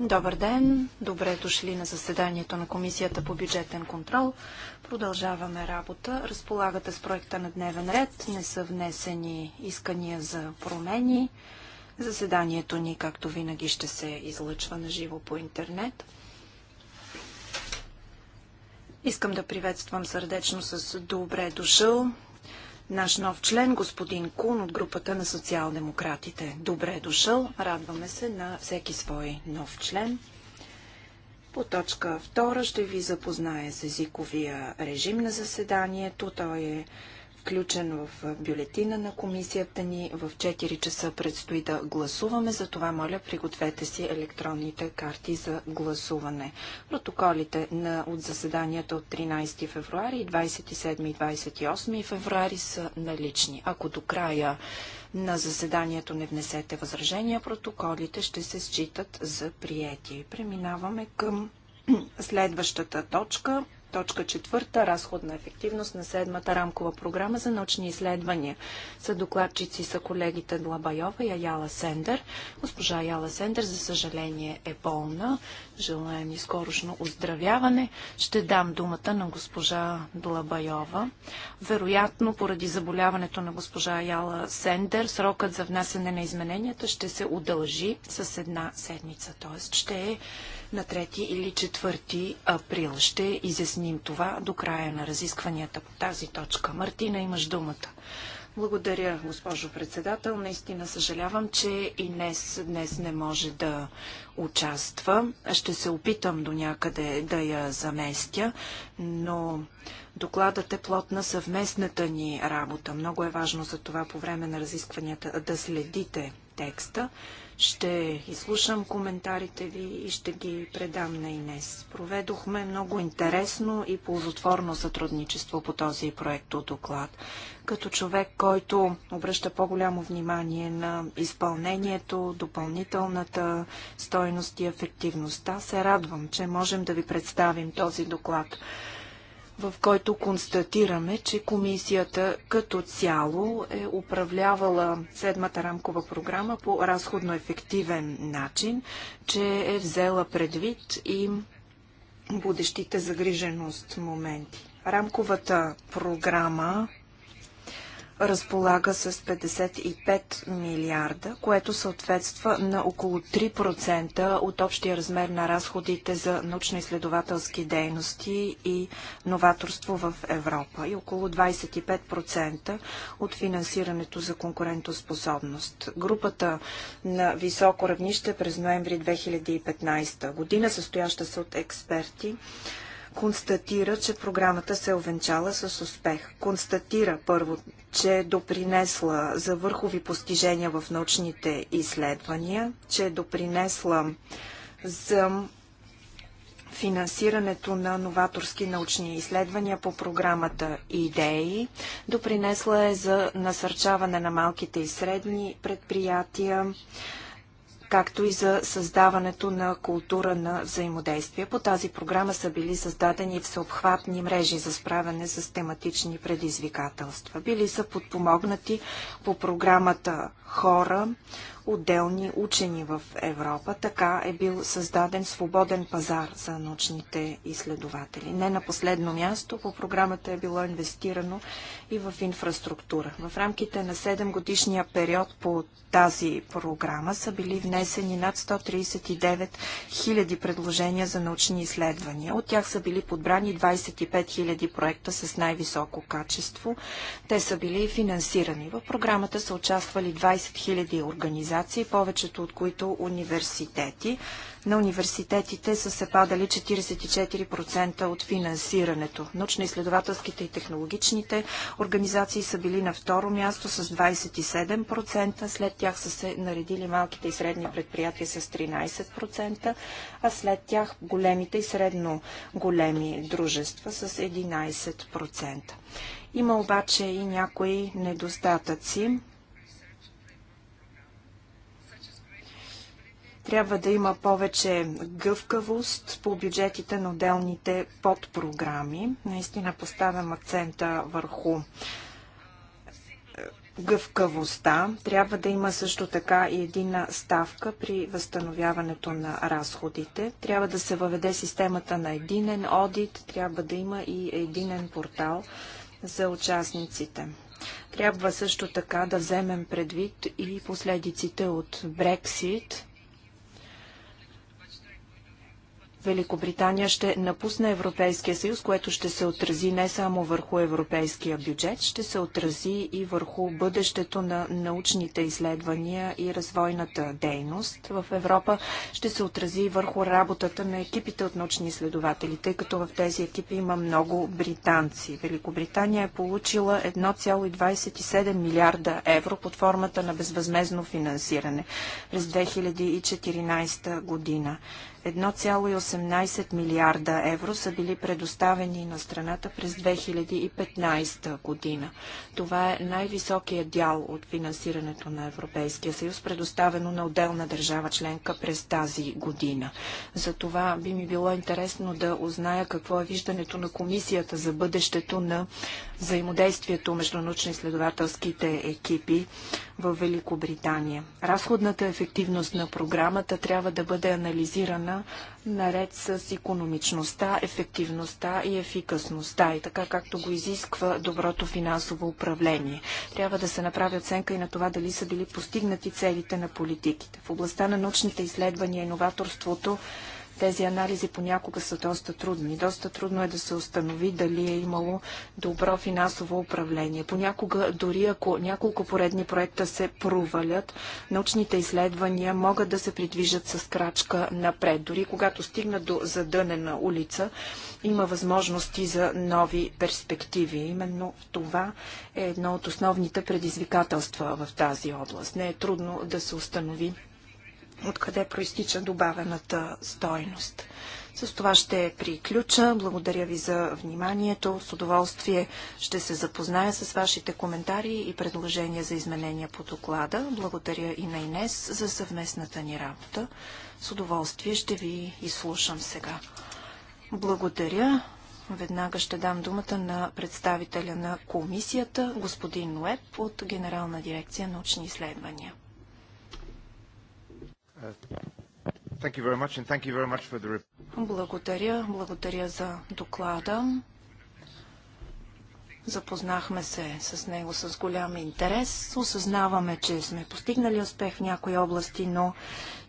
Добър ден! Добре дошли на заседанието на Комисията по бюджетен контрол. Продължаваме работа. Разполагате с проекта на дневен ред. Не са внесени искания за промени. Заседанието ни, както винаги, ще се излъчва на живо по интернет. Искам да приветствам сърдечно с добре дошъл наш нов член, господин Кун от групата на социал-демократите. Добре е дошъл. Радваме се на всеки свой нов член. По точка 2 ще ви запозная с езиковия режим на заседанието. Той е включен в бюлетина на комисията ни. В 4 часа предстои да гласуваме, затова моля пригответе си електронните карти за гласуване. Протоколите на, от заседанията от 13 февруари, 27 и 28 февруари са налични. Ако до края на заседанието не внесете възражения, протоколите ще се считат за приети. Преминаваме към следващата точка Точка четвърта – разходна ефективност на седмата рамкова програма за научни изследвания. Са докладчици са колегите Длабайова и Аяла Сендер. Госпожа Аяла Сендер, за съжаление, е болна. Желаем и скорошно оздравяване. Ще дам думата на госпожа Длабайова. Вероятно, поради заболяването на госпожа Аяла Сендер, срокът за внасяне на измененията ще се удължи с една седмица. Т.е. ще е на 3 или 4 април. Ще изясним това до края на разискванията по тази точка. Мартина, имаш думата. Благодаря, госпожо председател. Наистина съжалявам, че и днес, днес не може да участва. Ще се опитам до някъде да я заместя, но докладът е плод на съвместната ни работа. Много е важно за това по време на разискванията да следите текста. Ще изслушам коментарите ви и ще ги предам на Инес. Проведохме много интересно и ползотворно сътрудничество по този проект от доклад. Като човек, който обръща по-голямо внимание на изпълнението, допълнителната стойност и ефективността, се радвам, че можем да ви представим този доклад в който констатираме, че комисията като цяло е управлявала седмата рамкова програма по разходно-ефективен начин, че е взела предвид и будещите загриженост моменти. Рамковата програма разполага с 55 милиарда, което съответства на около 3% от общия размер на разходите за научно-изследователски дейности и новаторство в Европа и около 25% от финансирането за конкурентоспособност. Групата на високо равнище през ноември 2015 година, състояща се от експерти, констатира, че програмата се е овенчала с успех. Констатира първо, че е допринесла за върхови постижения в научните изследвания, че е допринесла за финансирането на новаторски научни изследвания по програмата ИДЕИ. Допринесла е за насърчаване на малките и средни предприятия, както и за създаването на култура на взаимодействие. По тази програма са били създадени всеобхватни мрежи за справяне с тематични предизвикателства. Били са подпомогнати по програмата хора, отделни учени в Европа. Така е бил създаден свободен пазар за научните изследователи. Не на последно място по програмата е било инвестирано и в инфраструктура. В рамките на 7 годишния период по тази програма са били внесени над 139 000 предложения за научни изследвания. От тях са били подбрани 25 000 проекта с най-високо качество. Те са били финансирани. В програмата са участвали 20 000 организации организации, повечето от които университети. На университетите са се падали 44% от финансирането. Научно-изследователските и технологичните организации са били на второ място с 27%, след тях са се наредили малките и средни предприятия с 13%, а след тях големите и средно големи дружества с 11%. Има обаче и някои недостатъци. Трябва да има повече гъвкавост по бюджетите на отделните подпрограми. Наистина поставям акцента върху е, гъвкавостта. Трябва да има също така и едина ставка при възстановяването на разходите. Трябва да се въведе системата на единен одит, трябва да има и единен портал за участниците. Трябва също така да вземем предвид и последиците от Брексит. Великобритания ще напусне Европейския съюз, което ще се отрази не само върху европейския бюджет, ще се отрази и върху бъдещето на научните изследвания и развойната дейност в Европа, ще се отрази и върху работата на екипите от научни изследователи, тъй като в тези екипи има много британци. Великобритания е получила 1,27 милиарда евро под формата на безвъзмезно финансиране през 2014 година. 1,18 милиарда евро са били предоставени на страната през 2015 година. Това е най-високият дял от финансирането на Европейския съюз, предоставено на отделна държава членка през тази година. За това би ми било интересно да узная какво е виждането на Комисията за бъдещето на взаимодействието между научно-изследователските екипи в Великобритания. Разходната ефективност на програмата трябва да бъде анализирана важна, наред с економичността, ефективността и ефикасността и така както го изисква доброто финансово управление. Трябва да се направи оценка и на това дали са били постигнати целите на политиките. В областта на научните изследвания и новаторството тези анализи понякога са доста трудни. Доста трудно е да се установи дали е имало добро финансово управление. Понякога, дори ако няколко поредни проекта се провалят, научните изследвания могат да се придвижат с крачка напред. Дори когато стигнат до задънена улица, има възможности за нови перспективи. Именно това е едно от основните предизвикателства в тази област. Не е трудно да се установи откъде проистича добавената стойност. С това ще приключа. Благодаря ви за вниманието. С удоволствие ще се запозная с вашите коментари и предложения за изменения по доклада. Благодаря и на Инес за съвместната ни работа. С удоволствие ще ви изслушам сега. Благодаря. Веднага ще дам думата на представителя на комисията, господин Уеб от Генерална дирекция научни изследвания. Благодаря. Благодаря за доклада. Запознахме се с него с голям интерес. Осъзнаваме, че сме постигнали успех в някои области, но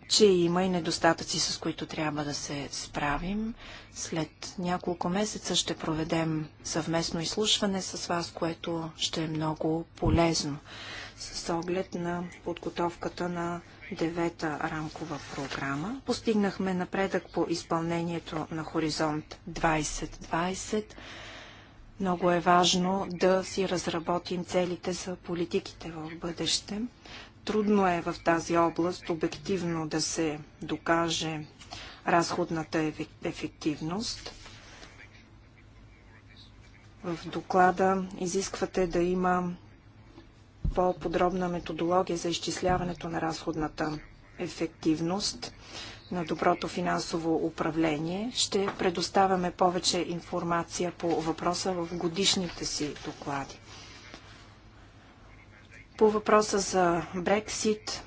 че има и недостатъци, с които трябва да се справим. След няколко месеца ще проведем съвместно изслушване с вас, което ще е много полезно с оглед на подготовката на девета рамкова програма. Постигнахме напредък по изпълнението на Хоризонт 2020. Много е важно да си разработим целите за политиките в бъдеще. Трудно е в тази област обективно да се докаже разходната ефективност. В доклада изисквате да има по-подробна методология за изчисляването на разходната ефективност на доброто финансово управление. Ще предоставяме повече информация по въпроса в годишните си доклади. По въпроса за Брексит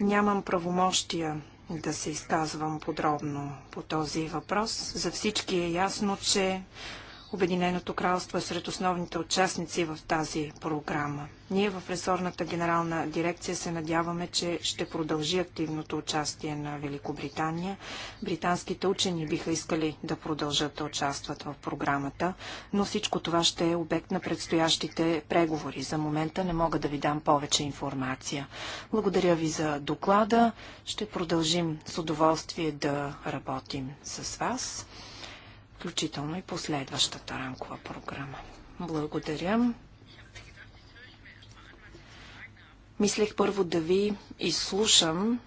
нямам правомощия да се изказвам подробно по този въпрос. За всички е ясно, че Обединеното кралство е сред основните участници в тази програма. Ние в ресорната генерална дирекция се надяваме, че ще продължи активното участие на Великобритания. Британските учени биха искали да продължат да участват в програмата, но всичко това ще е обект на предстоящите преговори. За момента не мога да ви дам повече информация. Благодаря ви за доклада. Ще продължим с удоволствие да работим с вас включително и последващата рамкова програма. Благодаря. Мислех първо да ви изслушам,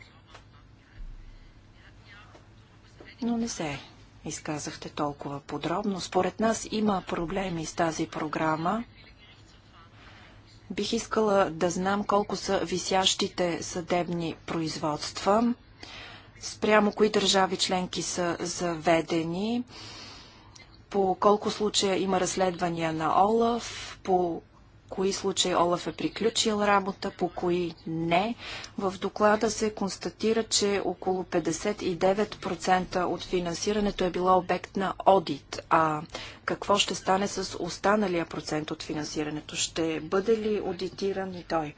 но не се изказахте толкова подробно. Според нас има проблеми с тази програма. Бих искала да знам колко са висящите съдебни производства, спрямо кои държави членки са заведени по колко случая има разследвания на Олаф, по кои случаи Олаф е приключил работа, по кои не. В доклада се констатира, че около 59% от финансирането е било обект на одит. А какво ще стане с останалия процент от финансирането? Ще бъде ли аудитиран и той?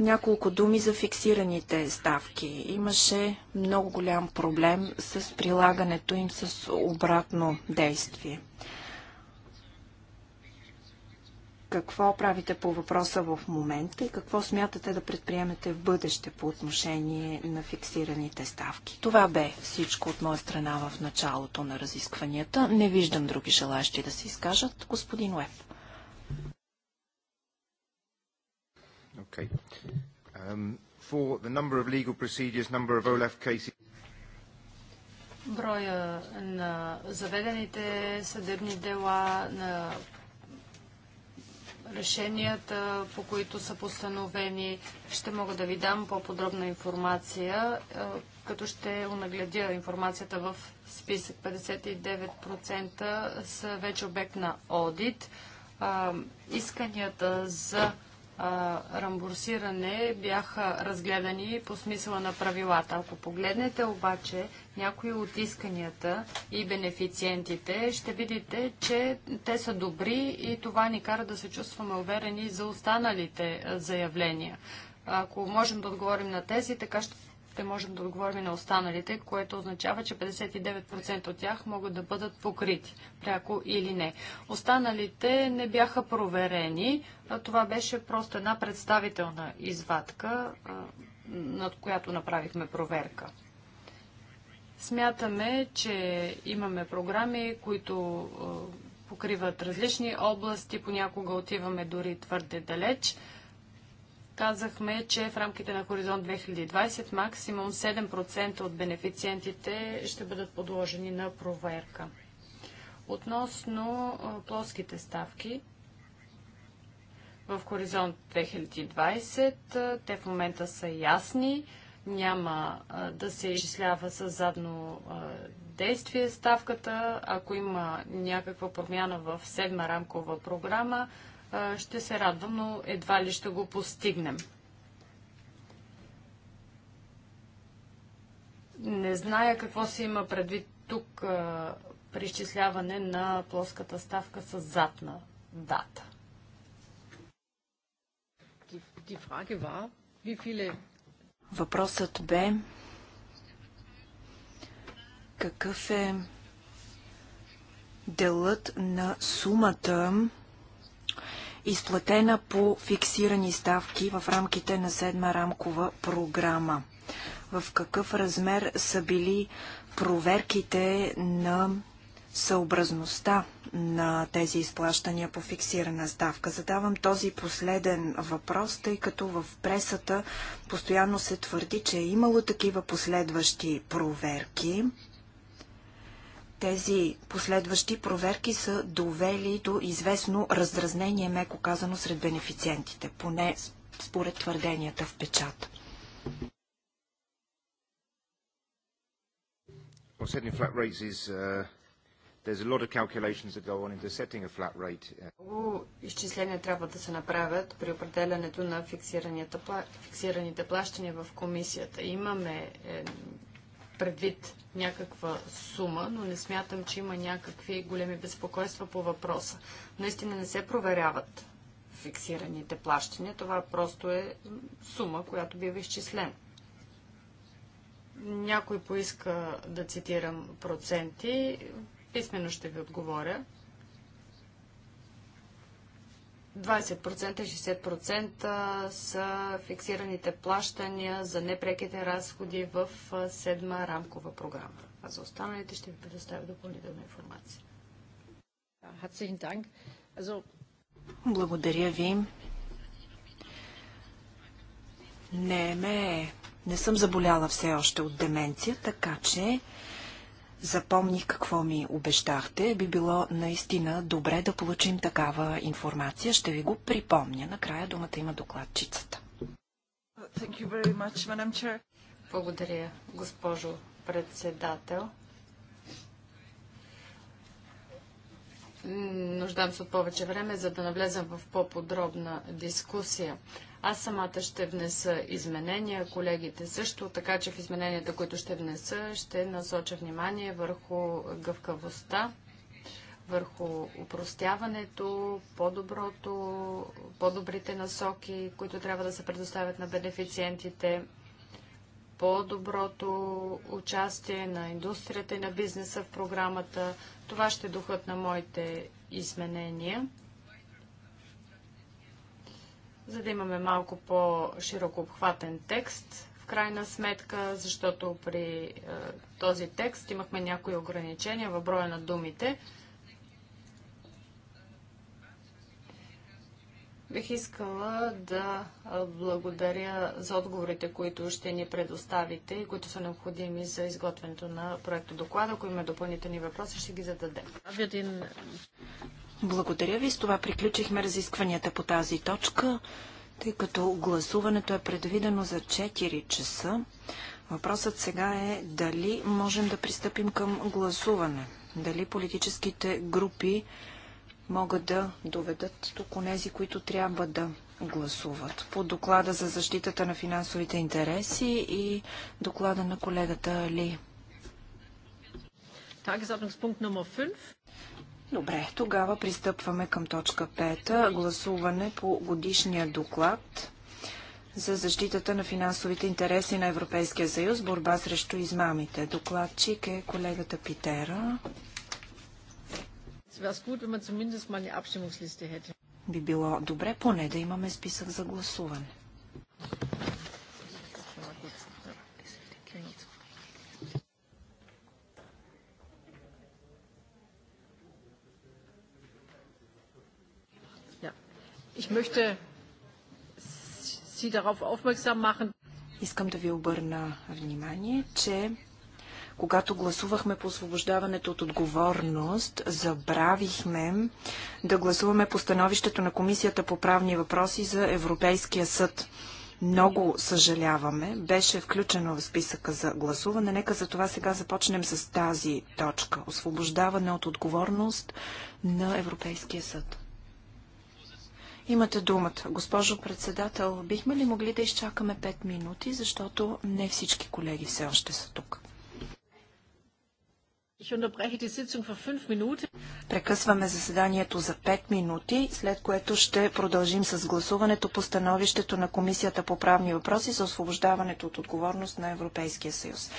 Няколко думи за фиксираните ставки. Имаше много голям проблем с прилагането им с обратно действие. Какво правите по въпроса в момента и какво смятате да предприемете в бъдеще по отношение на фиксираните ставки? Това бе всичко от моя страна в началото на разискванията. Не виждам други желащи да се изкажат. Господин Уеф. Okay. Um, for the number of legal procedures, number of OLAF cases... Броя на заведените съдебни дела, на решенията, по които са постановени. Ще мога да ви дам по-подробна информация, е, като ще унагледя информацията в списък. 59% са вече обект на одит. Е, исканията за рамбурсиране бяха разгледани по смисъла на правилата. Ако погледнете обаче някои от исканията и бенефициентите, ще видите, че те са добри и това ни кара да се чувстваме уверени за останалите заявления. Ако можем да отговорим на тези, така ще ще можем да отговорим на останалите, което означава, че 59% от тях могат да бъдат покрити, пряко или не. Останалите не бяха проверени. Това беше просто една представителна извадка, над която направихме проверка. Смятаме, че имаме програми, които покриват различни области, понякога отиваме дори твърде далеч казахме, че в рамките на Хоризонт 2020 максимум 7% от бенефициентите ще бъдат подложени на проверка. Относно плоските ставки, в Хоризонт 2020 те в момента са ясни, няма да се изчислява с задно действие ставката. Ако има някаква промяна в седма рамкова програма, ще се радвам, но едва ли ще го постигнем. Не зная какво се има предвид тук при изчисляване на плоската ставка с задна дата. Въпросът бе какъв е делът на сумата изплатена по фиксирани ставки в рамките на седма рамкова програма. В какъв размер са били проверките на съобразността на тези изплащания по фиксирана ставка. Задавам този последен въпрос, тъй като в пресата постоянно се твърди, че е имало такива последващи проверки. Тези последващи проверки са довели до известно раздразнение, меко казано, сред бенефициентите, поне според твърденията в печата. Uh, uh. Много изчисления трябва да се направят при определянето на фиксираните плащания в комисията. Имаме е, предвид някаква сума, но не смятам, че има някакви големи безпокойства по въпроса. Наистина не се проверяват фиксираните плащания. Това просто е сума, която бива изчислена. Някой поиска да цитирам проценти. Писменно ще ви отговоря. 20% и 60% са фиксираните плащания за непреките разходи в седма рамкова програма. А за останалите ще ви предоставя допълнителна информация. Благодаря ви. Не, ме, не съм заболяла все още от деменция, така че запомних какво ми обещахте. Би било наистина добре да получим такава информация. Ще ви го припомня. Накрая думата има докладчицата. Much, Благодаря, госпожо председател. Нуждам се от повече време, за да навлезам в по-подробна дискусия. Аз самата ще внеса изменения, колегите също, така че в измененията, които ще внеса, ще насоча внимание върху гъвкавостта, върху упростяването, по-доброто, по-добрите насоки, които трябва да се предоставят на бенефициентите, по-доброто участие на индустрията и на бизнеса в програмата. Това ще е духът на моите изменения за да имаме малко по-широко обхватен текст в крайна сметка, защото при е, този текст имахме някои ограничения във броя на думите. Бих искала да е, благодаря за отговорите, които ще ни предоставите и които са необходими за изготвянето на проекта доклада. Ако има допълнителни въпроси, ще ги зададем. Благодаря ви. С това приключихме разискванията по тази точка, тъй като гласуването е предвидено за 4 часа. Въпросът сега е дали можем да пристъпим към гласуване. Дали политическите групи могат да доведат тук онези, които трябва да гласуват. По доклада за защитата на финансовите интереси и доклада на колегата номер 5. Добре, тогава пристъпваме към точка 5. Гласуване по годишния доклад за защитата на финансовите интереси на Европейския съюз, борба срещу измамите. Докладчик е колегата Питера. Би било добре поне да имаме списък за гласуване. Ich möchte Sie darauf aufmerksam machen. Искам да ви обърна внимание, че когато гласувахме по освобождаването от отговорност, забравихме да гласуваме по становището на Комисията по правни въпроси за Европейския съд. Много съжаляваме, беше включено в списъка за гласуване. Нека за това сега започнем с тази точка. Освобождаване от отговорност на Европейския съд. Имате думата. Госпожо председател, бихме ли могли да изчакаме 5 минути, защото не всички колеги все още са тук. Прекъсваме заседанието за 5 минути, след което ще продължим с гласуването по становището на Комисията по правни въпроси за освобождаването от отговорност на Европейския съюз.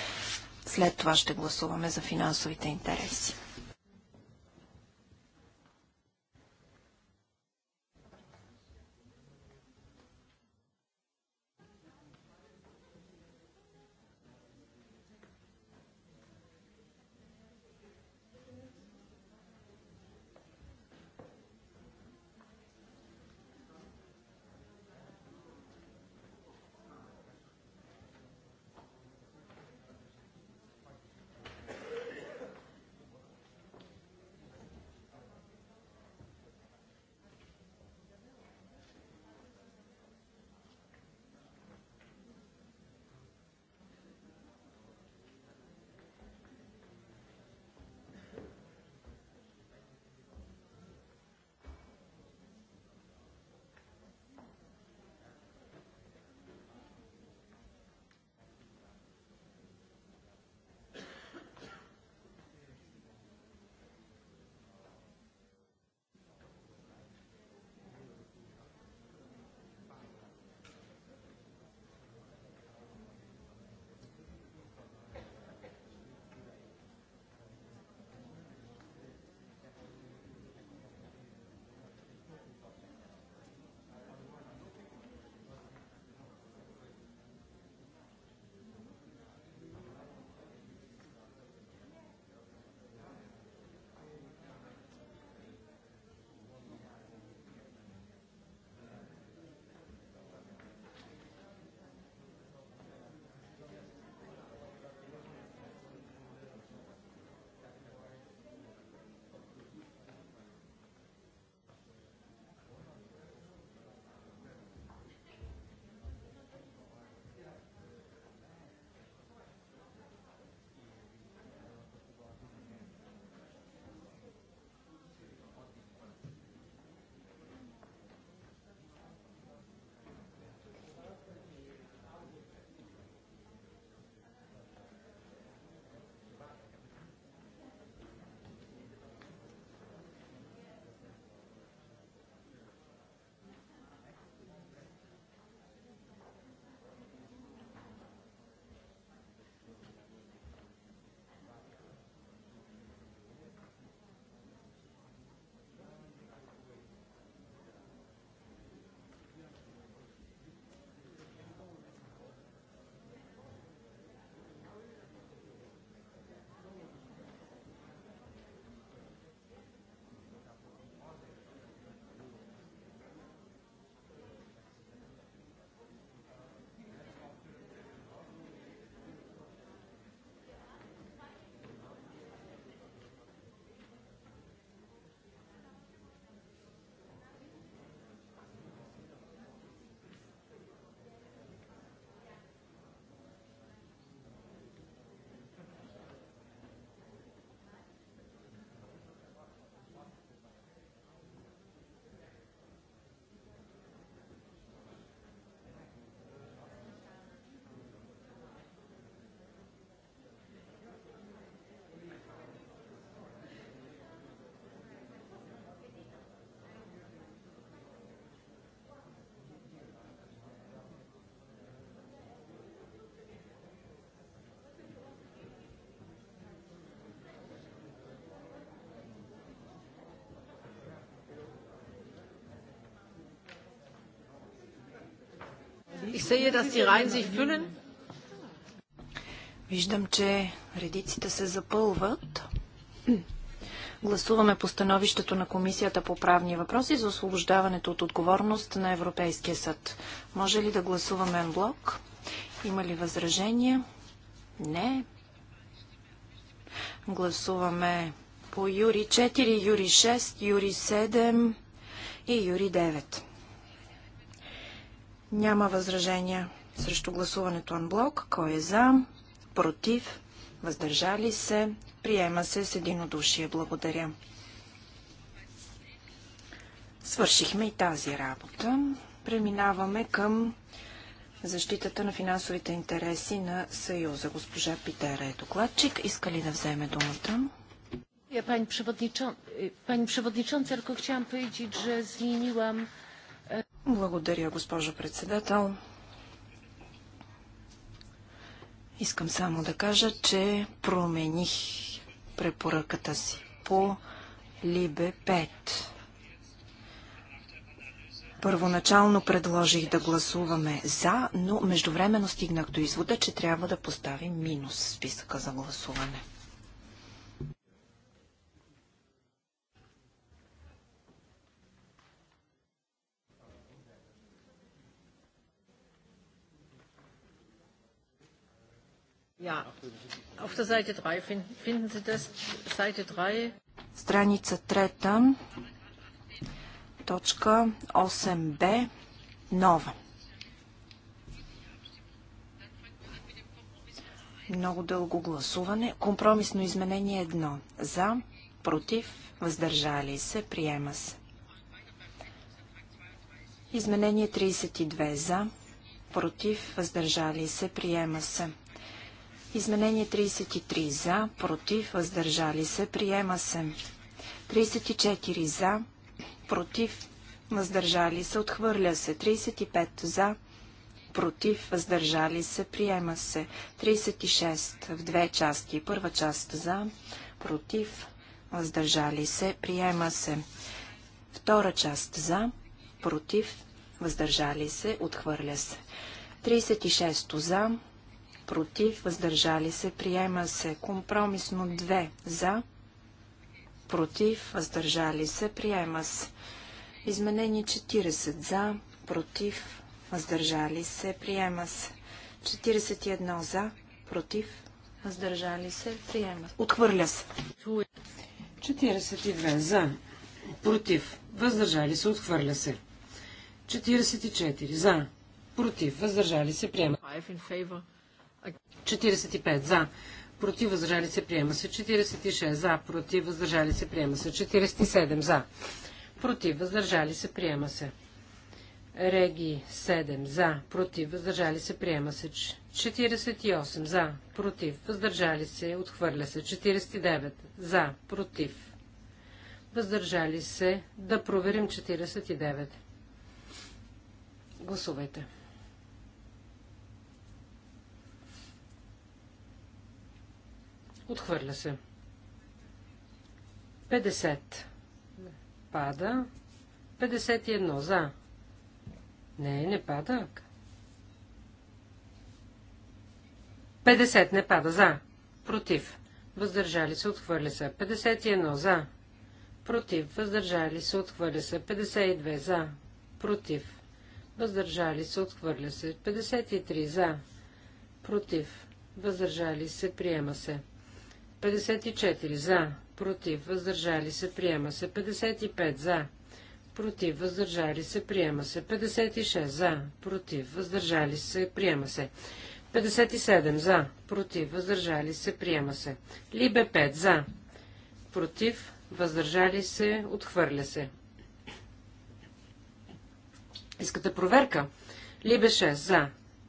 След това ще гласуваме за финансовите интереси. Ich sehe, dass die Reihen sich füllen. Виждам, че редиците се запълват. Гласуваме по становището на Комисията по правни въпроси за освобождаването от отговорност на Европейския съд. Може ли да гласуваме блок? Има ли възражения? Не. Гласуваме по Юри 4, Юри 6, Юри 7 и Юри 9. Няма възражения срещу гласуването анблок. Кой е за? Против? Въздържали се? Приема се с единодушие. Благодаря. Свършихме и тази работа. Преминаваме към защитата на финансовите интереси на Съюза. Госпожа Питера е докладчик. Иска ли да вземе думата? Pani przewodnicząca, tylko хотям powiedzieć, че zmieniłam благодаря, госпожо председател. Искам само да кажа, че промених препоръката си по Либе 5. Първоначално предложих да гласуваме за, но междувременно стигнах до извода, че трябва да поставим минус в списъка за гласуване. Ja, auf der Seite 3 finden, finden Sie das, Seite 3. Страница 3, точка 8b, нова. Много дълго гласуване. Компромисно изменение 1. За, против, въздържали се, приема се. Изменение 32. За, против, въздържали се, приема се. Изменение 33 за, против, въздържали се, приема се. 34 за, против, въздържали се, отхвърля се. 35 за, против, въздържали се, приема се. 36 в две части. Първа част за, против, въздържали се, приема се. Втора част за, против, въздържали се, отхвърля се. 36 за, против, въздържали се, приема се. Компромисно 2 за, против, въздържали се, приема се. Изменение 40 за, против, въздържали се, приема се. 41 за, против, въздържали се, приема се. Отхвърля се. 42 за, против, въздържали се, отхвърля се. 44 за, против, въздържали се, приема. се. 45 за. Против въздържали се приема се 46 за. Против въздържали се приема се 47 за. Против въздържали се приема се. Реги 7 за. Против въздържали се приема се 48 за. Против въздържали се отхвърля се 49 за. Против въздържали се да проверим 49. Гласувайте. Отхвърля се. 50. Пада. 51. За. Не, не пада. 50. Не пада. За. Против. Въздържали се. Отхвърля се. 51. За. Против. Въздържали се. Отхвърля се. 52. За. Против. Въздържали се. Отхвърля се. 53. За. Против. Въздържали се. Приема се. 54 за, против, въздържали се, приема се. 55 за, против, въздържали се, приема се. 56 за, против, въздържали се, приема се. 57 за, против, въздържали се, приема се. Либе 5 за, против, въздържали се, отхвърля се. Искате проверка? Либе 6 за,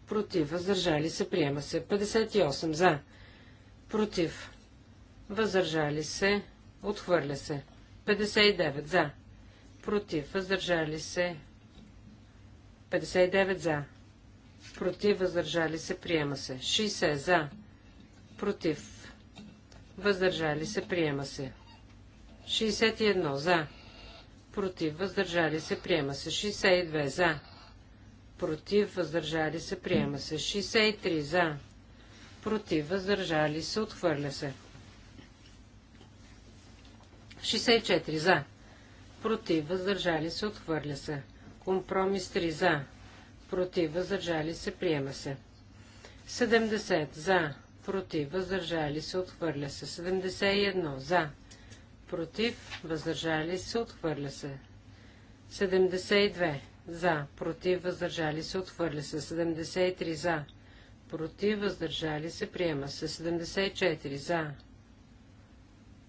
против, въздържали се, приема се. 58 за, против, въздържали се, отхвърля се. 59 за, против, въздържали се, 59 за, против, въздържали се, приема се. 60 за, против, въздържали се, приема се. 61 за, против, въздържали се, приема се. 62 за, против, въздържали се, приема се. 63 за, против, въздържали се, отхвърля се. 64 за. Против, въздържали се, отхвърля се. Компромис 3 за. Против, въздържали се, приема се. 70 за. Против, въздържали се, отхвърля се. 71 за. Против, въздържали се, отхвърля се. 72 за. Против, въздържали се, отхвърля се. 73 за. Против, въздържали се, приема се. 74 за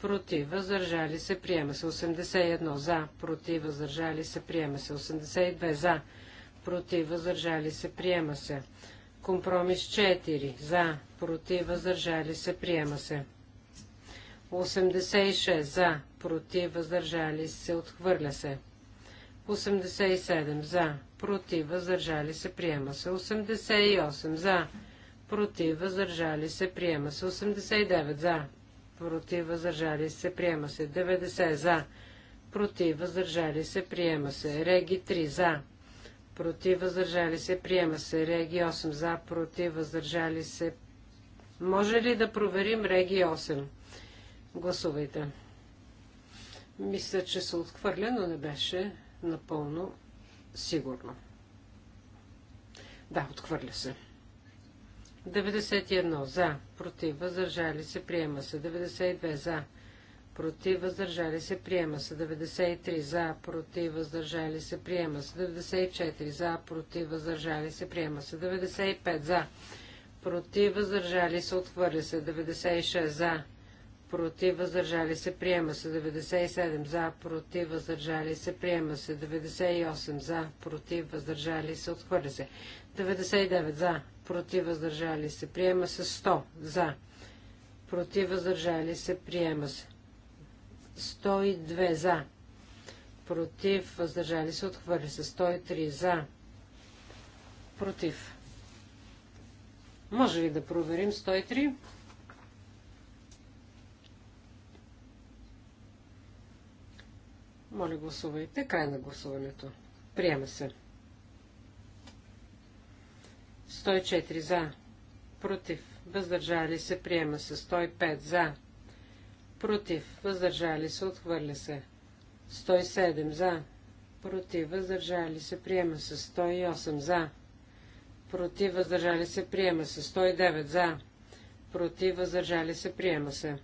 против, въздържали се, приема се 81 за, против, въздържали се, приема се 82 за, против, въздържали се, приема се. Компромис 4 за, против, въздържали се, приема се. 86 за, против, въздържали се, отхвърля се. 87 за, против, въздържали се, приема се. 88 за, против, въздържали се, приема се. 89 за, против, въздържали се, приема се. 90 за, против, въздържали се, приема се. Реги 3 за, против, въздържали се, приема се. Реги 8 за, против, въздържали се. Може ли да проверим Реги 8? Гласувайте. Мисля, че се отхвърля, но не беше напълно сигурно. Да, отхвърля се. 91 за, против, въздържали се, приема се. 92 за, против, въздържали се, приема се. 93 за, против, въздържали се, приема се. 94 за, против, въздържали се, приема се. 95 за, против, въздържали се, отхвърля се. 96 за, против, въздържали се, приема се 97 за, против, въздържали се, приема се 98 за, против, въздържали се, отхвърля се 99 за, против въздържали се, приема се 100 за, против въздържали се, приема се 102 за, против въздържали се, отхвърли се 103 за, против. Може ли да проверим 103? Моля гласувайте. Край на гласуването. Приема се. 104 за. Против. Въздържали се. Приема се. 105 за. Против. Въздържали се. Отхвърля се. 107 за. Против. Въздържали се. Приема се. 108 за. Против. Въздържали се. Приема се. 109 за. Против. Въздържали се. Приема се.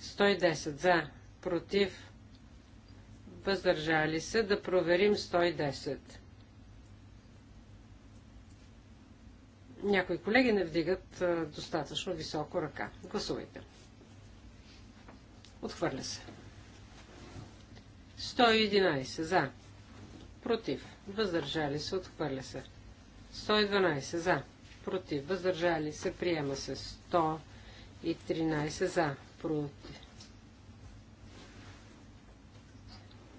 110 за. Против. Въздържали се. Да проверим 110. някои колеги не вдигат достатъчно високо ръка. Гласувайте. Отхвърля се. 111 за. Против. Въздържали се. Отхвърля се. 112 за. Против. Въздържали се. Приема се. 113 за. Против.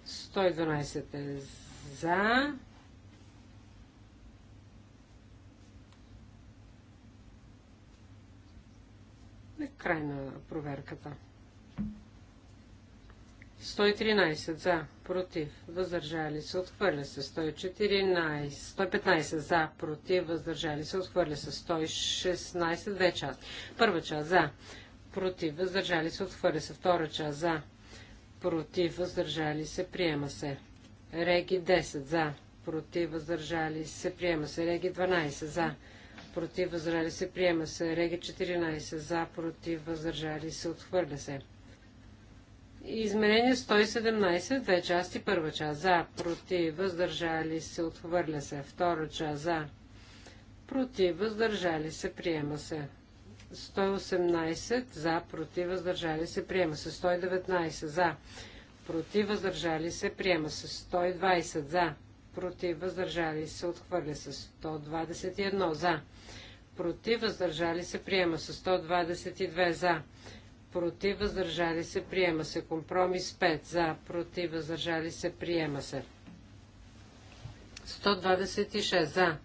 112 е за. Край на проверката. 113 за, против, въздържали се, отхвърля се. 114, 115 за, против, въздържали се, отхвърля се. 116, две части. Първа част за, против, въздържали се, отхвърля се. Втора част за, против, въздържали се, приема се. Реги 10 за, против, въздържали се, приема се. Реги 12 за, против, въздържали се, приема се. Реги 14 за, против, въздържали се, отхвърля се. Изменение 117, две части, първа част за, против, въздържали се, отхвърля се, втора част за, против, въздържали се, приема се. 118 за, против, въздържали се, приема се. 119 за, против, въздържали се, приема се. 120 за, против, въздържали се, отхвърля се 121 за, против, въздържали се, приема се 122 за, против, въздържали се, приема се компромис 5 за, против, въздържали се, приема се 126 за,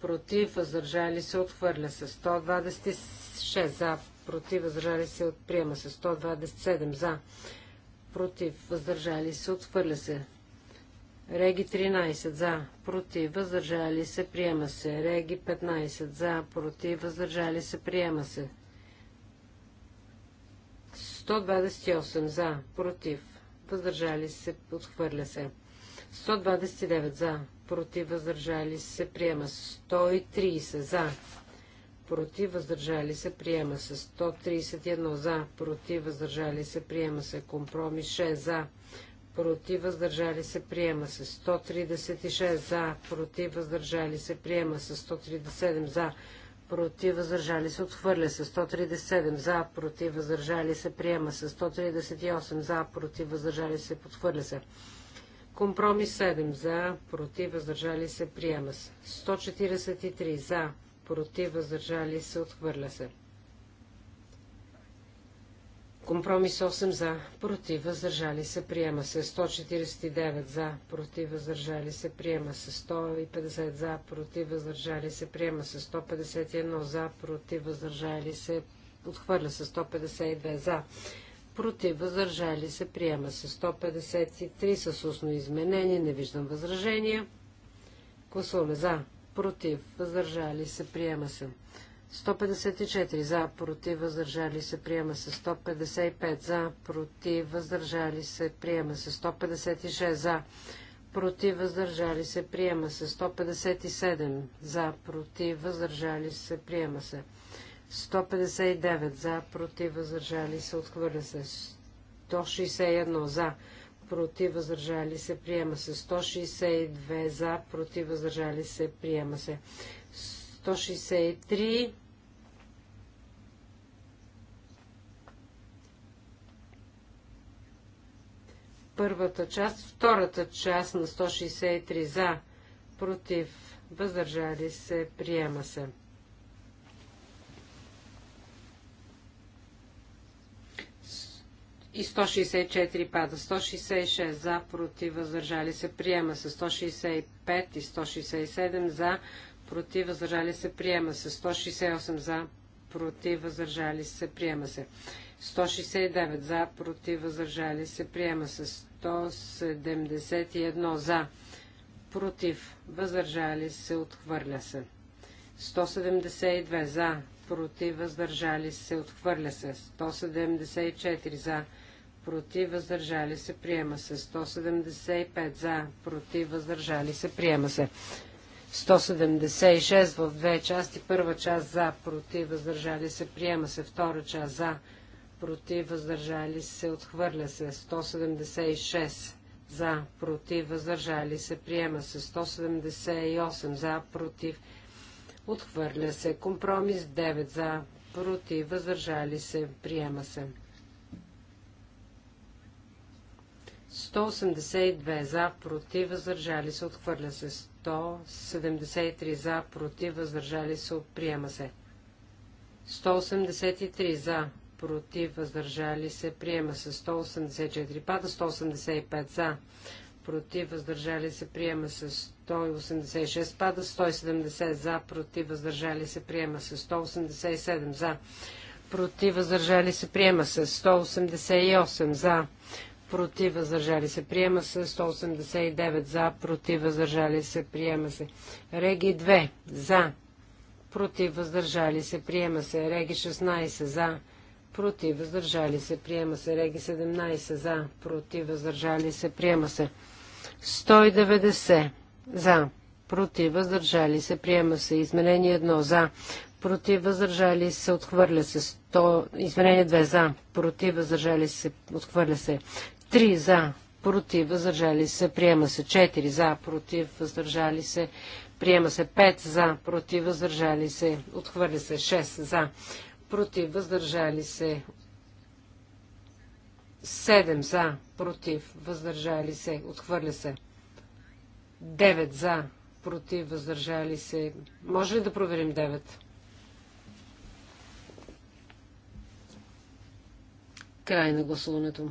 против, въздържали се, отхвърля се 126 за, против, въздържали се, приема се 127 за, против, въздържали се, отхвърля се Реги 13 за, против, въздържали се, приема се. Реги 15 за, против, въздържали се, приема се. 128 за, против, въздържали се, отхвърля се. 129 за, против, въздържали се, приема се. 130 за, против, въздържали се, приема се. 131 за, против, въздържали се, приема се. Компромис 6 за, против, въздържали се, приема се. 136 за, против, въздържали се, приема се. 137 за, против, въздържали се, отхвърля се. 137 за, против, въздържали се, приема се. 138 за, против, въздържали се, подхвърля се. Компромис 7 за, против, въздържали се, приема се. 143 за, против, въздържали се, отхвърля се. Компромис 8 за, против, въздържали се, приема се 149 за, против, въздържали се, приема се 150 за, против, въздържали се, приема се 151 за, против, въздържали се, отхвърля се 152 за, против, въздържали се, приема се 153 с устно изменение, не виждам възражения. Гласуваме за, против, въздържали се, приема се 154 за, против, въздържали се, приема се 155 за, против, въздържали се, приема се 156 за, против, въздържали се, приема се 157 за, против, въздържали се, приема се 159 за, против, въздържали се, отхвърля се 161 за, против, въздържали се, приема се 162 за, против, въздържали се, приема се 163. Първата част, втората част на 163 за, против, въздържали се, приема се. и 164 пада. 166 за, против, въздържали се, приема се. 165 и 167 за, против, въздържали се, приема се. 168 за, против, въздържали се, приема се. 169 за, против, въздържали се, приема се. 171 за, против, въздържали се, отхвърля се. 172 за, против, въздържали се, отхвърля се. 174 за, против, въздържали се, приема се. 175 за, против, въздържали се, приема се. 176 в две части. Първа част за, против, въздържали се, приема се. Втора част за, против, въздържали се, отхвърля се. 176 за, против, въздържали се, приема се. 178 за, против, отхвърля се. Компромис 9 за, против, въздържали се, приема се. 182 за, против, въздържали се, отхвърля се. 173 за, против, въздържали се, приема се. 183 за, против, въздържали се, приема се. 184 пада, 185 за, против, въздържали се, приема се 186, пада 170 за, против, въздържали се, приема се 187 за, против, въздържали се, приема се 188 за, против, въздържали се, приема се. 189 за, против, въздържали се, приема се. Реги 2 за, против, въздържали се, приема се. Реги 16 за, против, въздържали се, приема се. Реги 17 за, против, въздържали се, приема се. 190 за, против, въздържали се, приема се. Изменение 1 за, против, въздържали се, отхвърля се. 100, изменение 2 за, против, въздържали се, отхвърля се. 3 за, против, въздържали се, приема се 4 за, против, въздържали се, приема се 5 за, против, въздържали се, отхвърля се 6 за, против, въздържали се, 7 за, против, въздържали се, отхвърля се, 9 за, против, въздържали се. Може ли да проверим 9? Край на гласуването.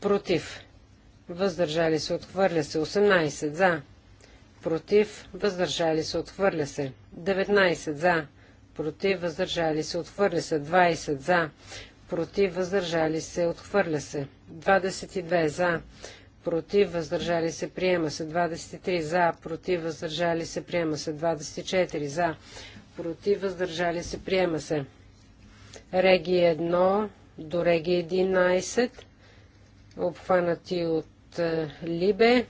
против, въздържали се, отхвърля се, 18 за, против, въздържали се, отхвърля се, 19 за, против, въздържали се, отхвърля се, 20 за, против, въздържали се, отхвърля се, 22 за, против, въздържали се, приема се, 23 за, против, въздържали се, приема се, 24 за, против, въздържали се, приема се. Реги 1 до Реги 11 обхванати от е, Либе.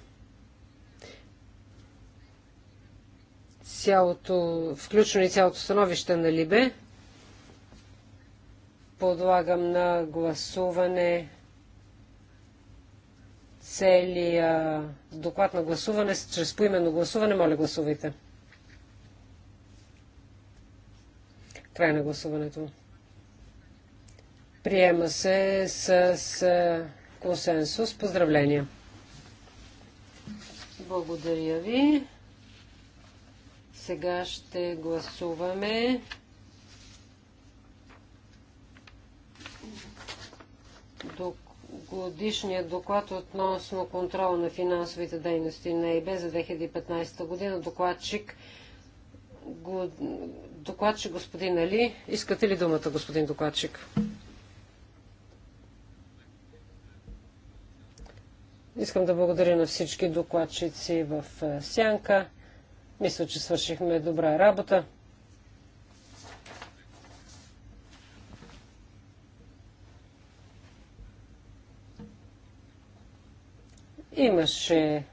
Цялото, включено и цялото становище на Либе. Подлагам на гласуване целия доклад на гласуване, чрез поименно гласуване, моля гласувайте. Край на гласуването. Приема се с е, консенсус. Поздравления! Благодаря ви. Сега ще гласуваме. годишният доклад относно контрол на финансовите дейности на ЕБ за 2015 година. Докладчик, го, докладчик господин Али. Искате ли думата, господин докладчик? Искам да благодаря на всички докладчици в е, Сянка. Мисля, че свършихме добра работа. Имаше.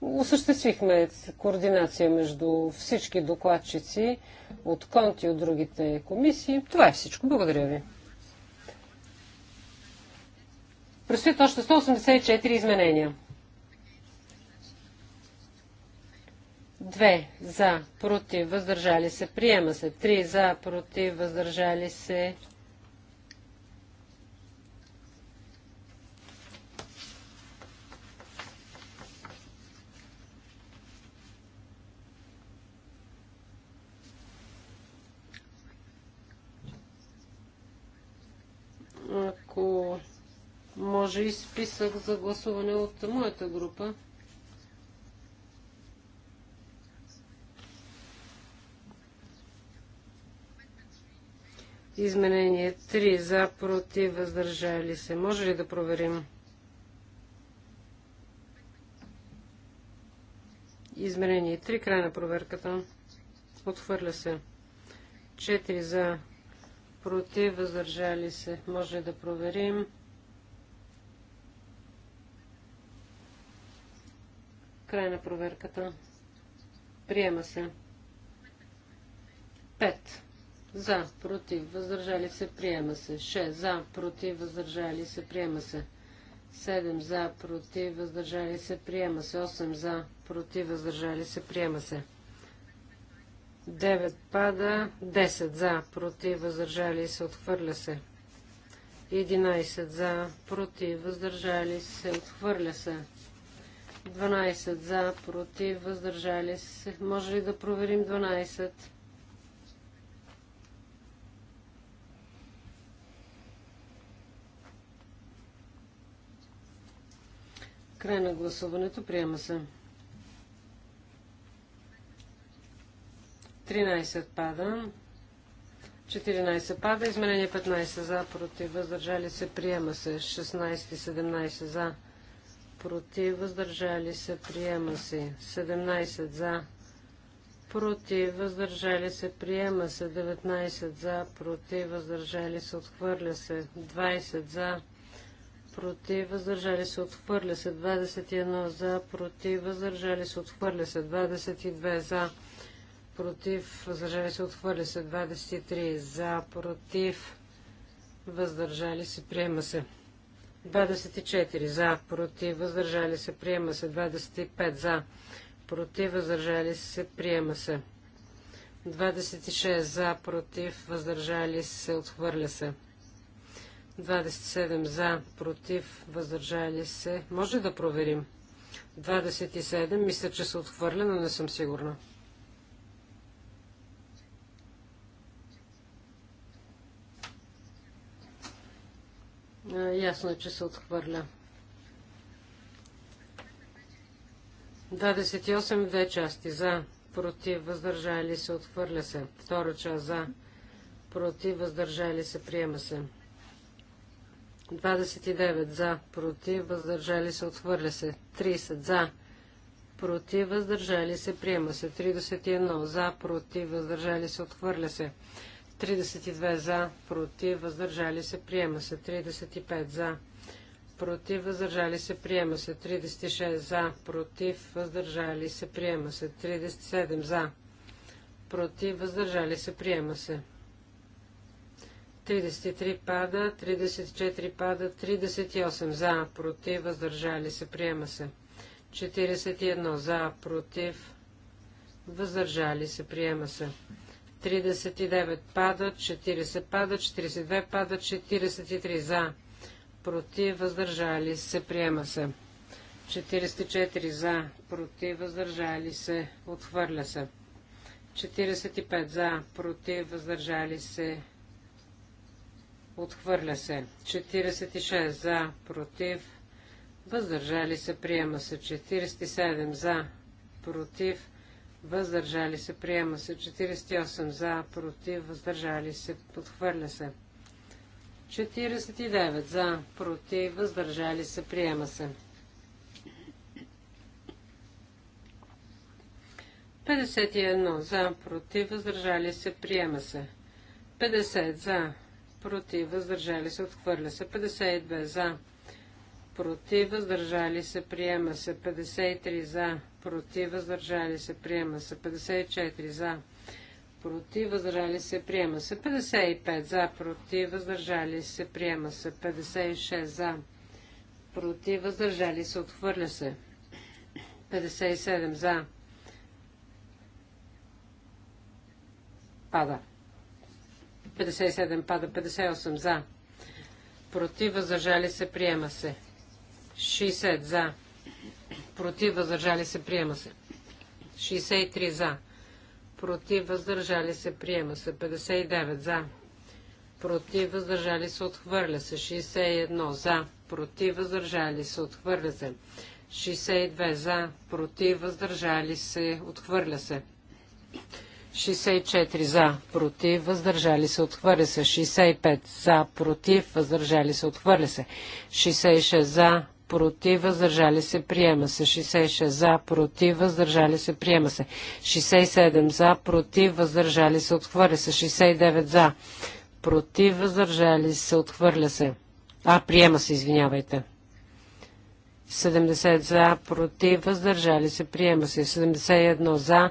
Осъществихме координация между всички докладчици от Конти и от другите комисии. Това е всичко. Благодаря ви. Предстоят още 184 изменения. 2 за, против, въздържали се, приема се. 3 за, против, въздържали се, може и списък за гласуване от моята група. Изменение 3 за против въздържали се. Може ли да проверим? Изменение 3. Край на проверката. Отхвърля се. 4 за против въздържали се. Може ли да проверим? Край на проверката. Приема се. 5. За, против, въздържали се, приема се. 6. За, против, въздържали се, приема се. 7. За, против, въздържали се, приема се. 8. За, против, въздържали се, приема се. 9 пада, 10 за, против, въздържали се, отхвърля се. 11 за, против, въздържали се, отхвърля се. 12 за, против, въздържали се. Може ли да проверим 12? Край на гласуването. Приема се. 13 пада. 14 пада. Изменение 15 за, против, въздържали се. Приема се. 16 и 17 за против, въздържали се, приема се. 17 за, против, въздържали се, приема се. 19 за, против, въздържали се, отхвърля се. 20 за, против, въздържали се, отхвърля се. 21 за, против, въздържали се, отхвърля се. 22 за, против, въздържали се, отхвърля се. 23 за, против, въздържали се, приема се. 24 за, против, въздържали се, приема се. 25 за, против, въздържали се, приема се. 26 за, против, въздържали се, отхвърля се. 27 за, против, въздържали се. Може да проверим. 27, мисля, че се отхвърля, но не съм сигурна. Ясно е, че се отхвърля. 28 две части. За, против, въздържали се, отхвърля се. Втора част за, против, въздържали се, приема се. 29 за, против, въздържали се, отхвърля се. 30 за, против, въздържали се, приема се. 31 за, против, въздържали се, отхвърля се. 32 за, против, въздържали се, приема се. 35 за, против, въздържали се, приема се. 36 за, против, въздържали се, приема се. 37 за, против, въздържали се, приема се. 33 пада, 34 пада, 38 за, против, въздържали се, приема се. 41 за, против, въздържали се, приема се. 39 пада, 40 пада, 42 пада, 43 за, против, въздържали се, приема се. 44 за, против, въздържали се, отхвърля се. 45 за, против, въздържали се, отхвърля се. 46 за, против, въздържали се, приема се. 47 за, против, въздържали се, приема се. 48 за, против, въздържали се, подхвърля се. 49 за, против, въздържали се, приема се. 51 за, против, въздържали се, приема се. 50 за, против, въздържали се, отхвърля се. 52 за, против, въздържали се, приема се 53 за, против, въздържали се, приема се 54 за, против, въздържали се, приема се 55 за, против, въздържали се, приема се 56 за, против, въздържали се, отхвърля се 57 за, пада. 57 пада, 58 за. Против, въздържали се, приема се. 60 за. Против въздържали се, приема се. 63 за. Против въздържали се, приема се. 59 за. Против въздържали се, отхвърля се. 61 за. Против въздържали се, отхвърля се. 62 за. Против въздържали се, отхвърля се. 64 за, против, въздържали се, отхвърля се. 65 за, против, въздържали се, отхвърля се. 66 за, против, въздържали се, приема се. 66 за, против, въздържали се, приема се. 67 за, против, въздържали се, отхвърля се. 69 за, против, въздържали се, отхвърля се. А, приема се, извинявайте. 70 за, против, въздържали се, приема се. 71 за,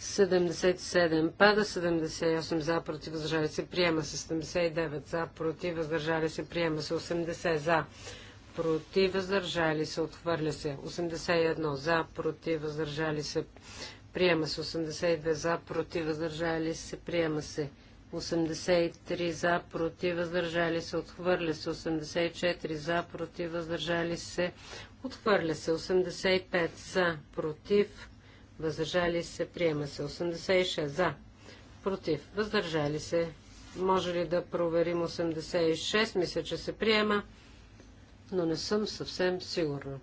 77 пада, 78 за, против, въздържали се, приема се, 79 за, против, въздържали се, приема се, 80 за, против, въздържали се, отхвърля се, 81 за, против, въздържали се, приема се, 82 за, против, въздържали се, приема се, 83 за, против, въздържали се, отхвърля се, 84 за, против, въздържали се, отхвърля се, 85 за, против, Въздържали се. Приема се. 86 за. Против. Въздържали се. Може ли да проверим 86? Мисля, че се приема, но не съм съвсем сигурна.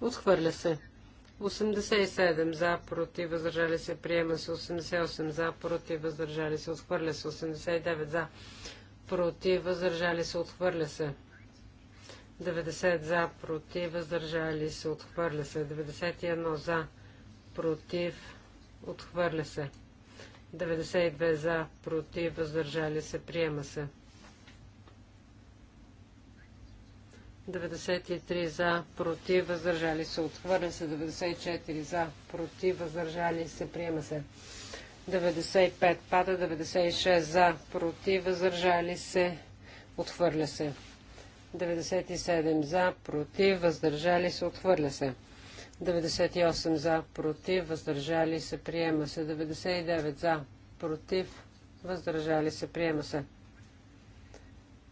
Отхвърля се. 87 за, против, въздържали се, приема се 88 за, против, въздържали се, отхвърля се 89 за против, въздържали се, отхвърля се. 90 за, против, въздържали се, отхвърля се. 91 за, против, отхвърля се. 92 за, против, въздържали се, приема се. 93 за, против, въздържали се, отхвърля се. 94 за, против, въздържали се, приема се. 95 пада, 96 за, против, въздържали се, отхвърля се. 97 за, против, въздържали се, отхвърля се. 98 за, против, въздържали се, приема се. 99 за, против, въздържали се, приема се.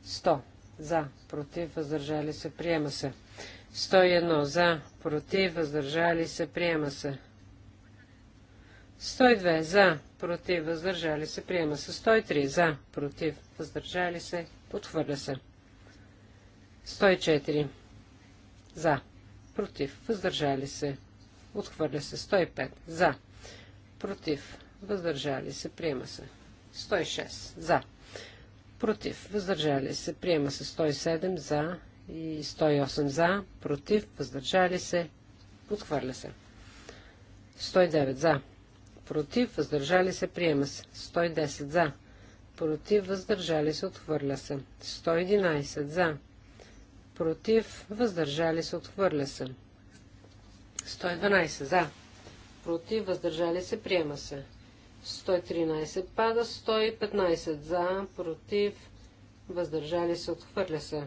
100 за, против, въздържали се, приема се. 101 за, против, въздържали се, приема се. 102 за, против, въздържали се, приема се. 103 за, против, въздържали се, отхвърля се. 104 за, против, въздържали се, отхвърля се. 105 за, против, въздържали се, приема се. 106 за, против, въздържали се, приема се. 107 за и 108 за, против, въздържали се, отхвърля се. 109 за, против, въздържали се, приема се. 110 за, против, въздържали се, отхвърля се. 111 за, против, въздържали се, отхвърля се. 112 за, против, въздържали се, приема се. 113 пада, 115 за, против, въздържали се, отхвърля се.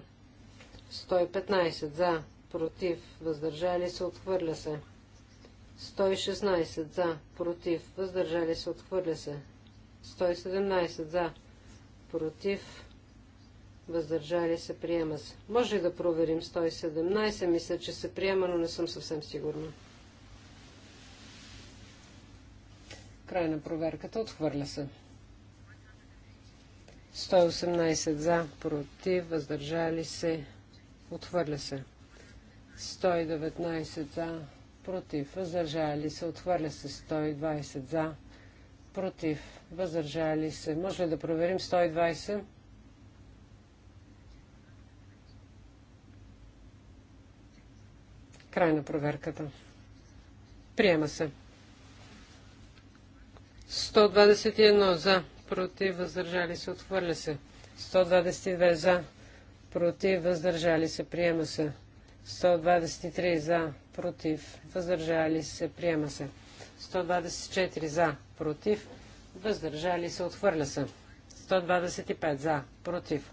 115 за, против, въздържали се, отхвърля се. 116 за, против, въздържали се, отхвърля се. 117 за, против, въздържали се, приема се. Може ли да проверим 117? Мисля, че се приема, но не съм съвсем сигурна. Край на проверката, отхвърля се. 118 за, против, въздържали се, отхвърля се. 119 за, против, въздържали се, отхвърля се 120 за, против, въздържали се. Може ли да проверим 120? Край на проверката. Приема се. 121 за, против, въздържали се, отхвърля се. 122 за, против, въздържали се, приема се. 123 за, против, въздържали се, приема се. 124 за, против, въздържали се, отхвърля се. 125 за, против,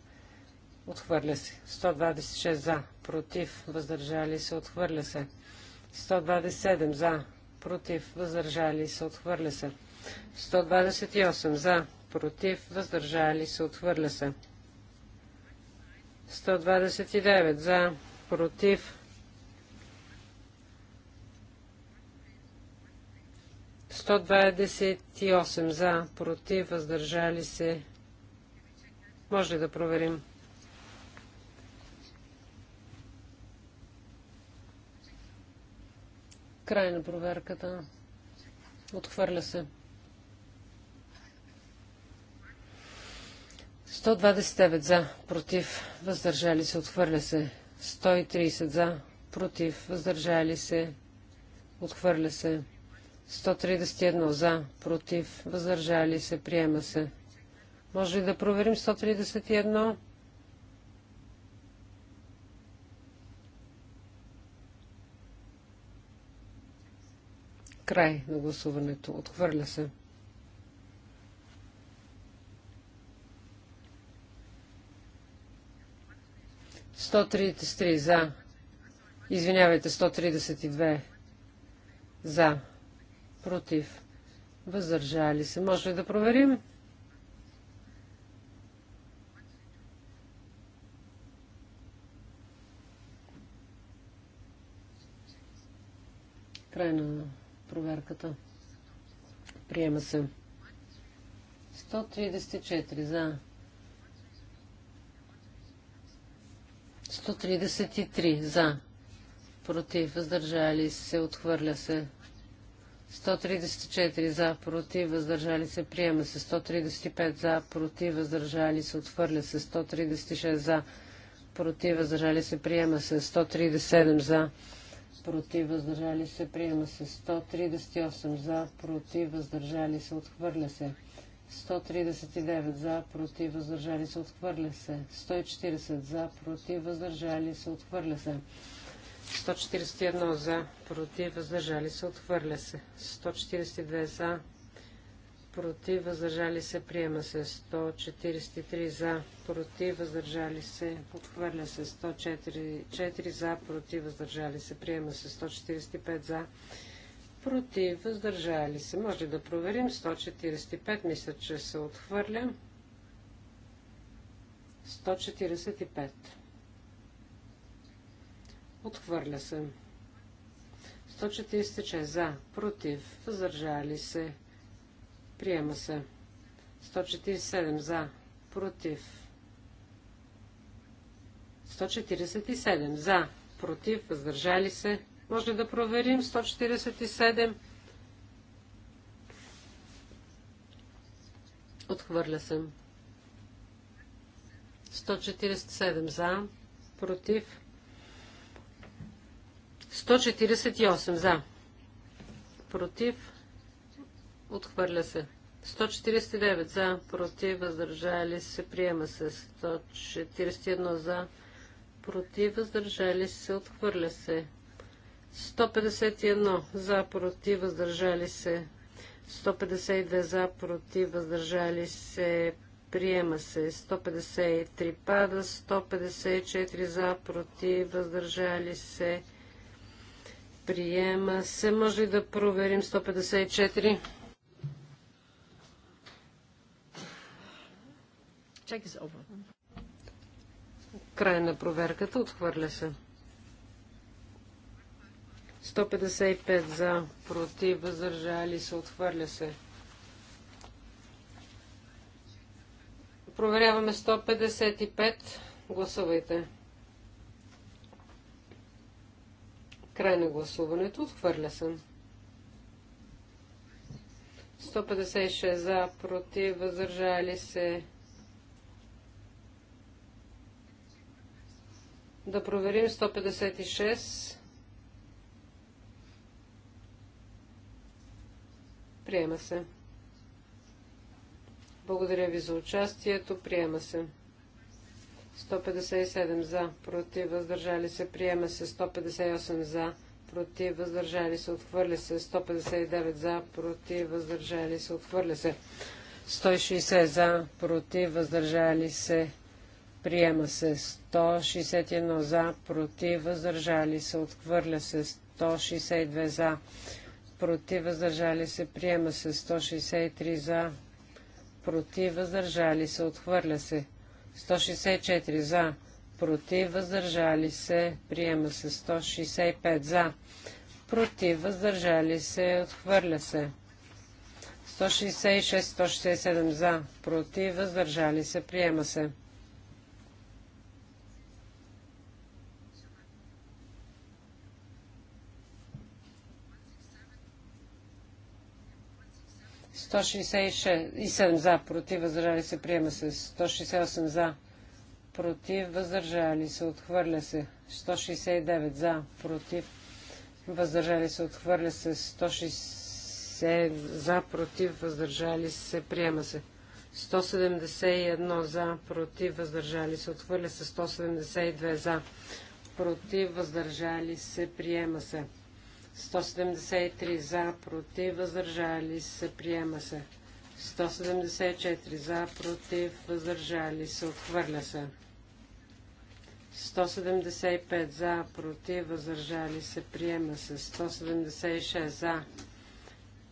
отхвърля се. 126 за, против, въздържали се, отхвърля се. 127 за, против, въздържали се, отхвърля се. 128 за, против, въздържали се, отхвърля се. 129 за, против, 128 за, против, въздържали се. Може ли да проверим? Край на проверката. Отхвърля се. 129 за, против, въздържали се, отхвърля се. 130 за, против, въздържали се, отхвърля се. 131 за, против, въздържали се, приема се. Може ли да проверим 131? Край на гласуването. Отхвърля се. Сто за. Извинявайте, 132 за против, въздържали се. Може ли да проверим? Край на проверката. Приема се. 134 за. 133 за. Против, въздържали се, отхвърля се. 134 за, против, въздържали се, приема се. 135 за, против, въздържали се, отхвърля се. 136 за, против, въздържали се, приема се. 137 за, против, въздържали се, приема се. 138 за, против, въздържали се, отхвърля се. 139 за, против, въздържали се, отхвърля се. 140 за, против, въздържали се, отхвърля се. 141 за, против, въздържали се, отхвърля се. 142 за, против, въздържали се, приема се. 143 за, против, въздържали се, отхвърля се. 104 за, против, въздържали се, приема се. 145 за, против, въздържали се. Може да проверим. 145, мисля, че се отхвърля. 145. Отхвърля се. 146 за, против, въздържали се. Приема се. 147 за, против. 147 за, против, въздържали се. Може да проверим 147. Отхвърля се. 147 за, против, 148 за. Против. Отхвърля се. 149 за. Против. Въздържали се. Приема се. 141 за. Против. Въздържали се. Отхвърля се. 151 за. Против. Въздържали се. 152 за. Против. Въздържали се. Приема се 153 пада, 154 за, против, въздържали се. Приема се. Може ли да проверим 154? Check is over. Край на проверката. Отхвърля се. 155 за, против, въздържали се, отхвърля се. Проверяваме 155. Гласувайте. Край на гласуването. Отхвърля съм. 156 за, против, въздържали се. Да проверим 156. Приема се. Благодаря ви за участието. Приема се. 157 за, против, въздържали се, приема се 158 за, против, въздържали се, отхвърля се 159 за, против, въздържали се, отхвърля се 160 за, против, въздържали се, приема се 161 за, против, въздържали се, отхвърля се 162 за, против, въздържали се, приема се 163 за, против, въздържали се, отхвърля се 164 за, против, въздържали се, приема се 165 за, против, въздържали се, отхвърля се. 166-167 за, против, въздържали се, приема се. 167 за, против, въздържали се, приема се. 168 за, против, въздържали се, отхвърля се. 169 за, против, въздържали се, отхвърля се. 160 за, против, въздържали се, приема се. 171 за, против, въздържали се, отхвърля се. 172 за, против, въздържали се, приема се. 173 за, против, въздържали се, приема се. 174 за, против, въздържали се, отхвърля се. 175 за, против, въздържали се, приема се. 176 за,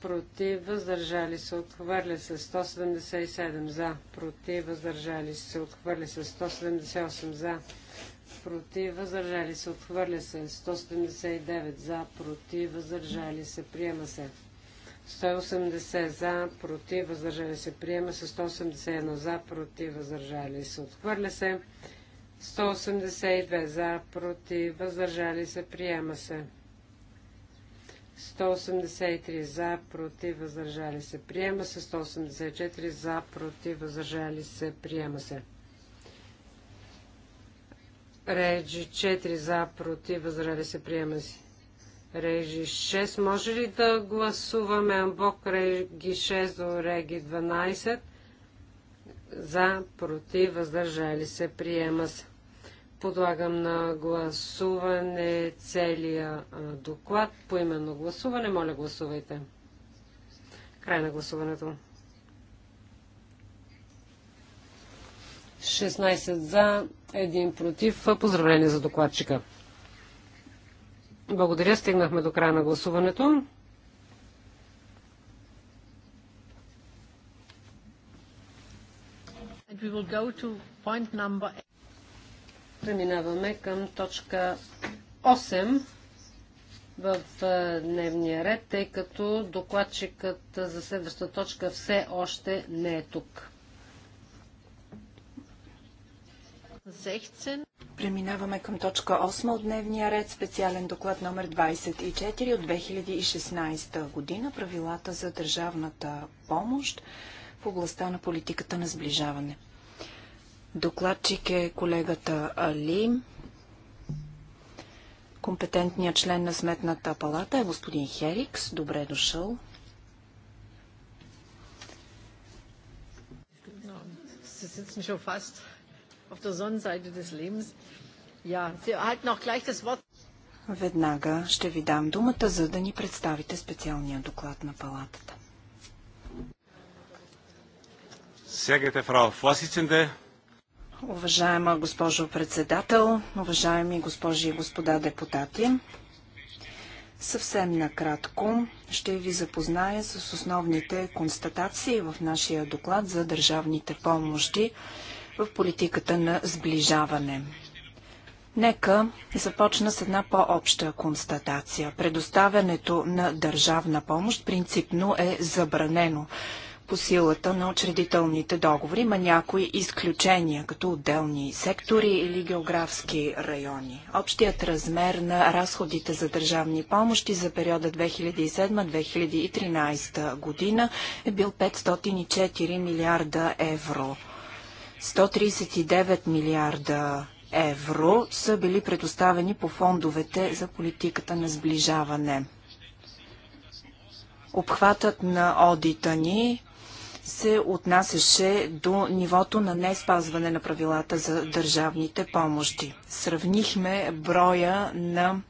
против, въздържали се, отхвърля се. 177 за, против, въздържали се, отхвърля се. 178 за, против, въздържали се, отхвърля се. 179 за, против, въздържали се, приема се. 180 за, против, въздържали се, приема се. 181 за, против, въздържали се, отхвърля се. 182 за, против, въздържали се, приема се. 183 за, против, въздържали се, приема се. 184 за, против, въздържали се, приема се. Режи 4 за, против, възради се, приема си. Режи 6. Може ли да гласуваме Амбок Реги 6 до Реги 12? За, против, въздържали се, приема се. Подлагам на гласуване целия доклад. По именно гласуване, моля гласувайте. Край на гласуването. 16 за, 1 против. Поздравление за докладчика. Благодаря. Стигнахме до края на гласуването. Преминаваме към точка 8 в дневния ред, тъй като докладчикът за следващата точка все още не е тук. Преминаваме към точка 8 от дневния ред, специален доклад номер 24 от 2016 година, правилата за държавната помощ в областта на политиката на сближаване. Докладчик е колегата Али. Компетентният член на Сметната палата е господин Херикс. Добре е дошъл. No, auf der Sonnenseite des Lebens. Ja, Sie erhalten auch gleich das Wort. Веднага ще ви дам думата, за да ни представите специалния доклад на палатата. фрау Фласиценде. Уважаема госпожо председател, уважаеми госпожи и господа депутати, съвсем накратко ще ви запозная с основните констатации в нашия доклад за държавните помощи в политиката на сближаване. Нека започна с една по-обща констатация. Предоставянето на държавна помощ принципно е забранено по силата на учредителните договори. Има някои изключения, като отделни сектори или географски райони. Общият размер на разходите за държавни помощи за периода 2007-2013 година е бил 504 милиарда евро. 139 милиарда евро са били предоставени по фондовете за политиката на сближаване. Обхватът на одита ни се отнасяше до нивото на не на правилата за държавните помощи. Сравнихме броя на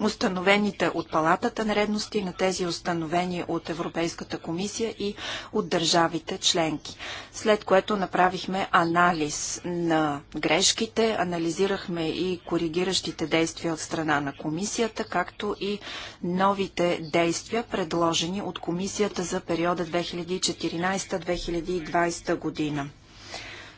установените от палатата редности на тези установени от Европейската комисия и от държавите членки. След което направихме анализ на грешките, анализирахме и коригиращите действия от страна на комисията, както и новите действия, предложени от комисията за периода 2014-2020 година.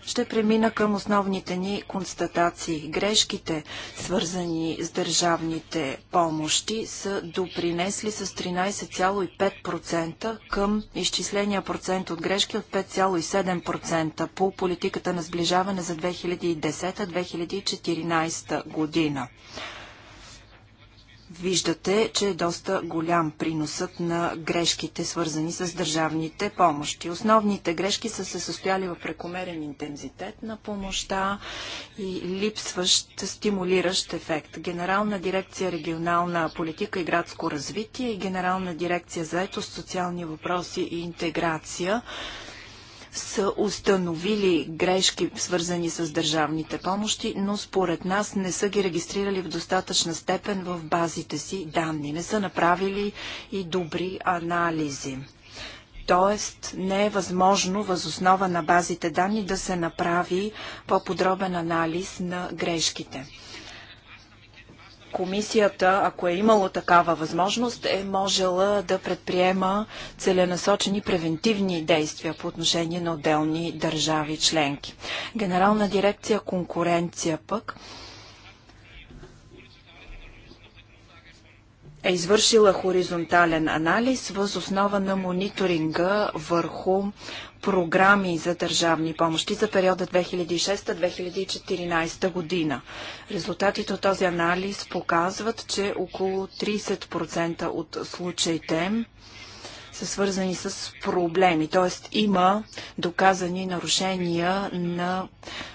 Ще премина към основните ни констатации. Грешките, свързани с държавните помощи, са допринесли с 13,5% към изчисления процент от грешки от 5,7% по политиката на сближаване за 2010-2014 година. Виждате, че е доста голям приносът на грешките, свързани с държавните помощи. Основните грешки са се състояли в прекомерен интензитет на помощта и липсващ стимулиращ ефект. Генерална дирекция регионална политика и градско развитие и Генерална дирекция заетост, социални въпроси и интеграция са установили грешки, свързани с държавните помощи, но според нас не са ги регистрирали в достатъчна степен в базите си данни. Не са направили и добри анализи. Тоест не е възможно възоснова на базите данни да се направи по-подробен анализ на грешките комисията, ако е имало такава възможност, е можела да предприема целенасочени превентивни действия по отношение на отделни държави членки. Генерална дирекция конкуренция пък е извършила хоризонтален анализ въз основа на мониторинга върху програми за държавни помощи за периода 2006-2014 година. Резултатите от този анализ показват, че около 30% от случаите са свързани с проблеми, т.е. има доказани нарушения на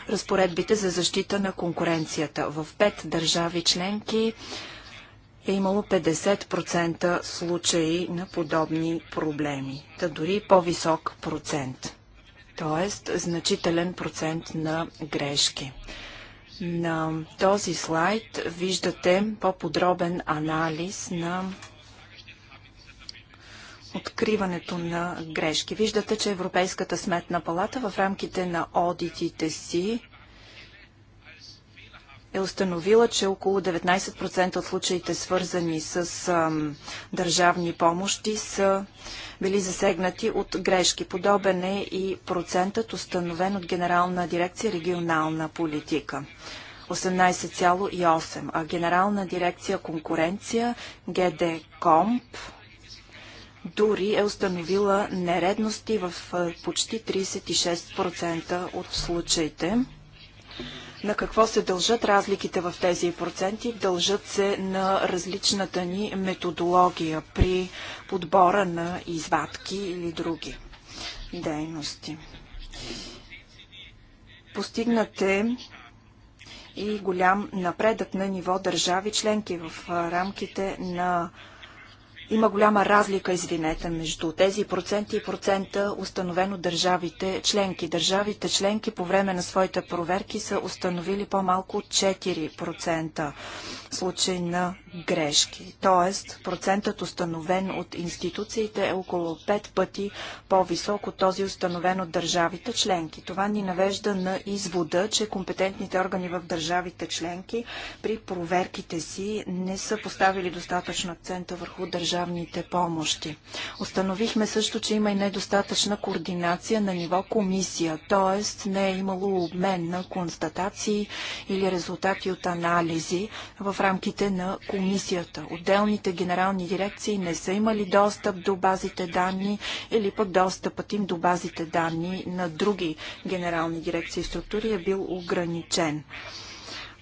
разпоредбите за защита на конкуренцията. В пет държави членки е имало 50% случаи на подобни проблеми, да дори по-висок процент, т.е. значителен процент на грешки. На този слайд виждате по-подробен анализ на откриването на грешки. Виждате, че Европейската сметна палата в рамките на одитите си е установила, че около 19% от случаите свързани с ам, държавни помощи са били засегнати от грешки. Подобен е и процентът установен от Генерална дирекция регионална политика. 18,8, а Генерална дирекция конкуренция ГД Комп дори е установила нередности в почти 36% от случаите. На какво се дължат разликите в тези проценти? Дължат се на различната ни методология при подбора на извадки или други дейности. Постигнате и голям напредък на ниво държави членки в рамките на има голяма разлика, извинете, между тези проценти и процента установено държавите членки. Държавите членки по време на своите проверки са установили по-малко от 4% случай на грешки. Тоест, процентът установен от институциите е около 5 пъти по-висок от този установен от държавите членки. Това ни навежда на извода, че компетентните органи в държавите членки при проверките си не са поставили достатъчно акцента върху държавните помощи. Установихме също, че има и недостатъчна координация на ниво комисия, т.е. не е имало обмен на констатации или резултати от анализи в рамките на комисията комисията. Отделните генерални дирекции не са имали достъп до базите данни или пък достъпът им до базите данни на други генерални дирекции и структури е бил ограничен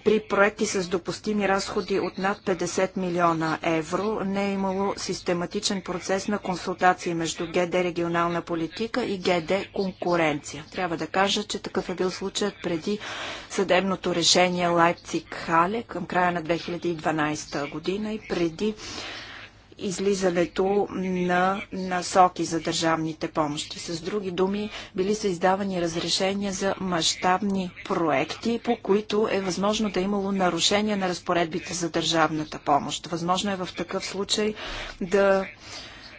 при проекти с допустими разходи от над 50 милиона евро не е имало систематичен процес на консултации между ГД регионална политика и ГД конкуренция. Трябва да кажа, че такъв е бил случаят преди съдебното решение Лайпциг-Хале към края на 2012 година и преди излизането на насоки за държавните помощи. С други думи, били са издавани разрешения за мащабни проекти, по които е възможно да е имало нарушение на разпоредбите за държавната помощ. Възможно е в такъв случай да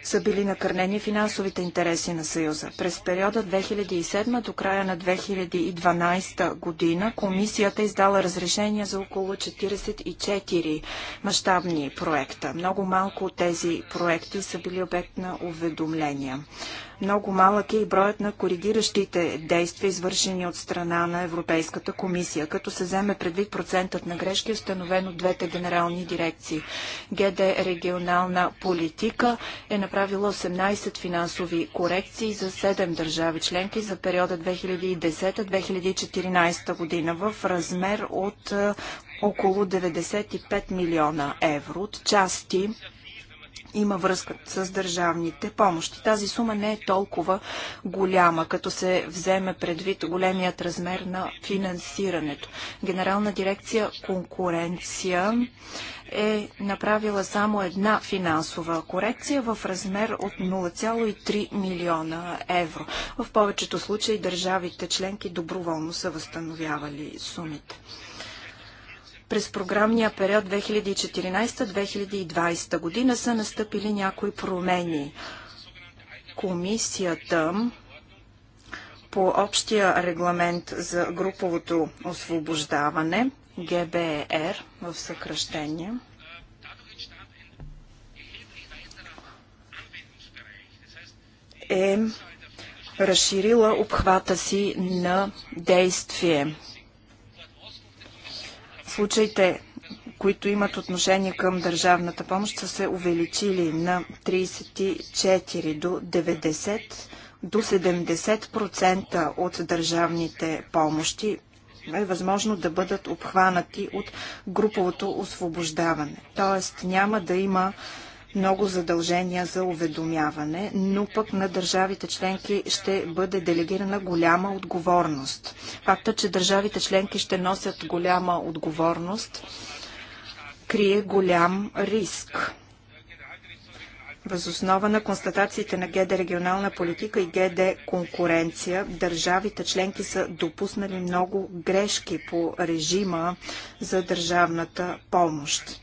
са били накърнени финансовите интереси на Съюза. През периода 2007 до края на 2012 година комисията издала разрешения за около 44 мащабни проекта. Много малко от тези проекти са били обект на уведомления. Много малък е и броят на коригиращите действия, извършени от страна на Европейската комисия, като се вземе предвид процентът на грешки, установен от двете генерални дирекции. ГД регионална политика е направила 18 финансови корекции за 7 държави членки за периода 2010-2014 година в размер от е, около 95 милиона евро от части има връзка с държавните помощи. Тази сума не е толкова голяма, като се вземе предвид големият размер на финансирането. Генерална дирекция конкуренция е направила само една финансова корекция в размер от 0,3 милиона евро. В повечето случаи държавите членки доброволно са възстановявали сумите. През програмния период 2014-2020 година са настъпили някои промени. Комисията по общия регламент за груповото освобождаване, ГБР в съкръщение, е разширила обхвата си на действие. Случаите, които имат отношение към държавната помощ, са се увеличили на 34 до 90 до 70% от държавните помощи е възможно да бъдат обхванати от груповото освобождаване. Тоест няма да има много задължения за уведомяване, но пък на държавите членки ще бъде делегирана голяма отговорност. Факта, че държавите членки ще носят голяма отговорност, крие голям риск. Възоснова на констатациите на ГД регионална политика и ГД конкуренция, държавите членки са допуснали много грешки по режима за държавната помощ.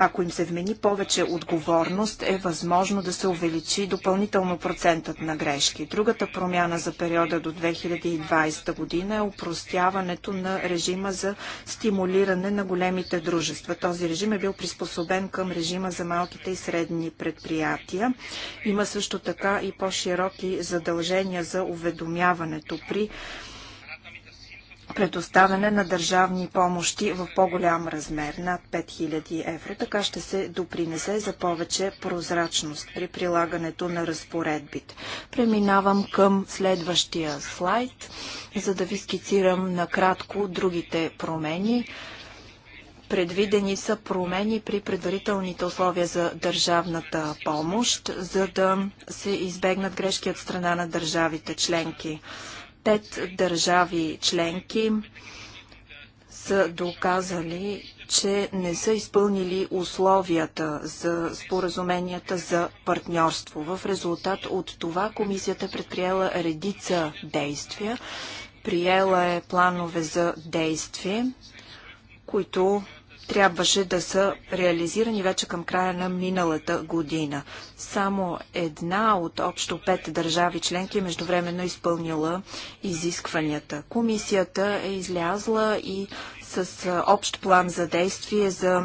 Ако им се вмени повече отговорност, е възможно да се увеличи допълнително процентът на грешки. Другата промяна за периода до 2020 година е упростяването на режима за стимулиране на големите дружества. Този режим е бил приспособен към режима за малките и средни предприятия. Има също така и по-широки задължения за уведомяването при предоставяне на държавни помощи в по-голям размер, над 5000 евро. Така ще се допринесе за повече прозрачност при прилагането на разпоредбите. Преминавам към следващия слайд, за да ви скицирам накратко другите промени. Предвидени са промени при предварителните условия за държавната помощ, за да се избегнат грешки от страна на държавите членки пет държави членки са доказали, че не са изпълнили условията за споразуменията за партньорство. В резултат от това комисията е предприела редица действия, приела е планове за действие, които трябваше да са реализирани вече към края на миналата година. Само една от общо пет държави членки междувременно е изпълнила изискванията. Комисията е излязла и с общ план за действие за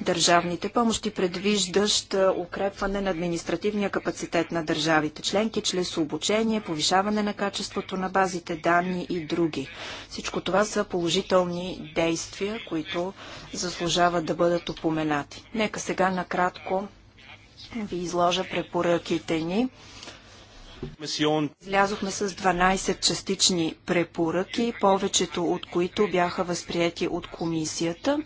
държавните помощи, предвиждащ укрепване на административния капацитет на държавите членки, чрез обучение, повишаване на качеството на базите данни и други. Всичко това са положителни действия, които заслужават да бъдат упоменати. Нека сега накратко ви изложа препоръките ни. Излязохме с 12 частични препоръки, повечето от които бяха възприяти от комисията.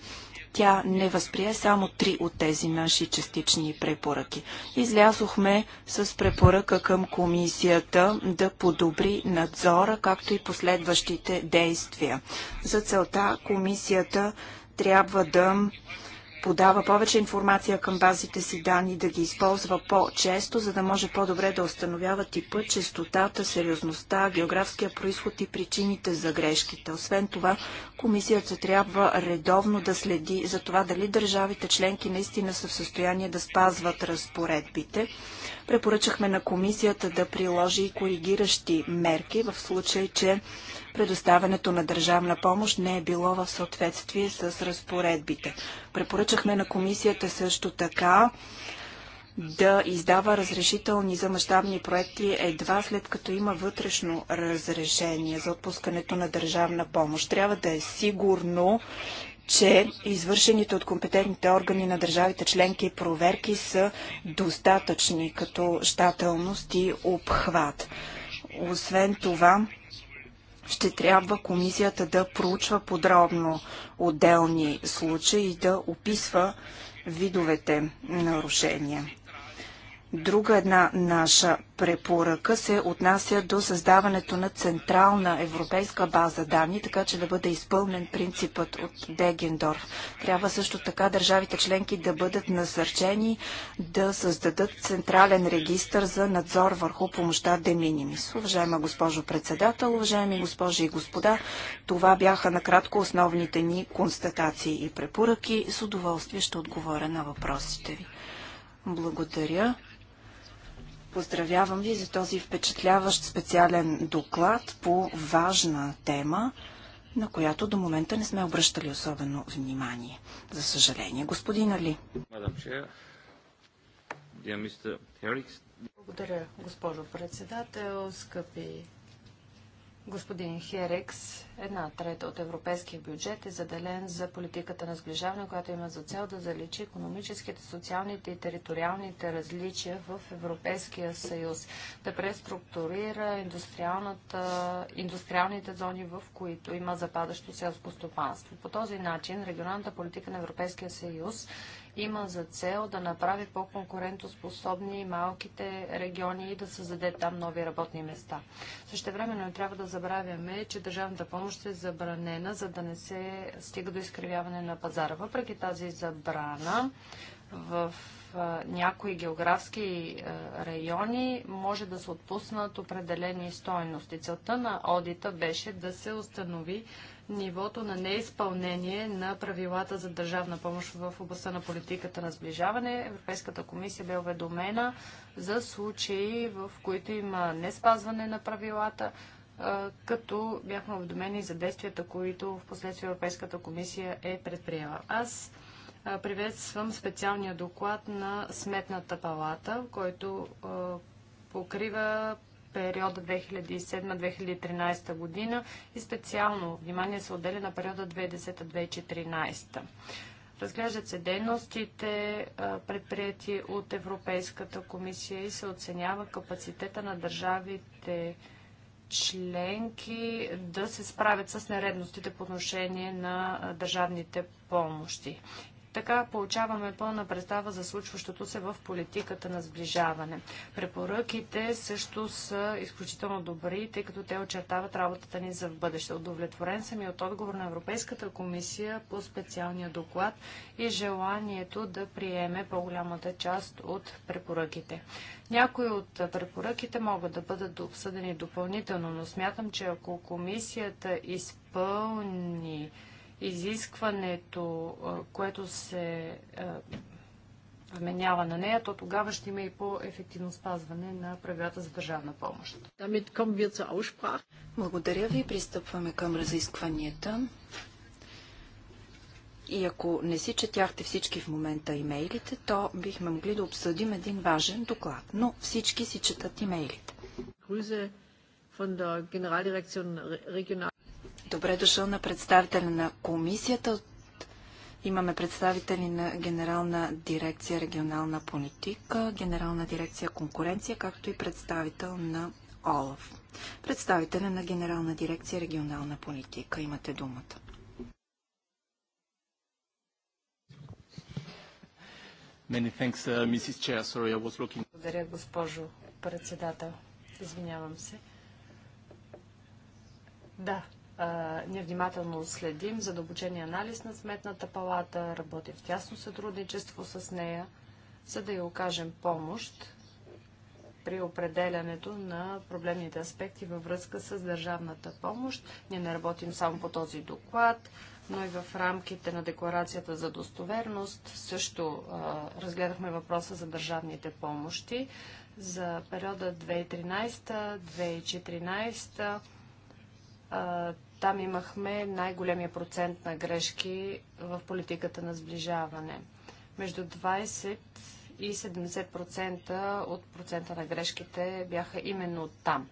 Тя не възприе само три от тези наши частични препоръки. Излязохме с препоръка към комисията да подобри надзора, както и последващите действия. За целта комисията трябва да подава повече информация към базите си данни, да ги използва по-често, за да може по-добре да установява типа, честотата, сериозността, географския происход и причините за грешките. Освен това, комисията трябва редовно да следи за това дали държавите членки наистина са в състояние да спазват разпоредбите. Препоръчахме на комисията да приложи и коригиращи мерки в случай, че предоставянето на държавна помощ не е било в съответствие с разпоредбите. Препоръчахме на комисията също така да издава разрешителни за мащабни проекти едва след като има вътрешно разрешение за отпускането на държавна помощ. Трябва да е сигурно, че извършените от компетентните органи на държавите членки проверки са достатъчни като щателност и обхват. Освен това, ще трябва комисията да проучва подробно отделни случаи и да описва видовете нарушения. Друга една наша препоръка се отнася до създаването на централна европейска база данни, така че да бъде изпълнен принципът от Дегендорф. Трябва също така държавите членки да бъдат насърчени да създадат централен регистр за надзор върху помощта Деминимис. Уважаема госпожо председател, уважаеми госпожи и господа, това бяха накратко основните ни констатации и препоръки. С удоволствие ще отговоря на въпросите ви. Благодаря. Поздравявам ви за този впечатляващ специален доклад по важна тема, на която до момента не сме обръщали особено внимание. За съжаление, господин Али. Благодаря, госпожо председател, скъпи Господин Херекс, една трета от европейския бюджет е заделен за политиката на сближаване, която има за цел да заличи економическите, социалните и териториалните различия в Европейския съюз, да преструктурира индустриалните зони, в които има западащо селско стопанство. По този начин регионалната политика на Европейския съюз има за цел да направи по-конкурентоспособни малките региони и да създаде там нови работни места. време не трябва да забравяме, че държавната помощ е забранена, за да не се стига до изкривяване на пазара. Въпреки тази забрана, в някои географски райони може да се отпуснат определени стойности. Целта на одита беше да се установи нивото на неизпълнение на правилата за държавна помощ в областта на политиката на сближаване. Европейската комисия бе уведомена за случаи, в които има неспазване на правилата, като бяхме уведомени за действията, които в последствие Европейската комисия е предприела. Аз приветствам специалния доклад на Сметната палата, който покрива периода 2007-2013 година и специално внимание се отделя на периода 2010-2014. Разглеждат се дейностите, предприяти от Европейската комисия и се оценява капацитета на държавите членки да се справят с нередностите по отношение на държавните помощи. Така получаваме пълна представа за случващото се в политиката на сближаване. Препоръките също са изключително добри, тъй като те очертават работата ни за в бъдеще. Удовлетворен съм и от отговор на Европейската комисия по специалния доклад и желанието да приеме по-голямата част от препоръките. Някои от препоръките могат да бъдат обсъдени допълнително, но смятам, че ако комисията изпълни изискването, което се вменява на нея, то тогава ще има и по-ефективно спазване на правилата за държавна помощ. Благодаря ви. Пристъпваме към разискванията. И ако не си четяхте всички в момента имейлите, то бихме могли да обсъдим един важен доклад. Но всички си четат имейлите. Добре дошъл на представителя на комисията. Имаме представители на Генерална дирекция регионална политика, Генерална дирекция конкуренция, както и представител на ОЛАФ. Представителя на Генерална дирекция регионална политика. Имате думата. Thanks, uh, Sorry, Благодаря, госпожо председател. Извинявам се. Да, Невнимателно ние внимателно следим задълбочения анализ на Сметната палата, работим в тясно сътрудничество с нея, за да й окажем помощ при определянето на проблемните аспекти във връзка с държавната помощ. Ние не работим само по този доклад, но и в рамките на декларацията за достоверност също а, разгледахме въпроса за държавните помощи за периода 2013-2014 там имахме най-големия процент на грешки в политиката на сближаване. Между 20 и 70% от процента на грешките бяха именно там.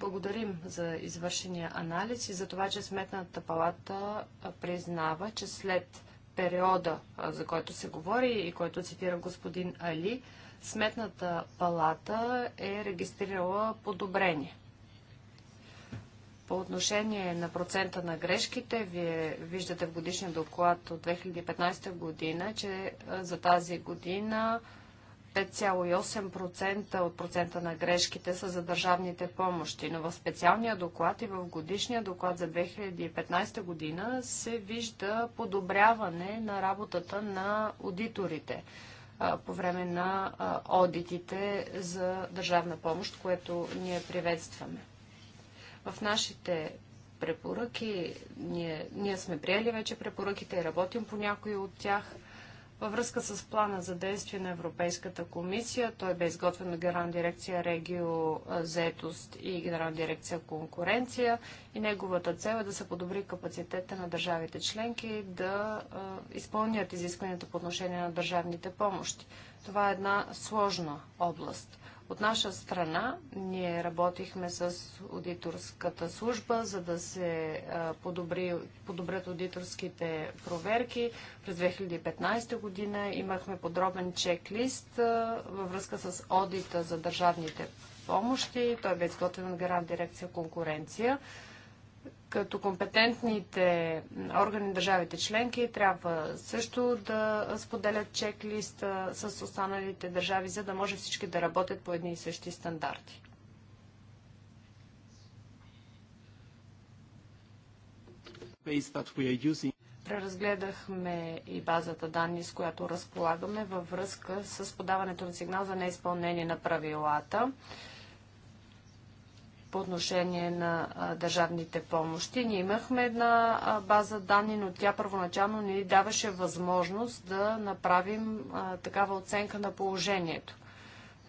Благодарим за извършения анализ и за това, че Сметната палата признава, че след периода, за който се говори и който цитира господин Али, Сметната палата е регистрирала подобрение. По отношение на процента на грешките, вие виждате в годишния доклад от 2015 година, че за тази година 5,8% от процента на грешките са за държавните помощи, но в специалния доклад и в годишния доклад за 2015 година се вижда подобряване на работата на аудиторите по време на одитите за държавна помощ, което ние приветстваме. В нашите препоръки, ние, ние сме приели вече препоръките и работим по някои от тях. Във връзка с плана за действие на Европейската комисия, той бе изготвен от Генерална дирекция Регио заетост и Генерална дирекция конкуренция и неговата цел е да се подобри капацитета на държавите членки да а, изпълнят изискванията по отношение на държавните помощи. Това е една сложна област. От наша страна ние работихме с аудиторската служба, за да се подобри, подобрят аудиторските проверки. През 2015 година имахме подробен чек-лист във връзка с одита за държавните помощи. Той бе изготвен от Гарант дирекция конкуренция като компетентните органи на държавите членки трябва също да споделят чеклист с останалите държави, за да може всички да работят по едни и същи стандарти. Преразгледахме и базата данни, с която разполагаме във връзка с подаването на сигнал за неизпълнение на правилата по отношение на държавните помощи. Ние имахме една база данни, но тя първоначално ни даваше възможност да направим такава оценка на положението.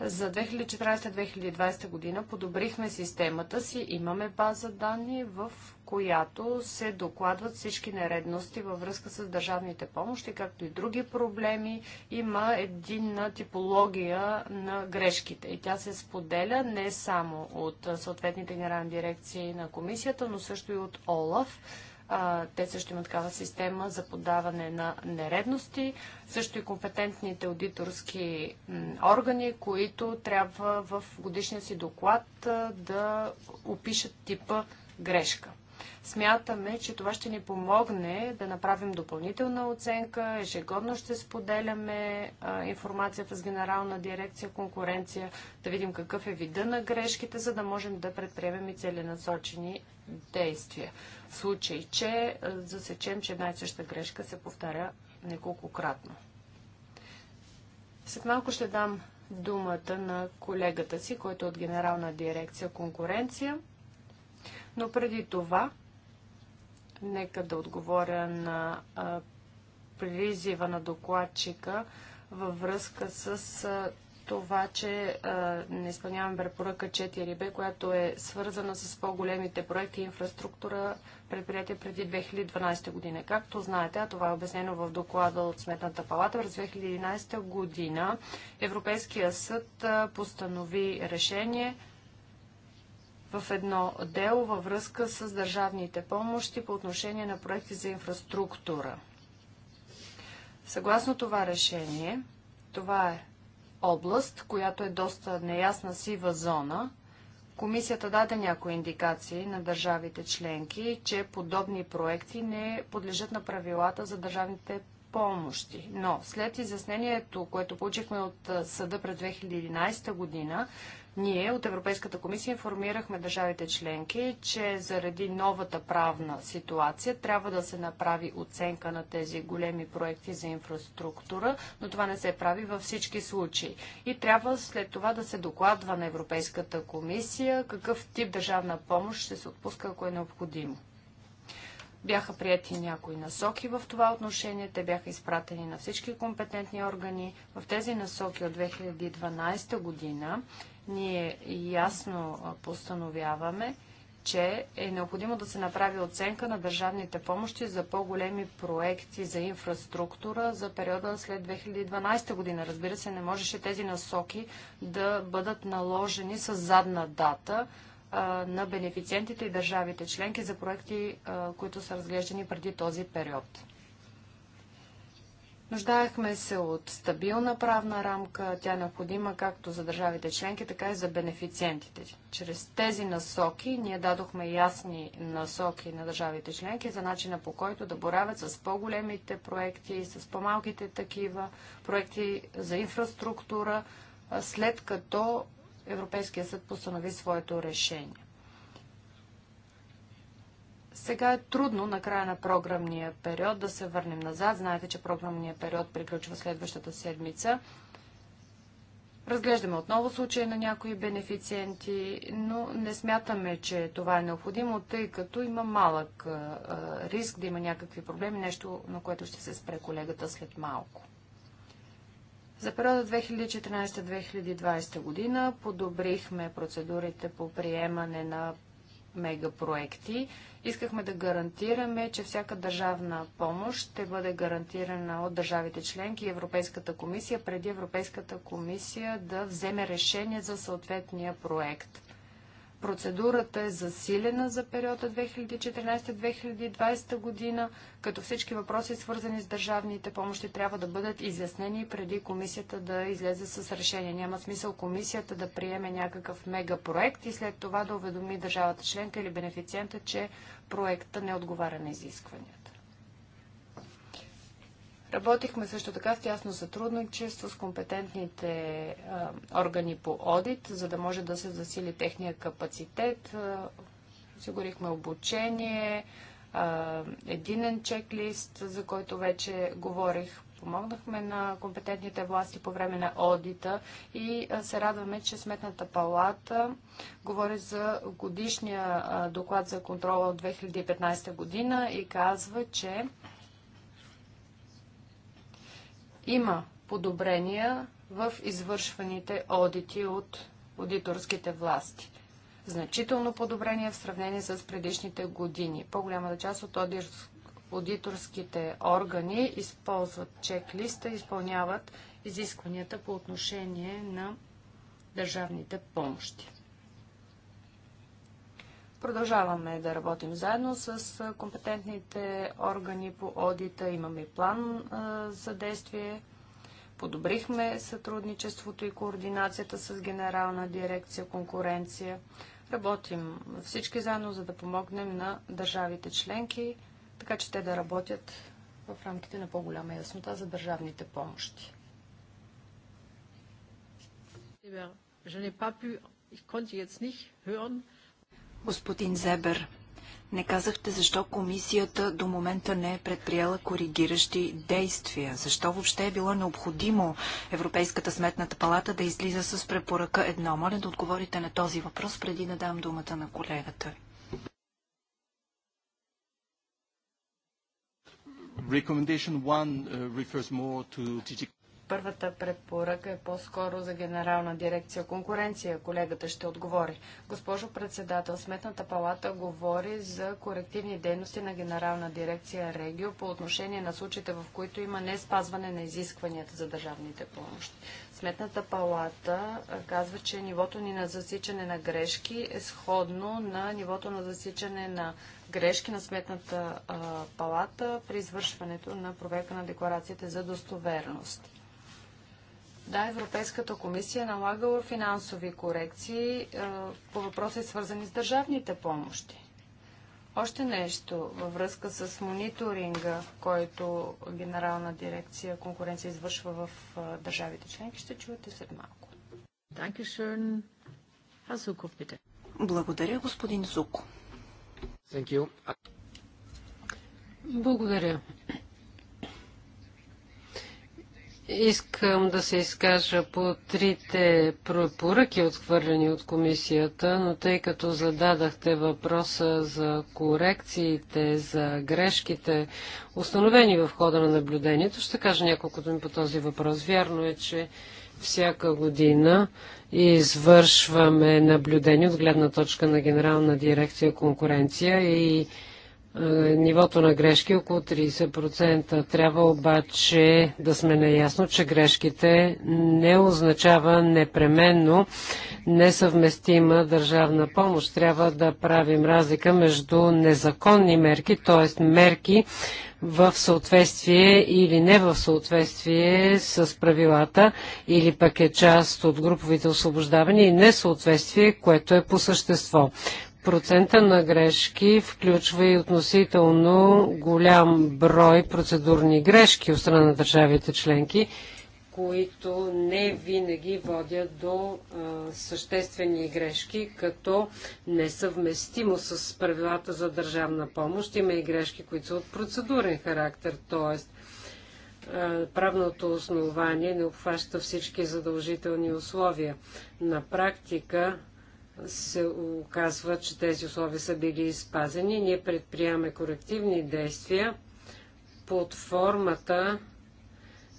За 2014-2020 година подобрихме системата си, имаме база данни, в която се докладват всички нередности във връзка с държавните помощи, както и други проблеми. Има единна типология на грешките и тя се споделя не само от съответните генерални дирекции на комисията, но също и от ОЛАФ те също имат такава система за подаване на нередности, също и компетентните аудиторски органи, които трябва в годишния си доклад да опишат типа грешка. Смятаме, че това ще ни помогне да направим допълнителна оценка. Ежегодно ще споделяме информация информацията с Генерална дирекция конкуренция, да видим какъв е вида на грешките, за да можем да предприемем и целенасочени действия в случай, че е, засечем, че една и съща грешка се повтаря неколкократно. След малко ще дам думата на колегата си, който е от Генерална дирекция конкуренция. Но преди това, нека да отговоря на е, призива на докладчика във връзка с е, това, че а, не изпълняваме препоръка 4Б, която е свързана с по-големите проекти и инфраструктура, предприятия преди 2012 година. Както знаете, а това е обяснено в доклада от Сметната палата, през 2011 година Европейския съд постанови решение в едно дело във връзка с държавните помощи по отношение на проекти за инфраструктура. Съгласно това решение, това е област, която е доста неясна сива зона. Комисията даде някои индикации на държавите членки, че подобни проекти не подлежат на правилата за държавните помощи. Но след изяснението, което получихме от съда през 2011 година, ние от Европейската комисия информирахме държавите членки, че заради новата правна ситуация трябва да се направи оценка на тези големи проекти за инфраструктура, но това не се прави във всички случаи. И трябва след това да се докладва на Европейската комисия какъв тип държавна помощ ще се отпуска, ако е необходимо. Бяха прияти някои насоки в това отношение. Те бяха изпратени на всички компетентни органи. В тези насоки от 2012 година ние ясно постановяваме, че е необходимо да се направи оценка на държавните помощи за по-големи проекти за инфраструктура за периода след 2012 година. Разбира се, не можеше тези насоки да бъдат наложени с задна дата, на бенефициентите и държавите членки за проекти, които са разглеждани преди този период. Нуждаехме се от стабилна правна рамка. Тя е необходима както за държавите членки, така и за бенефициентите. Чрез тези насоки ние дадохме ясни насоки на държавите членки за начина по който да боравят с по-големите проекти, с по-малките такива, проекти за инфраструктура, след като Европейския съд постанови своето решение. Сега е трудно на края на програмния период да се върнем назад. Знаете, че програмния период приключва следващата седмица. Разглеждаме отново случаи на някои бенефициенти, но не смятаме, че това е необходимо, тъй като има малък риск да има някакви проблеми, нещо на което ще се спре колегата след малко. За периода 2014-2020 година подобрихме процедурите по приемане на мегапроекти. Искахме да гарантираме, че всяка държавна помощ ще бъде гарантирана от държавите членки и Европейската комисия, преди Европейската комисия да вземе решение за съответния проект. Процедурата е засилена за периода 2014-2020 година, като всички въпроси, свързани с държавните помощи, трябва да бъдат изяснени преди комисията да излезе с решение. Няма смисъл комисията да приеме някакъв мегапроект и след това да уведоми държавата членка или бенефициента, че проекта не отговаря на изискванията. Работихме също така в тясно сътрудничество с компетентните органи по одит, за да може да се засили техния капацитет. осигурихме обучение, единен чеклист, за който вече говорих. Помогнахме на компетентните власти по време на одита и се радваме, че Сметната палата говори за годишния доклад за контрола от 2015 година и казва, че има подобрения в извършваните одити от аудиторските власти. Значително подобрение в сравнение с предишните години. По-голямата част от аудиторските органи използват чек-листа, изпълняват изискванията по отношение на държавните помощи. Продължаваме да работим заедно с компетентните органи по одита. Имаме план за действие. Подобрихме сътрудничеството и координацията с Генерална дирекция конкуренция. Работим всички заедно, за да помогнем на държавите членки, така че те да работят в рамките на по-голяма яснота за държавните помощи. Je n'ai pas pu, ich konnte jetzt nicht hören, Господин Зебер, не казахте защо комисията до момента не е предприела коригиращи действия. Защо въобще е било необходимо Европейската сметната палата да излиза с препоръка едно? Моля да отговорите на този въпрос, преди да дам думата на колегата. Recommendation one uh, refers more to Първата препоръка е по-скоро за Генерална дирекция конкуренция. Колегата ще отговори. Госпожо председател, Сметната палата говори за корективни дейности на Генерална дирекция Регио по отношение на случаите, в които има не спазване на изискванията за държавните помощи. Сметната палата казва, че нивото ни на засичане на грешки е сходно на нивото на засичане на грешки на Сметната палата при извършването на проверка на декларациите за достоверност. Да, Европейската комисия е налагала финансови корекции е, по въпроси свързани с държавните помощи. Още нещо във връзка с мониторинга, който Генерална дирекция конкуренция извършва в е, държавите членки, ще чуете след малко. Благодаря, господин Зуко. Благодаря. Искам да се изкажа по трите препоръки, отхвърлени от комисията, но тъй като зададахте въпроса за корекциите, за грешките, установени в хода на наблюдението, ще кажа няколко думи по този въпрос. Вярно е, че всяка година извършваме наблюдение от гледна точка на Генерална дирекция конкуренция и е, нивото на грешки около 30%. Трябва обаче да сме наясно, че грешките не означава непременно несъвместима държавна помощ. Трябва да правим разлика между незаконни мерки, т.е. мерки в съответствие или не в съответствие с правилата, или пък е част от груповите освобождавания и несъответствие, което е по същество процента на грешки включва и относително голям брой процедурни грешки от страна на държавите членки, които не винаги водят до а, съществени грешки, като несъвместимо с правилата за държавна помощ. Има и грешки, които са от процедурен характер, т.е. правното основание не обхваща всички задължителни условия. На практика се оказва, че тези условия са били спазени. Ние предприемаме корективни действия под формата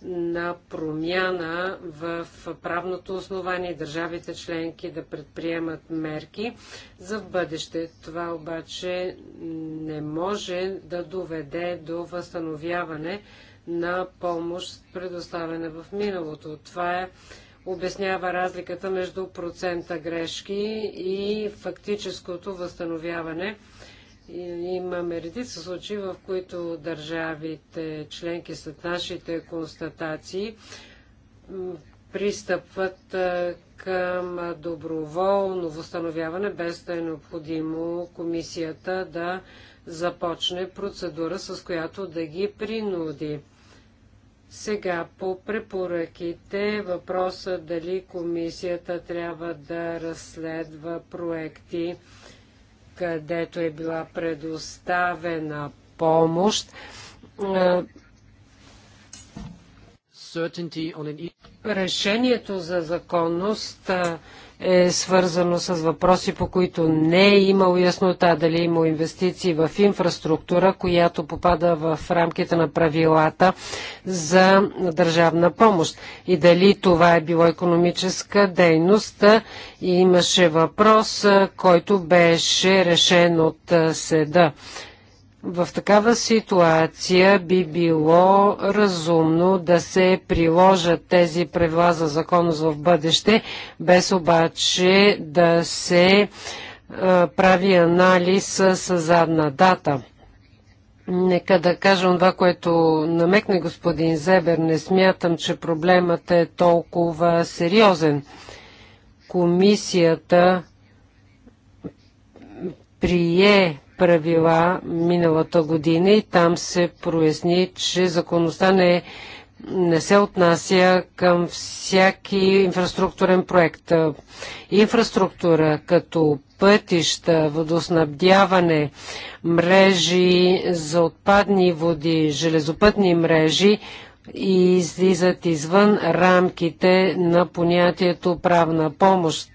на промяна в правното основание държавите членки да предприемат мерки за в бъдеще. Това обаче не може да доведе до възстановяване на помощ, предоставена в миналото. Това е обяснява разликата между процента грешки и фактическото възстановяване. Имаме редица случаи, в които държавите членки след нашите констатации пристъпват към доброволно възстановяване, без да е необходимо комисията да започне процедура, с която да ги принуди. Сега по препоръките въпроса дали комисията трябва да разследва проекти, където е била предоставена помощ. E- решението за законност е свързано с въпроси, по които не е имало яснота дали е има инвестиции в инфраструктура, която попада в рамките на правилата за държавна помощ и дали това е било економическа дейност. И имаше въпрос, който беше решен от седа в такава ситуация би било разумно да се приложат тези правила за законност в бъдеще, без обаче да се е, прави анализ с задна дата. Нека да кажа това, което намекне господин Зебер. Не смятам, че проблемът е толкова сериозен. Комисията прие правила миналата година и там се проясни, че законността не, не се отнася към всяки инфраструктурен проект. Инфраструктура като пътища, водоснабдяване, мрежи за отпадни води, железопътни мрежи и излизат извън рамките на понятието правна помощ.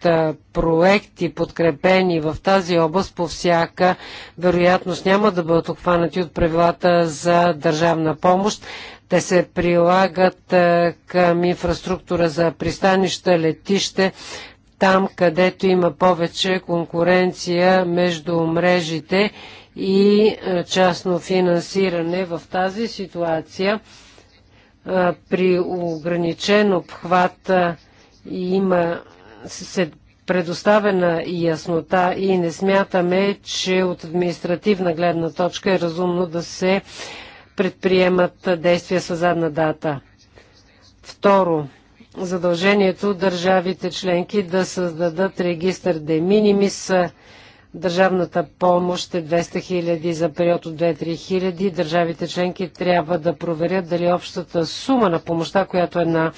Проекти, подкрепени в тази област, по всяка вероятност няма да бъдат обхванати от правилата за държавна помощ. Те се прилагат към инфраструктура за пристанища, летище, там където има повече конкуренция между мрежите и частно финансиране. В тази ситуация при ограничен обхват има се предоставена яснота и не смятаме, че от административна гледна точка е разумно да се предприемат действия с задна дата. Второ, задължението държавите членки да създадат регистър де минимис Държавната помощ е 200 хиляди за период от 2-3 хиляди. Държавите членки трябва да проверят дали общата сума на помощта, която една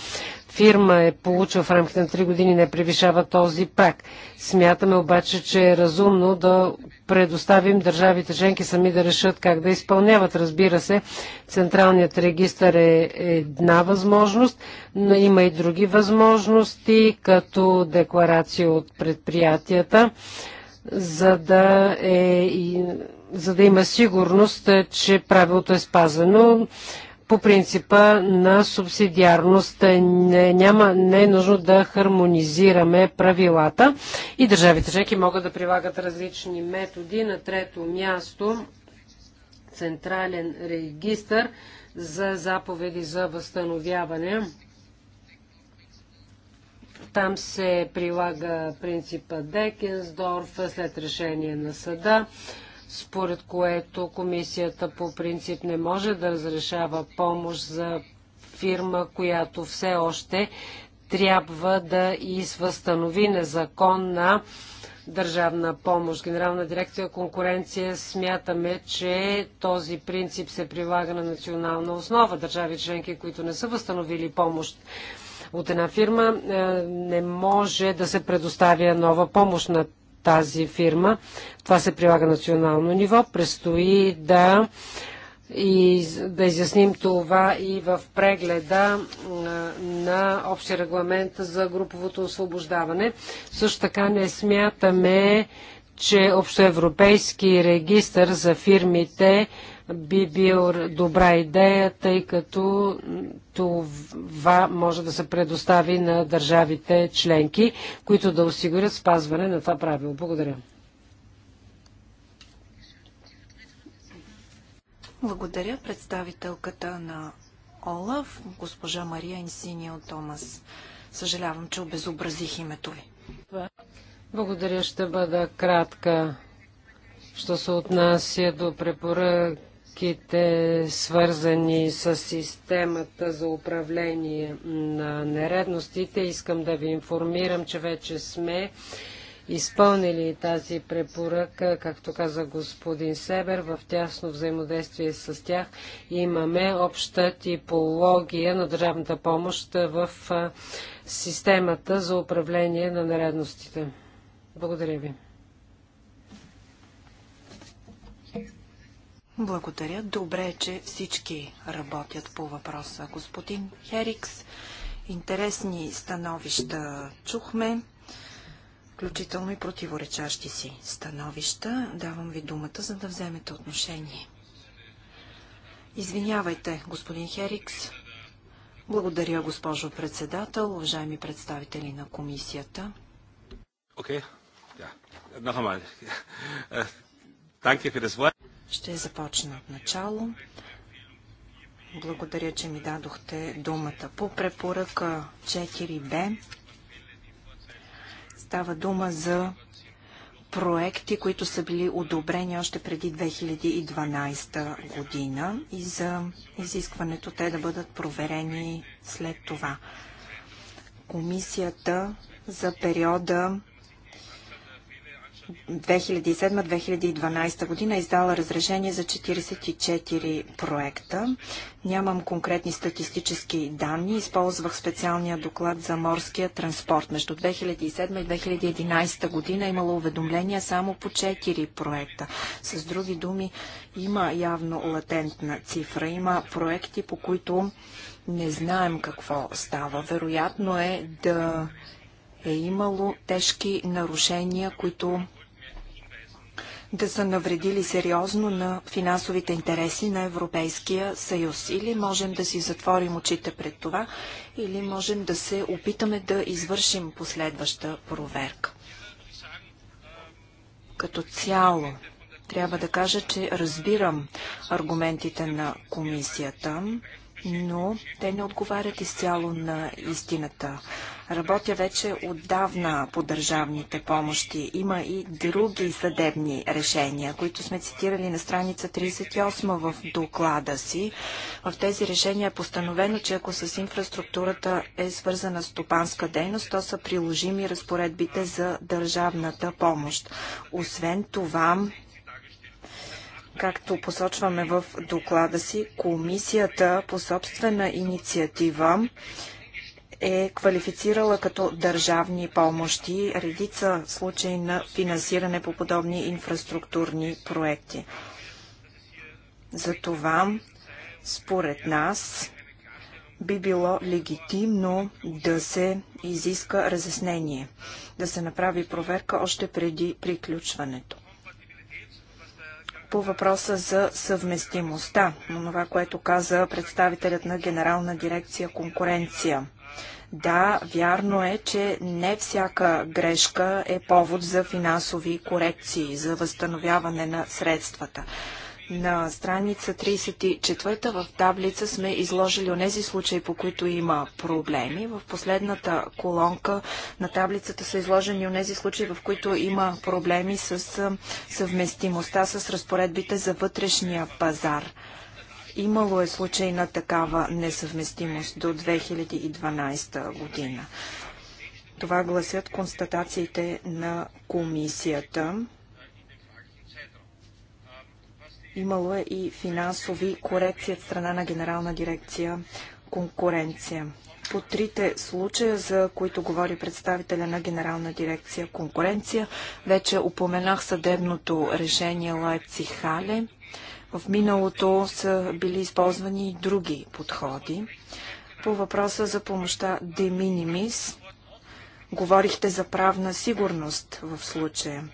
фирма е получила в рамките на 3 години, не превишава този прак. Смятаме обаче, че е разумно да предоставим държавите членки сами да решат как да изпълняват. Разбира се, Централният регистр е една възможност, но има и други възможности, като декларация от предприятията за да, е, за да има сигурност, че правилото е спазено. По принципа на субсидиарност не, няма, не е нужно да хармонизираме правилата и държавите членки могат да прилагат различни методи. На трето място централен регистр за заповеди за възстановяване там се прилага принципа Декенсдорф след решение на съда, според което комисията по принцип не може да разрешава помощ за фирма, която все още трябва да извъзстанови незаконна държавна помощ. Генерална дирекция конкуренция смятаме, че този принцип се прилага на национална основа. Държави членки, които не са възстановили помощ от една фирма, е, не може да се предоставя нова помощ на тази фирма. Това се прилага на национално ниво. Престои да и да изясним това и в прегледа на общи регламент за груповото освобождаване. Също така не смятаме, че общоевропейски регистр за фирмите би бил добра идея, тъй като това може да се предостави на държавите членки, които да осигурят спазване на това правило. Благодаря. Благодаря представителката на Олаф, госпожа Мария от Томас. Съжалявам, че обезобразих името ви. Благодаря, ще бъда кратка. Що се отнася до препоръка мерките, свързани с системата за управление на нередностите, искам да ви информирам, че вече сме изпълнили тази препоръка, както каза господин Себер, в тясно взаимодействие с тях. Имаме обща типология на държавната помощ в системата за управление на нередностите. Благодаря ви. Благодаря. Добре, е, че всички работят по въпроса. Господин Херикс, интересни становища чухме, включително и противоречащи си становища. Давам ви думата, за да вземете отношение. Извинявайте, господин Херикс. Благодаря, госпожо председател, уважаеми представители на комисията. Окей. Okay. Yeah. Nochmal. Danke für das ще започна от начало. Благодаря, че ми дадохте думата. По препоръка 4Б става дума за проекти, които са били одобрени още преди 2012 година и за изискването те да бъдат проверени след това. Комисията за периода 2007-2012 година е издала разрешение за 44 проекта. Нямам конкретни статистически данни. Използвах специалния доклад за морския транспорт. Между 2007 и 2011 година е имало уведомления само по 4 проекта. С други думи, има явно латентна цифра. Има проекти, по които не знаем какво става. Вероятно е да е имало тежки нарушения, които да са навредили сериозно на финансовите интереси на Европейския съюз. Или можем да си затворим очите пред това, или можем да се опитаме да извършим последваща проверка. Като цяло, трябва да кажа, че разбирам аргументите на комисията, но те не отговарят изцяло на истината. Работя вече отдавна по държавните помощи. Има и други съдебни решения, които сме цитирали на страница 38 в доклада си. В тези решения е постановено, че ако с инфраструктурата е свързана стопанска дейност, то са приложими разпоредбите за държавната помощ. Освен това, както посочваме в доклада си, комисията по собствена инициатива е квалифицирала като държавни помощи редица случаи на финансиране по подобни инфраструктурни проекти. Затова, според нас, би било легитимно да се изиска разяснение, да се направи проверка още преди приключването. По въпроса за съвместимостта, това, което каза представителят на Генерална дирекция конкуренция – да, вярно е, че не всяка грешка е повод за финансови корекции, за възстановяване на средствата. На страница 34 в таблица сме изложили онези случаи, по които има проблеми. В последната колонка на таблицата са изложени онези случаи, в които има проблеми с съвместимостта с разпоредбите за вътрешния пазар. Имало е случай на такава несъвместимост до 2012 година. Това гласят констатациите на комисията. Имало е и финансови корекции от страна на Генерална дирекция конкуренция. По трите случая, за които говори представителя на Генерална дирекция конкуренция, вече упоменах съдебното решение Лайпци Хале. В миналото са били използвани и други подходи. По въпроса за помощта de minimis, говорихте за правна сигурност в случая.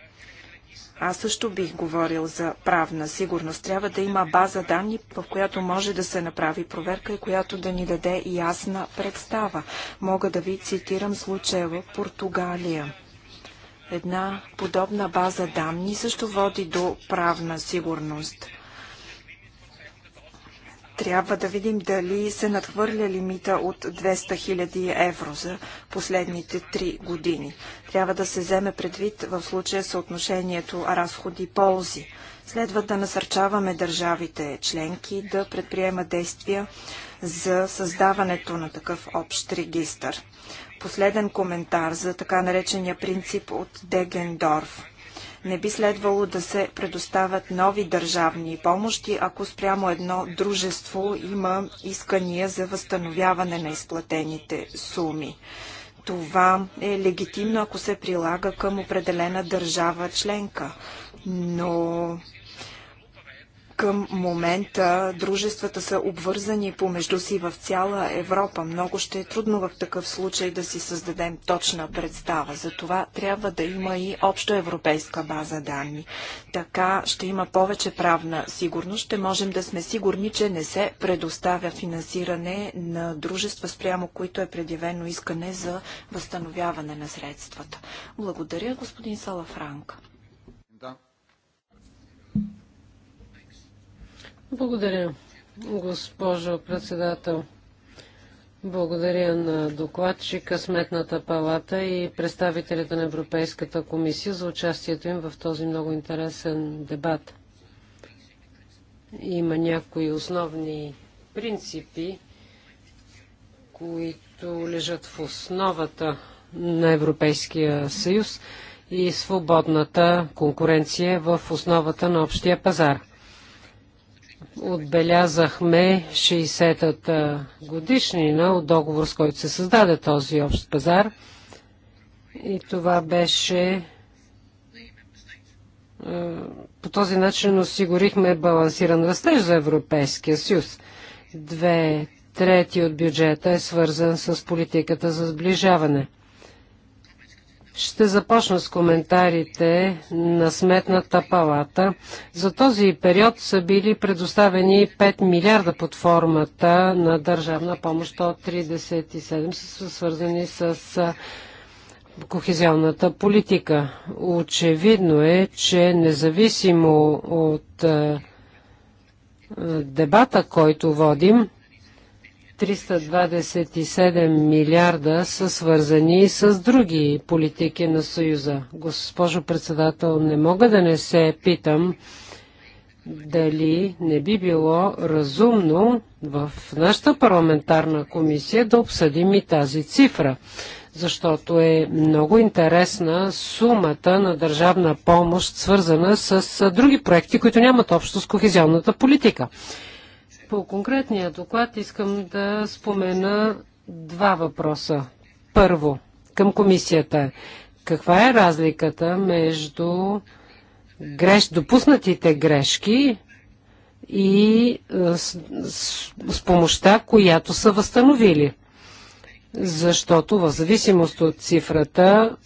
Аз също бих говорил за правна сигурност. Трябва да има база данни, в която може да се направи проверка и която да ни даде ясна представа. Мога да ви цитирам случая в Португалия. Една подобна база данни също води до правна сигурност – трябва да видим дали се надхвърля лимита от 200 000 евро за последните три години. Трябва да се вземе предвид в случая съотношението разходи-ползи. Следва да насърчаваме държавите членки да предприемат действия за създаването на такъв общ регистр. Последен коментар за така наречения принцип от Дегендорф. Не би следвало да се предоставят нови държавни помощи, ако спрямо едно дружество има искания за възстановяване на изплатените суми. Това е легитимно, ако се прилага към определена държава членка, но към момента дружествата са обвързани помежду си в цяла Европа. Много ще е трудно в такъв случай да си създадем точна представа. За това трябва да има и общо европейска база данни. Така ще има повече правна сигурност. Ще можем да сме сигурни, че не се предоставя финансиране на дружества, спрямо които е предявено искане за възстановяване на средствата. Благодаря, господин Салафранк. Благодаря, госпожо председател. Благодаря на докладчика, Сметната палата и представителите на Европейската комисия за участието им в този много интересен дебат. Има някои основни принципи, които лежат в основата на Европейския съюз и свободната конкуренция в основата на общия пазар – Отбелязахме 60-та годишнина от договор, с който се създаде този общ пазар. И това беше е, по този начин осигурихме балансиран растеж за Европейския съюз. Две трети от бюджета е свързан с политиката за сближаване – ще започна с коментарите на Сметната палата. За този период са били предоставени 5 милиарда под формата на държавна помощ. 137 са свързани с кохезионната политика. Очевидно е, че независимо от дебата, който водим, 327 милиарда са свързани с други политики на Съюза. Госпожо председател, не мога да не се питам дали не би било разумно в нашата парламентарна комисия да обсъдим и тази цифра, защото е много интересна сумата на държавна помощ, свързана с други проекти, които нямат общо с кохезионната политика. По конкретния доклад искам да спомена два въпроса. Първо, към комисията. Каква е разликата между греш, допуснатите грешки и е, с, с, с помощта, която са възстановили? Защото в зависимост от цифрата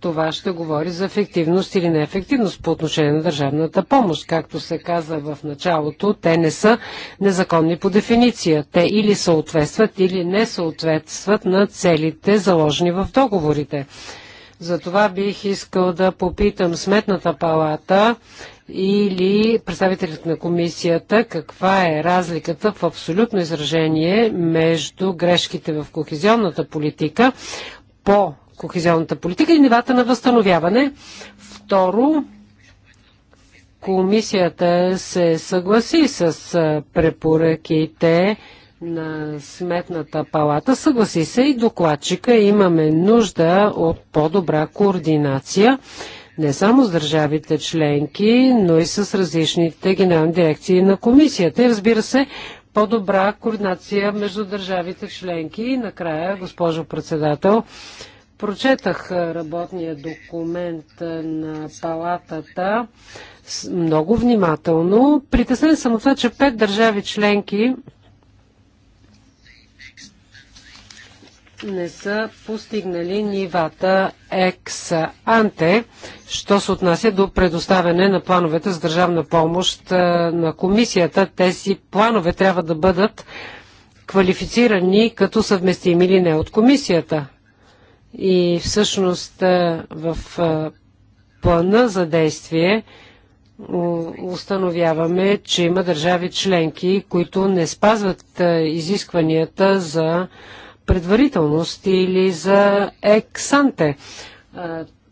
това ще говори за ефективност или неефективност по отношение на държавната помощ. Както се каза в началото, те не са незаконни по дефиниция. Те или съответстват, или не съответстват на целите заложени в договорите. Затова бих искал да попитам Сметната палата или представителите на комисията каква е разликата в абсолютно изражение между грешките в кохезионната политика по кохезионната политика и нивата на възстановяване. Второ, комисията се съгласи с препоръките на Сметната палата. Съгласи се и докладчика. Имаме нужда от по-добра координация не само с държавите членки, но и с различните генерални дирекции на комисията. И разбира се, по-добра координация между държавите членки. И накрая, госпожо председател, Прочетах работния документ на палатата много внимателно. Притеснен съм от това, че пет държави членки не са постигнали нивата екс-анте, що се отнася до предоставяне на плановете за държавна помощ на комисията. Тези планове трябва да бъдат квалифицирани като съвместими или не от комисията. И всъщност в плана за действие установяваме, че има държави членки, които не спазват изискванията за предварителност или за ексанте.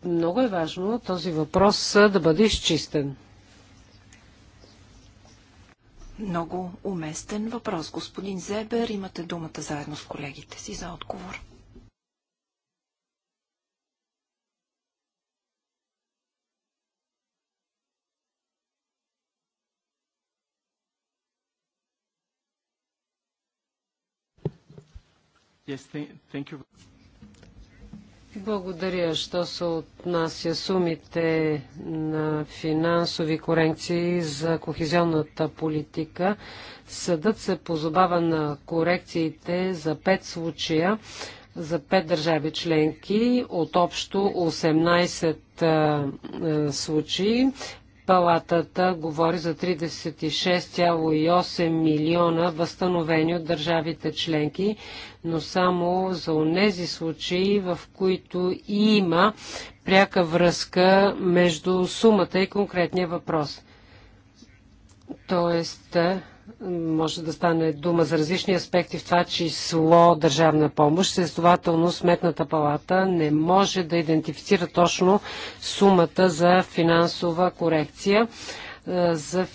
Много е важно този въпрос да бъде изчистен. Много уместен въпрос. Господин Зебер, имате думата заедно с колегите си за отговор. Yes, thank you. Благодаря. Що се отнася сумите на финансови корекции за кохезионната политика, съдът се позобава на корекциите за пет случая за пет държави членки от общо 18 случаи палатата говори за 36,8 милиона възстановени от държавите членки, но само за онези случаи, в които има пряка връзка между сумата и конкретния въпрос. Тоест, може да стане дума за различни аспекти, в това число държавна помощ. Следователно, Сметната палата не може да идентифицира точно сумата за финансова корекция за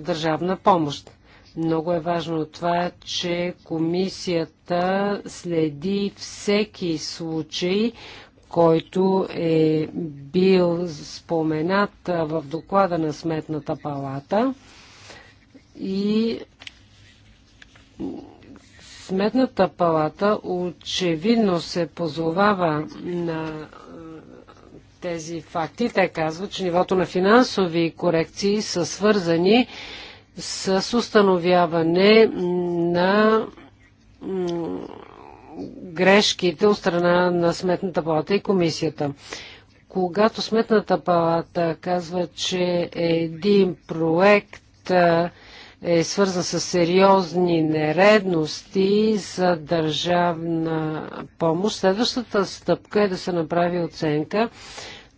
държавна помощ. Много е важно това, че комисията следи всеки случай, който е бил споменат в доклада на Сметната палата и Сметната палата очевидно се позовава на тези факти. Те казват, че нивото на финансови корекции са свързани с установяване на грешките от страна на Сметната палата и комисията. Когато Сметната палата казва, че е един проект е свързан с сериозни нередности за държавна помощ. Следващата стъпка е да се направи оценка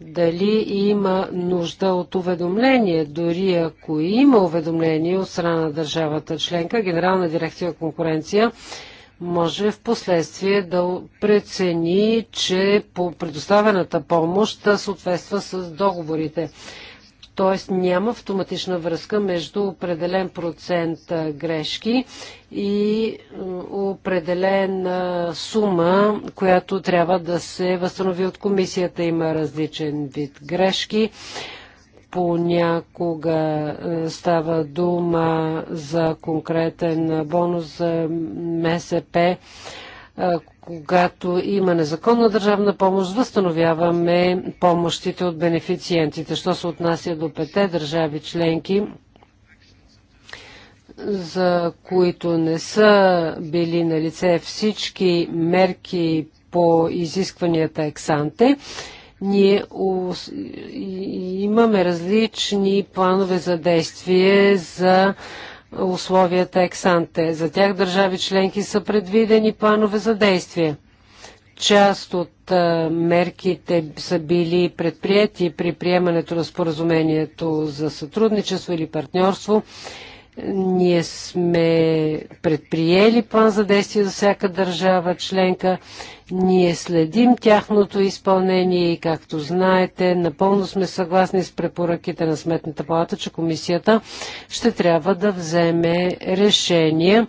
дали има нужда от уведомление. Дори ако има уведомление от страна на държавата членка, Генерална дирекция конкуренция може в последствие да прецени, че по предоставената помощ съответства с договорите т.е. няма автоматична връзка между определен процент грешки и определена сума, която трябва да се възстанови от комисията. Има различен вид грешки. Понякога става дума за конкретен бонус за МСП когато има незаконна държавна помощ, възстановяваме помощите от бенефициентите. Що се отнася до пете държави членки, за които не са били на лице всички мерки по изискванията ексанте, ние имаме различни планове за действие за условията ексанте. За тях държави членки са предвидени планове за действие. Част от мерките са били предприяти при приемането на споразумението за сътрудничество или партньорство ние сме предприели план за действие за всяка държава членка. Ние следим тяхното изпълнение и, както знаете, напълно сме съгласни с препоръките на Сметната палата, че комисията ще трябва да вземе решение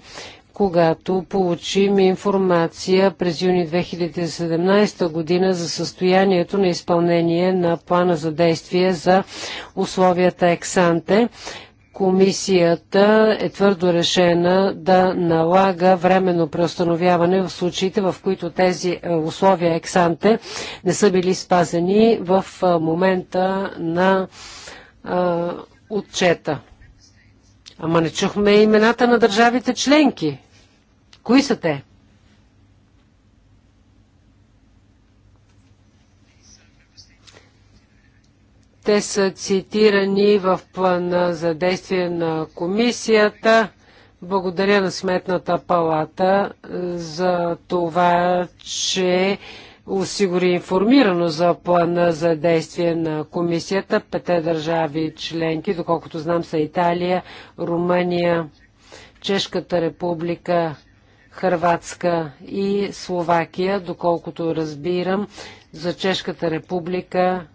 когато получим информация през юни 2017 година за състоянието на изпълнение на плана за действие за условията ексанте. Комисията е твърдо решена да налага временно преустановяване в случаите, в които тези е, условия ексанте не са били спазени в е, момента на а, е, отчета. Ама не чухме имената на държавите членки. Кои са те? Те са цитирани в плана за действие на комисията. Благодаря на Сметната палата е, за това, че осигури информирано за плана за действие на комисията. Пете държави членки, доколкото знам, са Италия, Румъния, Чешката република, Хрватска и Словакия. Доколкото разбирам, за Чешката република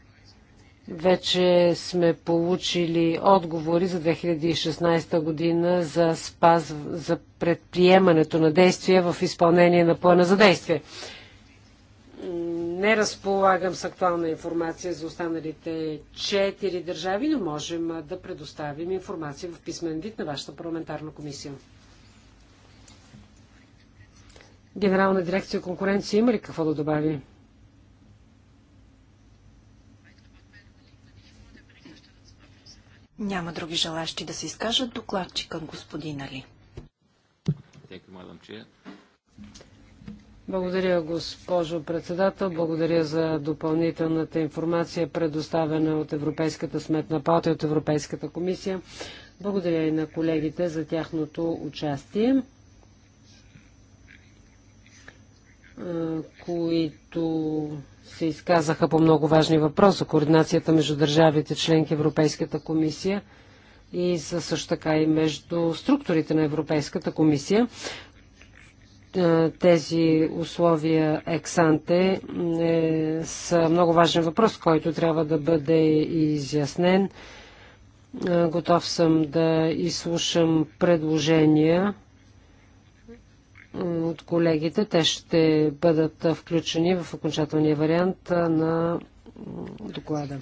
вече сме получили отговори за 2016 година за, спаз, за предприемането на действия в изпълнение на плана за действие. Не разполагам с актуална информация за останалите 4 държави, но можем да предоставим информация в писмен вид на вашата парламентарна комисия. Генерална дирекция конкуренция има ли какво да добави? Няма други желащи да се изкажат. Докладчикът господина ли? Благодаря, госпожо председател. Благодаря за допълнителната информация, предоставена от Европейската сметна палата и от Европейската комисия. Благодаря и на колегите за тяхното участие, които се изказаха по много важни въпроси. Координацията между държавите, членки Европейската комисия и също така и между структурите на Европейската комисия. Е, тези условия ексанте е, са много важен въпрос, който трябва да бъде изяснен. Е, готов съм да изслушам предложения от колегите. Те ще бъдат включени в окончателния вариант на доклада.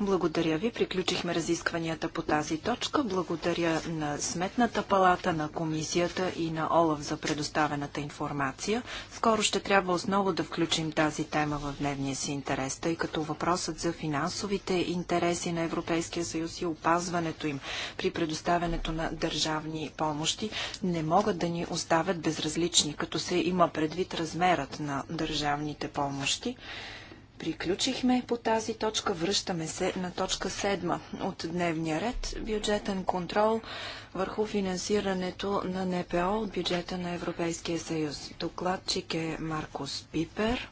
Благодаря ви. Приключихме разискванията по тази точка. Благодаря на Сметната палата, на комисията и на ОЛАВ за предоставената информация. Скоро ще трябва основно да включим тази тема в дневния си интерес, тъй като въпросът за финансовите интереси на Европейския съюз и опазването им при предоставянето на държавни помощи не могат да ни оставят безразлични, като се има предвид размерът на държавните помощи. Приключихме по тази точка. Връщаме се на точка 7 от дневния ред. Бюджетен контрол върху финансирането на НПО от бюджета на Европейския съюз. Докладчик е Маркус Пипер.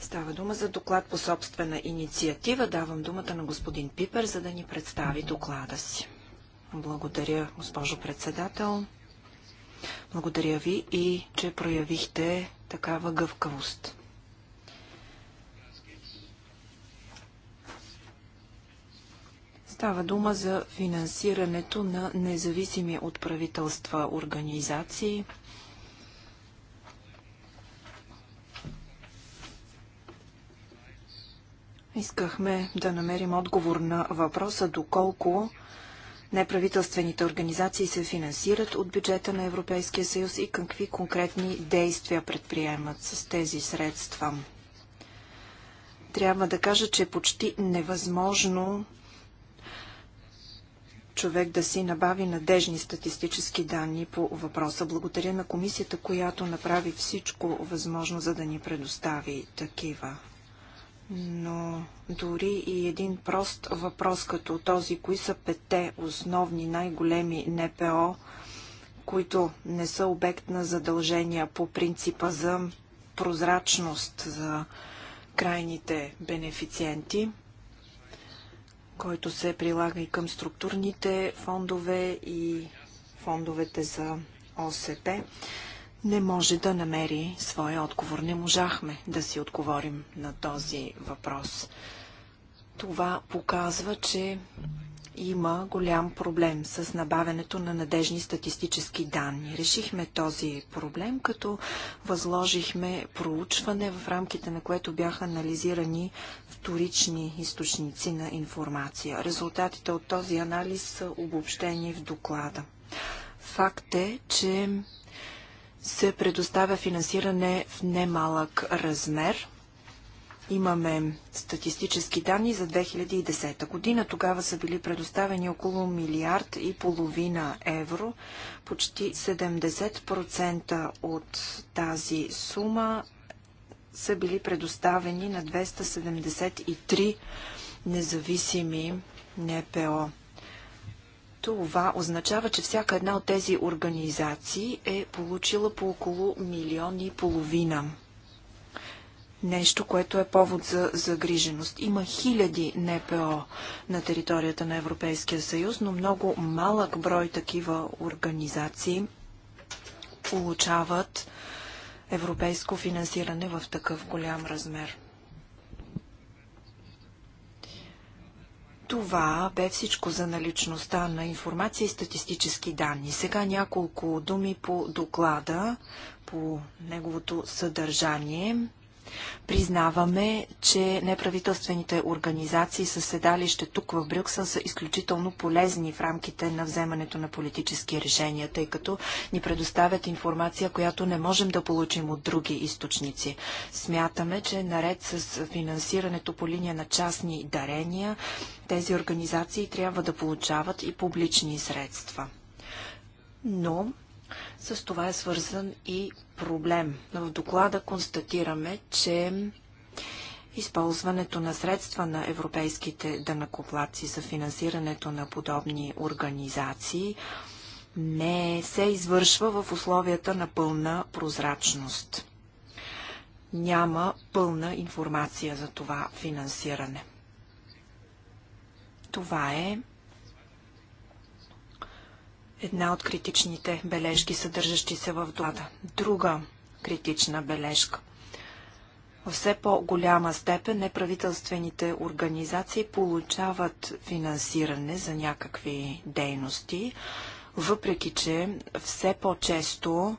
Става дума за доклад по собствена инициатива. Давам думата на господин Пипер, за да ни представи доклада си. Благодаря, госпожо председател. Благодаря ви и че проявихте такава гъвкавост. Става дума за финансирането на независими от правителства организации. Искахме да намерим отговор на въпроса доколко неправителствените организации се финансират от бюджета на Европейския съюз и какви конкретни действия предприемат с тези средства. Трябва да кажа, че е почти невъзможно човек да си набави надежни статистически данни по въпроса. Благодаря на комисията, която направи всичко възможно, за да ни предостави такива но дори и един прост въпрос като този, кои са петте основни най-големи НПО, които не са обект на задължения по принципа за прозрачност за крайните бенефициенти, който се прилага и към структурните фондове и фондовете за ОСП не може да намери своя отговор. Не можахме да си отговорим на този въпрос. Това показва, че има голям проблем с набавянето на надежни статистически данни. Решихме този проблем, като възложихме проучване, в рамките на което бяха анализирани вторични източници на информация. Резултатите от този анализ са обобщени в доклада. Факт е, че се предоставя финансиране в немалък размер. Имаме статистически данни за 2010 година. Тогава са били предоставени около милиард и половина евро. Почти 70% от тази сума са били предоставени на 273 независими НПО. Това означава, че всяка една от тези организации е получила по около милион и половина. Нещо, което е повод за загриженост. Има хиляди НПО на територията на Европейския съюз, но много малък брой такива организации получават европейско финансиране в такъв голям размер. Това бе всичко за наличността на информация и статистически данни. Сега няколко думи по доклада, по неговото съдържание. Признаваме, че неправителствените организации със седалище тук в Брюксел са изключително полезни в рамките на вземането на политически решения, тъй като ни предоставят информация, която не можем да получим от други източници. Смятаме, че наред с финансирането по линия на частни дарения, тези организации трябва да получават и публични средства. Но с това е свързан и проблем. В доклада констатираме, че използването на средства на европейските данакоплаци за финансирането на подобни организации не се извършва в условията на пълна прозрачност. Няма пълна информация за това финансиране. Това е една от критичните бележки, съдържащи се в доклада. Друга критична бележка. В все по-голяма степен неправителствените организации получават финансиране за някакви дейности, въпреки че все по-често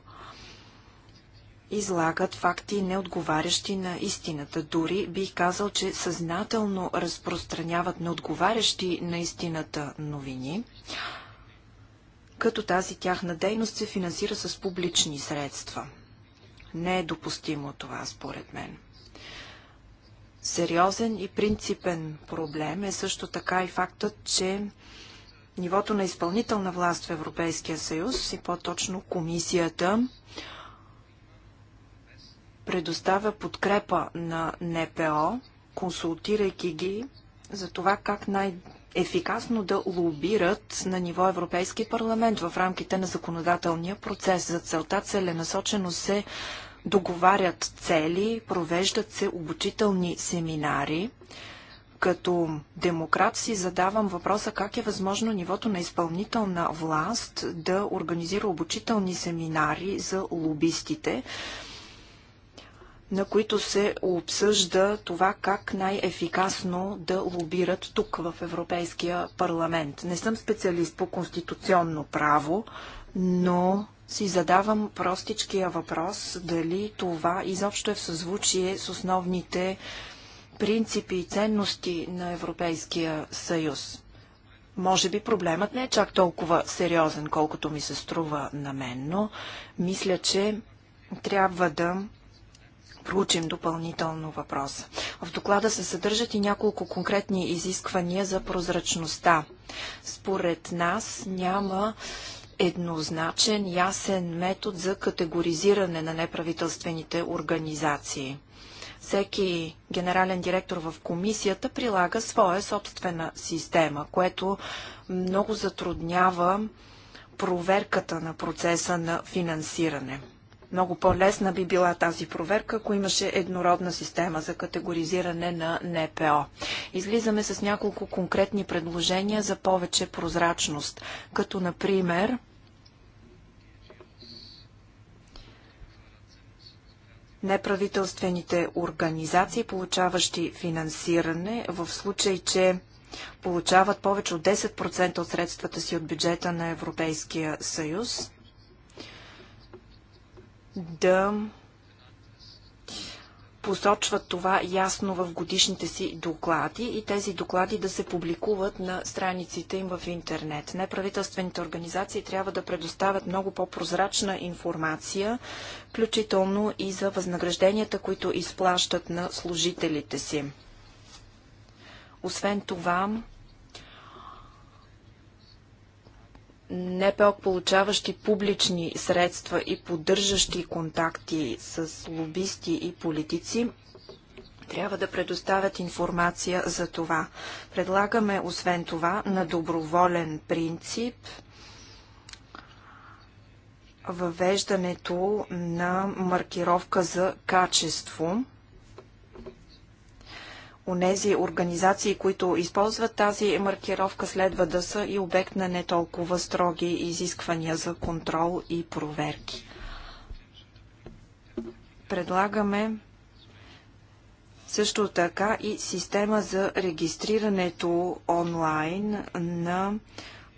излагат факти, неотговарящи на истината. Дори бих казал, че съзнателно разпространяват неотговарящи на истината новини като тази тяхна дейност се финансира с публични средства. Не е допустимо това, според мен. Сериозен и принципен проблем е също така и фактът, че нивото на изпълнителна власт в Европейския съюз и по-точно комисията предоставя подкрепа на НПО, консултирайки ги за това как най- ефикасно да лобират на ниво Европейски парламент в рамките на законодателния процес. За целта целенасочено се договарят цели, провеждат се обучителни семинари. Като демократ си задавам въпроса как е възможно нивото на изпълнителна власт да организира обучителни семинари за лобистите, на които се обсъжда това как най-ефикасно да лобират тук в Европейския парламент. Не съм специалист по конституционно право, но си задавам простичкия въпрос дали това изобщо е в съзвучие с основните принципи и ценности на Европейския съюз. Може би проблемът не е чак толкова сериозен, колкото ми се струва на мен, но мисля, че трябва да проучим допълнително въпроса. В доклада се съдържат и няколко конкретни изисквания за прозрачността. Според нас няма еднозначен, ясен метод за категоризиране на неправителствените организации. Всеки генерален директор в комисията прилага своя собствена система, което много затруднява проверката на процеса на финансиране. Много по-лесна би била тази проверка, ако имаше еднородна система за категоризиране на НПО. Излизаме с няколко конкретни предложения за повече прозрачност, като например неправителствените организации, получаващи финансиране, в случай, че получават повече от 10% от средствата си от бюджета на Европейския съюз, да посочват това ясно в годишните си доклади и тези доклади да се публикуват на страниците им в интернет. Неправителствените организации трябва да предоставят много по-прозрачна информация, включително и за възнагражденията, които изплащат на служителите си. Освен това, НПО, получаващи публични средства и поддържащи контакти с лобисти и политици, трябва да предоставят информация за това. Предлагаме, освен това, на доброволен принцип въвеждането на маркировка за качество онези организации, които използват тази маркировка, следва да са и обект на не толкова строги изисквания за контрол и проверки. Предлагаме също така и система за регистрирането онлайн на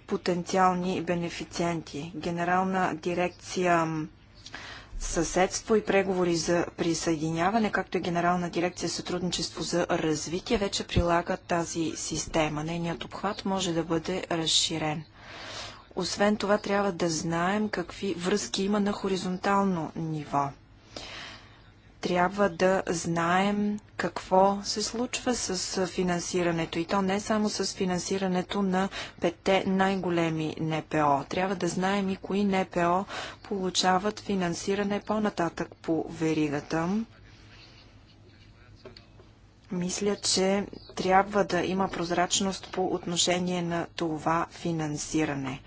потенциални бенефициенти. Генерална дирекция съседство и преговори за присъединяване, както и Генерална дирекция сътрудничество за развитие, вече прилага тази система. Нейният обхват може да бъде разширен. Освен това, трябва да знаем какви връзки има на хоризонтално ниво – трябва да знаем какво се случва с финансирането и то не само с финансирането на пете най-големи НПО. Трябва да знаем и кои НПО получават финансиране по-нататък по веригата. Мисля, че трябва да има прозрачност по отношение на това финансиране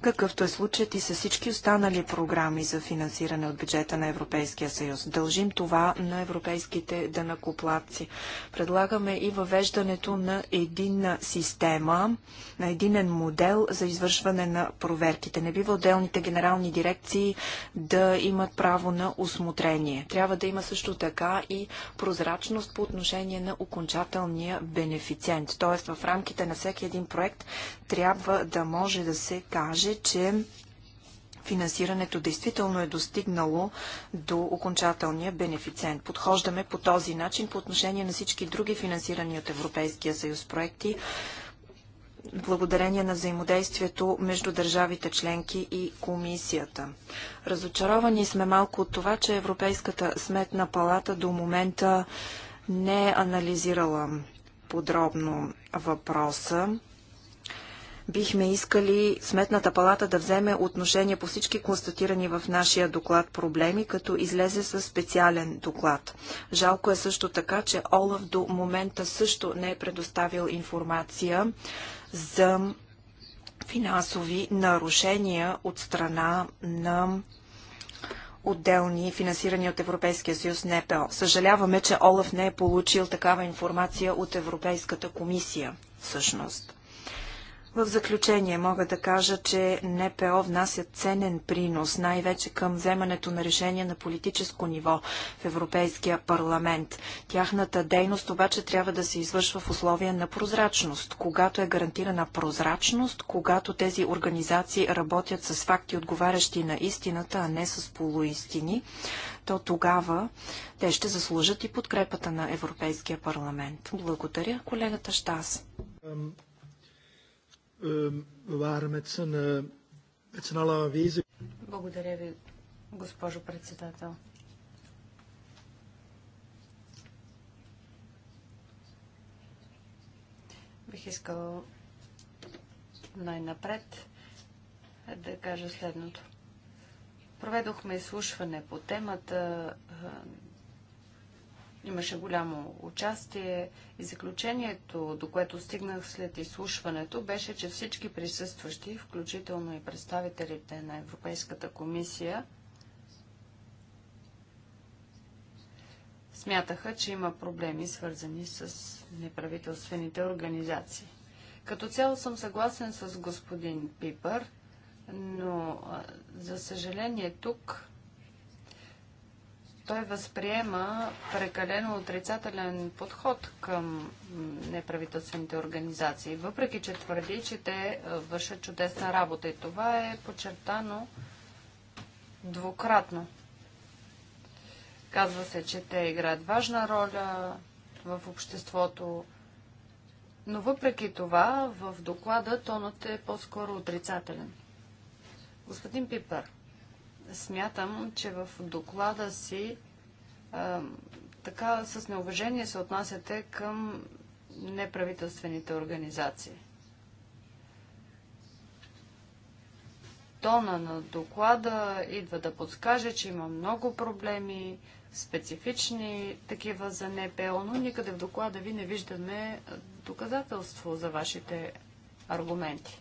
какъвто е случаят и с всички останали програми за финансиране от бюджета на Европейския съюз. Дължим това на европейските дънакоплатци. Предлагаме и въвеждането на единна система, на единен модел за извършване на проверките. Не бива отделните генерални дирекции да имат право на осмотрение. Трябва да има също така и прозрачност по отношение на окончателния бенефициент. Тоест в рамките на всеки един проект трябва да може да се каже каже, че финансирането действително е достигнало до окончателния бенефициент. Подхождаме по този начин по отношение на всички други финансирани от Европейския съюз проекти, благодарение на взаимодействието между държавите членки и комисията. Разочаровани сме малко от това, че Европейската сметна палата до момента не е анализирала подробно въпроса бихме искали Сметната палата да вземе отношение по всички констатирани в нашия доклад проблеми, като излезе със специален доклад. Жалко е също така, че Олаф до момента също не е предоставил информация за финансови нарушения от страна на отделни, финансирани от Европейския съюз НПО. Съжаляваме, че Олаф не е получил такава информация от Европейската комисия, всъщност. В заключение мога да кажа, че НПО внася ценен принос, най-вече към вземането на решения на политическо ниво в Европейския парламент. Тяхната дейност обаче трябва да се извършва в условия на прозрачност. Когато е гарантирана прозрачност, когато тези организации работят с факти, отговарящи на истината, а не с полуистини, то тогава те ще заслужат и подкрепата на Европейския парламент. Благодаря, колегата Штас we waren met z'n, uh, met z'n allen aanwezig. Благодаря ви, госпожо председател. Бих искал най-напред да кажа следното. Проведохме изслушване по темата Имаше голямо участие и заключението, до което стигнах след изслушването, беше, че всички присъстващи, включително и представителите на Европейската комисия, смятаха, че има проблеми, свързани с неправителствените организации. Като цяло съм съгласен с господин Пипър, но за съжаление тук той възприема прекалено отрицателен подход към неправителствените организации, въпреки че твърди, че те е, вършат чудесна работа. И това е подчертано двукратно. Казва се, че те играят важна роля в обществото, но въпреки това в доклада тонът е по-скоро отрицателен. Господин Пипър, смятам, че в доклада си а, така с неуважение се отнасяте към неправителствените организации. Тона на доклада идва да подскаже, че има много проблеми, специфични такива за НПО, но никъде в доклада ви не виждаме доказателство за вашите аргументи.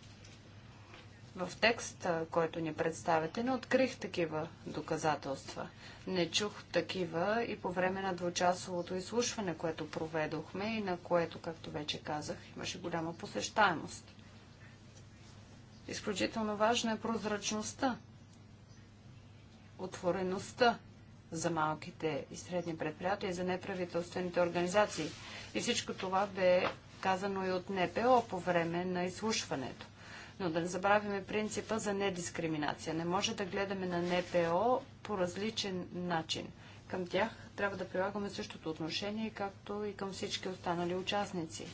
В текста, който ни представяте, не открих такива доказателства. Не чух такива и по време на двучасовото изслушване, което проведохме и на което, както вече казах, имаше голяма посещаемост. Изключително важна е прозрачността, отвореността за малките и средни предприятия и за неправителствените организации. И всичко това бе казано и от НПО по време на изслушването. Но да не забравяме принципа за недискриминация. Не може да гледаме на НПО по различен начин. Към тях трябва да прилагаме същото отношение, както и към всички останали участници.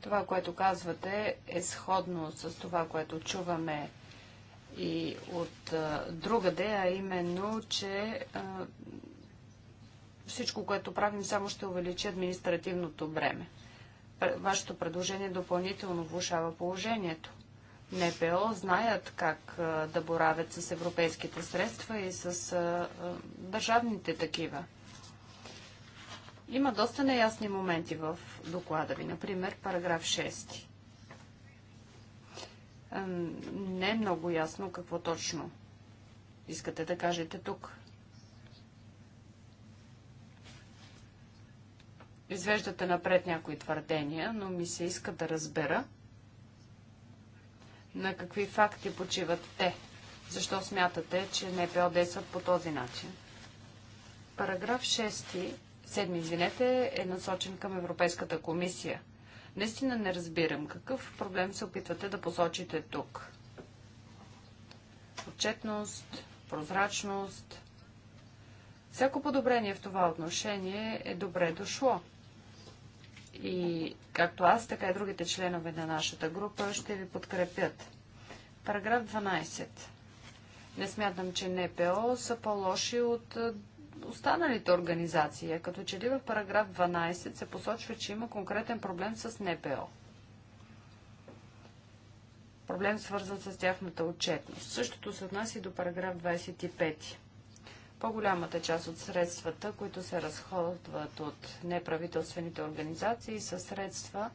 Това, което казвате, е сходно с това, което чуваме и от а, другаде, а именно, че а, всичко, което правим, само ще увеличи административното бреме. Вашето предложение допълнително влушава положението. НПО знаят как да боравят с европейските средства и с държавните такива. Има доста неясни моменти в доклада ви, например параграф 6. Не е много ясно какво точно искате да кажете тук. извеждате напред някои твърдения, но ми се иска да разбера на какви факти почиват те. Защо смятате, че НПО действат по този начин? Параграф 6, 7, извинете, е насочен към Европейската комисия. Наистина не разбирам какъв проблем се опитвате да посочите тук. Отчетност, прозрачност. Всяко подобрение в това отношение е добре дошло. И както аз, така и другите членове на нашата група ще ви подкрепят. Параграф 12. Не смятам, че НПО са по-лоши от останалите организации, като че ли в параграф 12 се посочва, че има конкретен проблем с НПО. Проблем свързан с тяхната отчетност. Същото се отнася и до параграф 25. По-голямата част от средствата, които се разходват от неправителствените организации, са средства,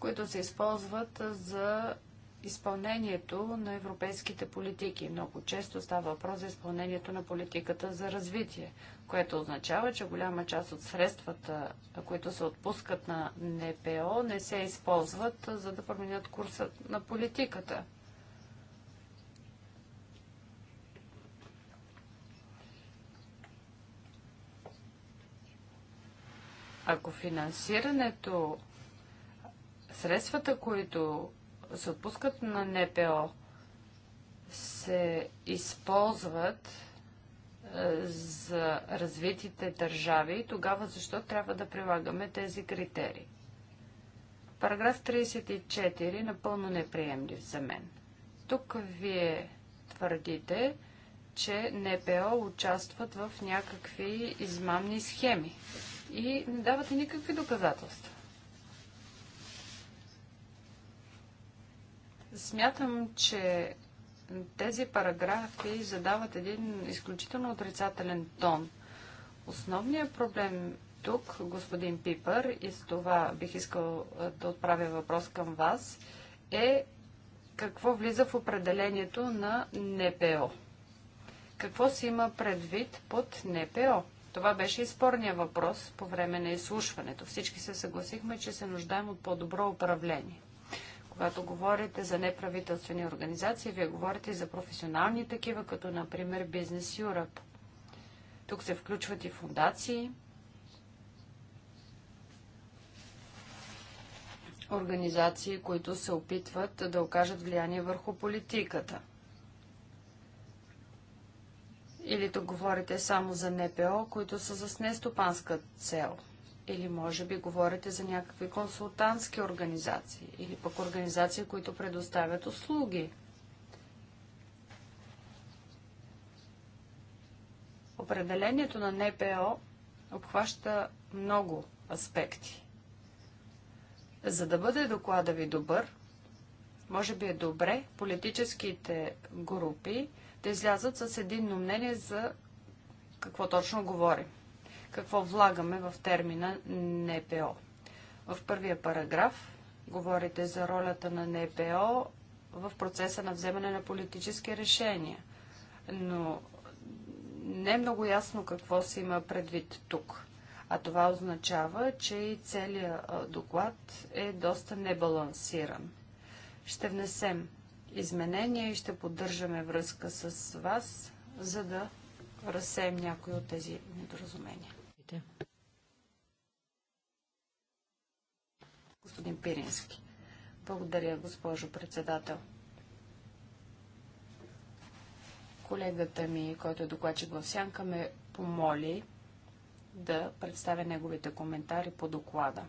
които се използват за изпълнението на европейските политики. Много често става въпрос за изпълнението на политиката за развитие, което означава, че голяма част от средствата, които се отпускат на НПО, не се използват за да променят курса на политиката. Ако финансирането, средствата, които се отпускат на НПО, се използват е, за развитите държави, тогава защо трябва да прилагаме тези критерии? Параграф 34 е напълно неприемлив за мен. Тук вие твърдите, че НПО участват в някакви измамни схеми и не давате никакви доказателства. Смятам, че тези параграфи задават един изключително отрицателен тон. Основният проблем тук, господин Пипър, и с това бих искал да отправя въпрос към вас, е какво влиза в определението на НПО. Какво се има предвид под НПО? Това беше и спорния въпрос по време на изслушването. Всички се съгласихме, че се нуждаем от по-добро управление. Когато говорите за неправителствени организации, вие говорите и за професионални такива, като например Бизнес Юрап. Тук се включват и фундации, организации, които се опитват да окажат влияние върху политиката – или да говорите само за НПО, които са с нестопанска цел? Или може би говорите за някакви консултантски организации? Или пък организации, които предоставят услуги? Определението на НПО обхваща много аспекти. За да бъде доклада ви добър, може би е добре политическите групи да излязат с единно мнение за какво точно говорим. Какво влагаме в термина НПО. В първия параграф говорите за ролята на НПО в процеса на вземане на политически решения. Но не е много ясно какво се има предвид тук. А това означава, че и целият доклад е доста небалансиран. Ще внесем изменения и ще поддържаме връзка с вас, за да разсеем някои от тези недоразумения. Господин Пирински. Благодаря, госпожо председател. Колегата ми, който е докладчик в Сянка, ме помоли да представя неговите коментари по доклада.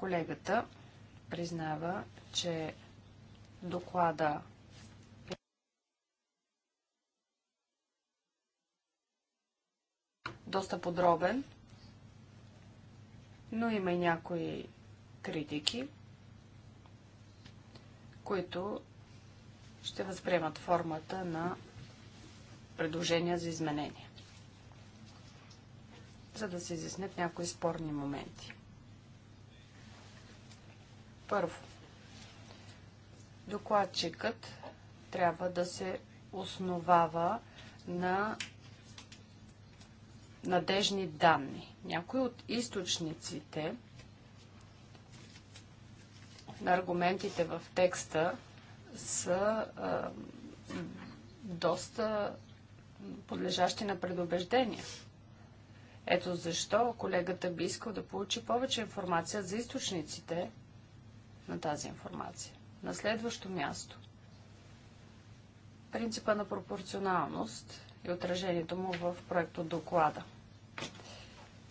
Колегата признава, че доклада е доста подробен, но има и някои критики, които ще възприемат формата на предложения за изменения, за да се изяснят някои спорни моменти. Първо, докладчикът трябва да се основава на надежни данни. Някои от източниците на аргументите в текста са а, доста подлежащи на предубеждения. Ето защо колегата би искал да получи повече информация за източниците на тази информация. На следващо място. Принципа на пропорционалност и отражението му в проекто доклада.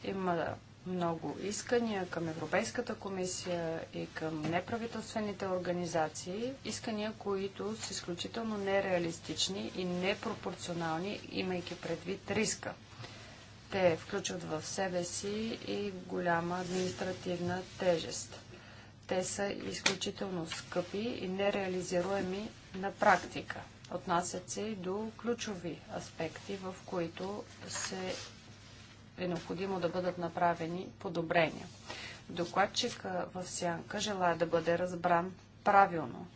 Има много искания към Европейската комисия и към неправителствените организации, искания, които са изключително нереалистични и непропорционални, имайки предвид риска. Те включват в себе си и голяма административна тежест. Те са изключително скъпи и нереализируеми на практика. Отнасят се и до ключови аспекти, в които се е необходимо да бъдат направени подобрения. Докладчика в Сянка желая да бъде разбран правилно.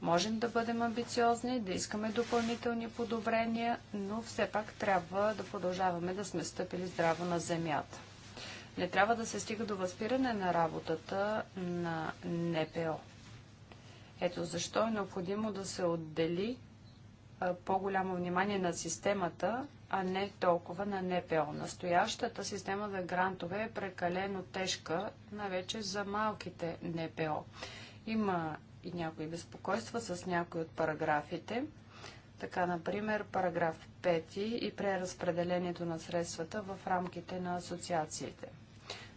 Можем да бъдем амбициозни, да искаме допълнителни подобрения, но все пак трябва да продължаваме да сме стъпили здраво на земята. Не трябва да се стига до възпиране на работата на НПО. Ето защо е необходимо да се отдели по-голямо внимание на системата, а не толкова на НПО. Настоящата система за грантове е прекалено тежка, навече за малките НПО. Има и някои безпокойства с някои от параграфите. Така, например, параграф 5 и преразпределението на средствата в рамките на асоциациите.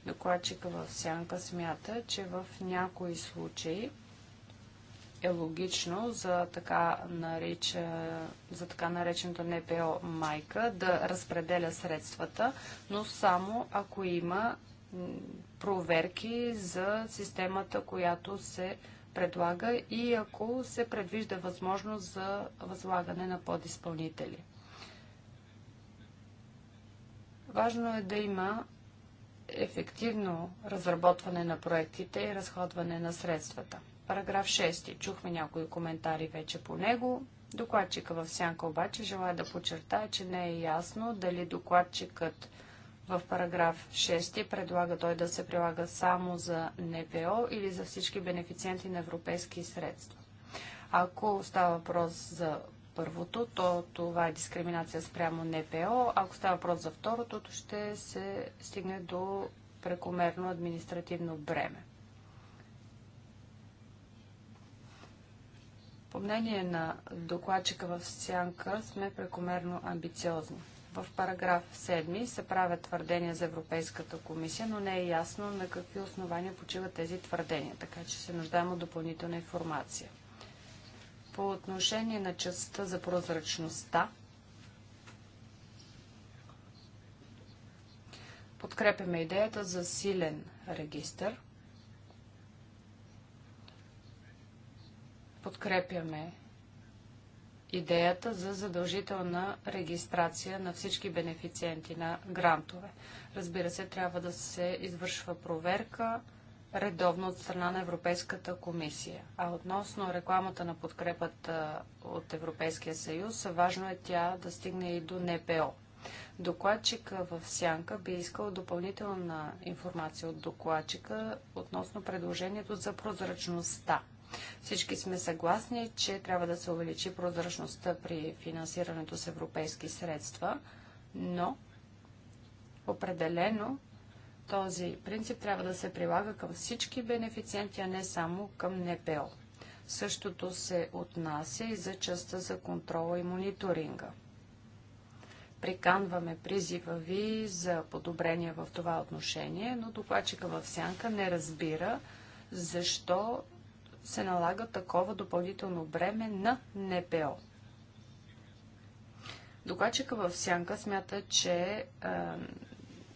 Докладчика в Сянка смята, че в някои случаи е логично за така, нарича, за така нареченото НПО майка да разпределя средствата, но само ако има проверки за системата, която се предлага и ако се предвижда възможност за възлагане на подизпълнители. Важно е да има ефективно разработване на проектите и разходване на средствата. Параграф 6. Чухме някои коментари вече по него. Докладчика в сянка обаче желая да подчертая, че не е ясно дали докладчикът в параграф 6 предлага той да се прилага само за НПО или за всички бенефициенти на европейски средства. Ако става въпрос за първото, то това е дискриминация спрямо НПО. Ако става въпрос за второто, то ще се стигне до прекомерно административно бреме. По мнение на докладчика в Сянка сме прекомерно амбициозни. В параграф 7 се правят твърдения за Европейската комисия, но не е ясно на какви основания почиват тези твърдения, така че се нуждаем от допълнителна информация. По отношение на частта за прозрачността, подкрепяме идеята за силен регистр. Подкрепяме идеята за задължителна регистрация на всички бенефициенти на грантове. Разбира се, трябва да се извършва проверка редовно от страна на Европейската комисия. А относно рекламата на подкрепата от Европейския съюз, важно е тя да стигне и до НПО. Докладчика в Сянка би искал допълнителна информация от докладчика относно предложението за прозрачността – всички сме съгласни, че трябва да се увеличи прозрачността при финансирането с европейски средства, но определено този принцип трябва да се прилага към всички бенефициенти, а не само към НПО. Същото се отнася и за частта за контрола и мониторинга. Приканваме призива ви за подобрение в това отношение, но докладчика в сянка не разбира защо се налага такова допълнително бреме на НПО. Докладчика в Сянка смята, че е,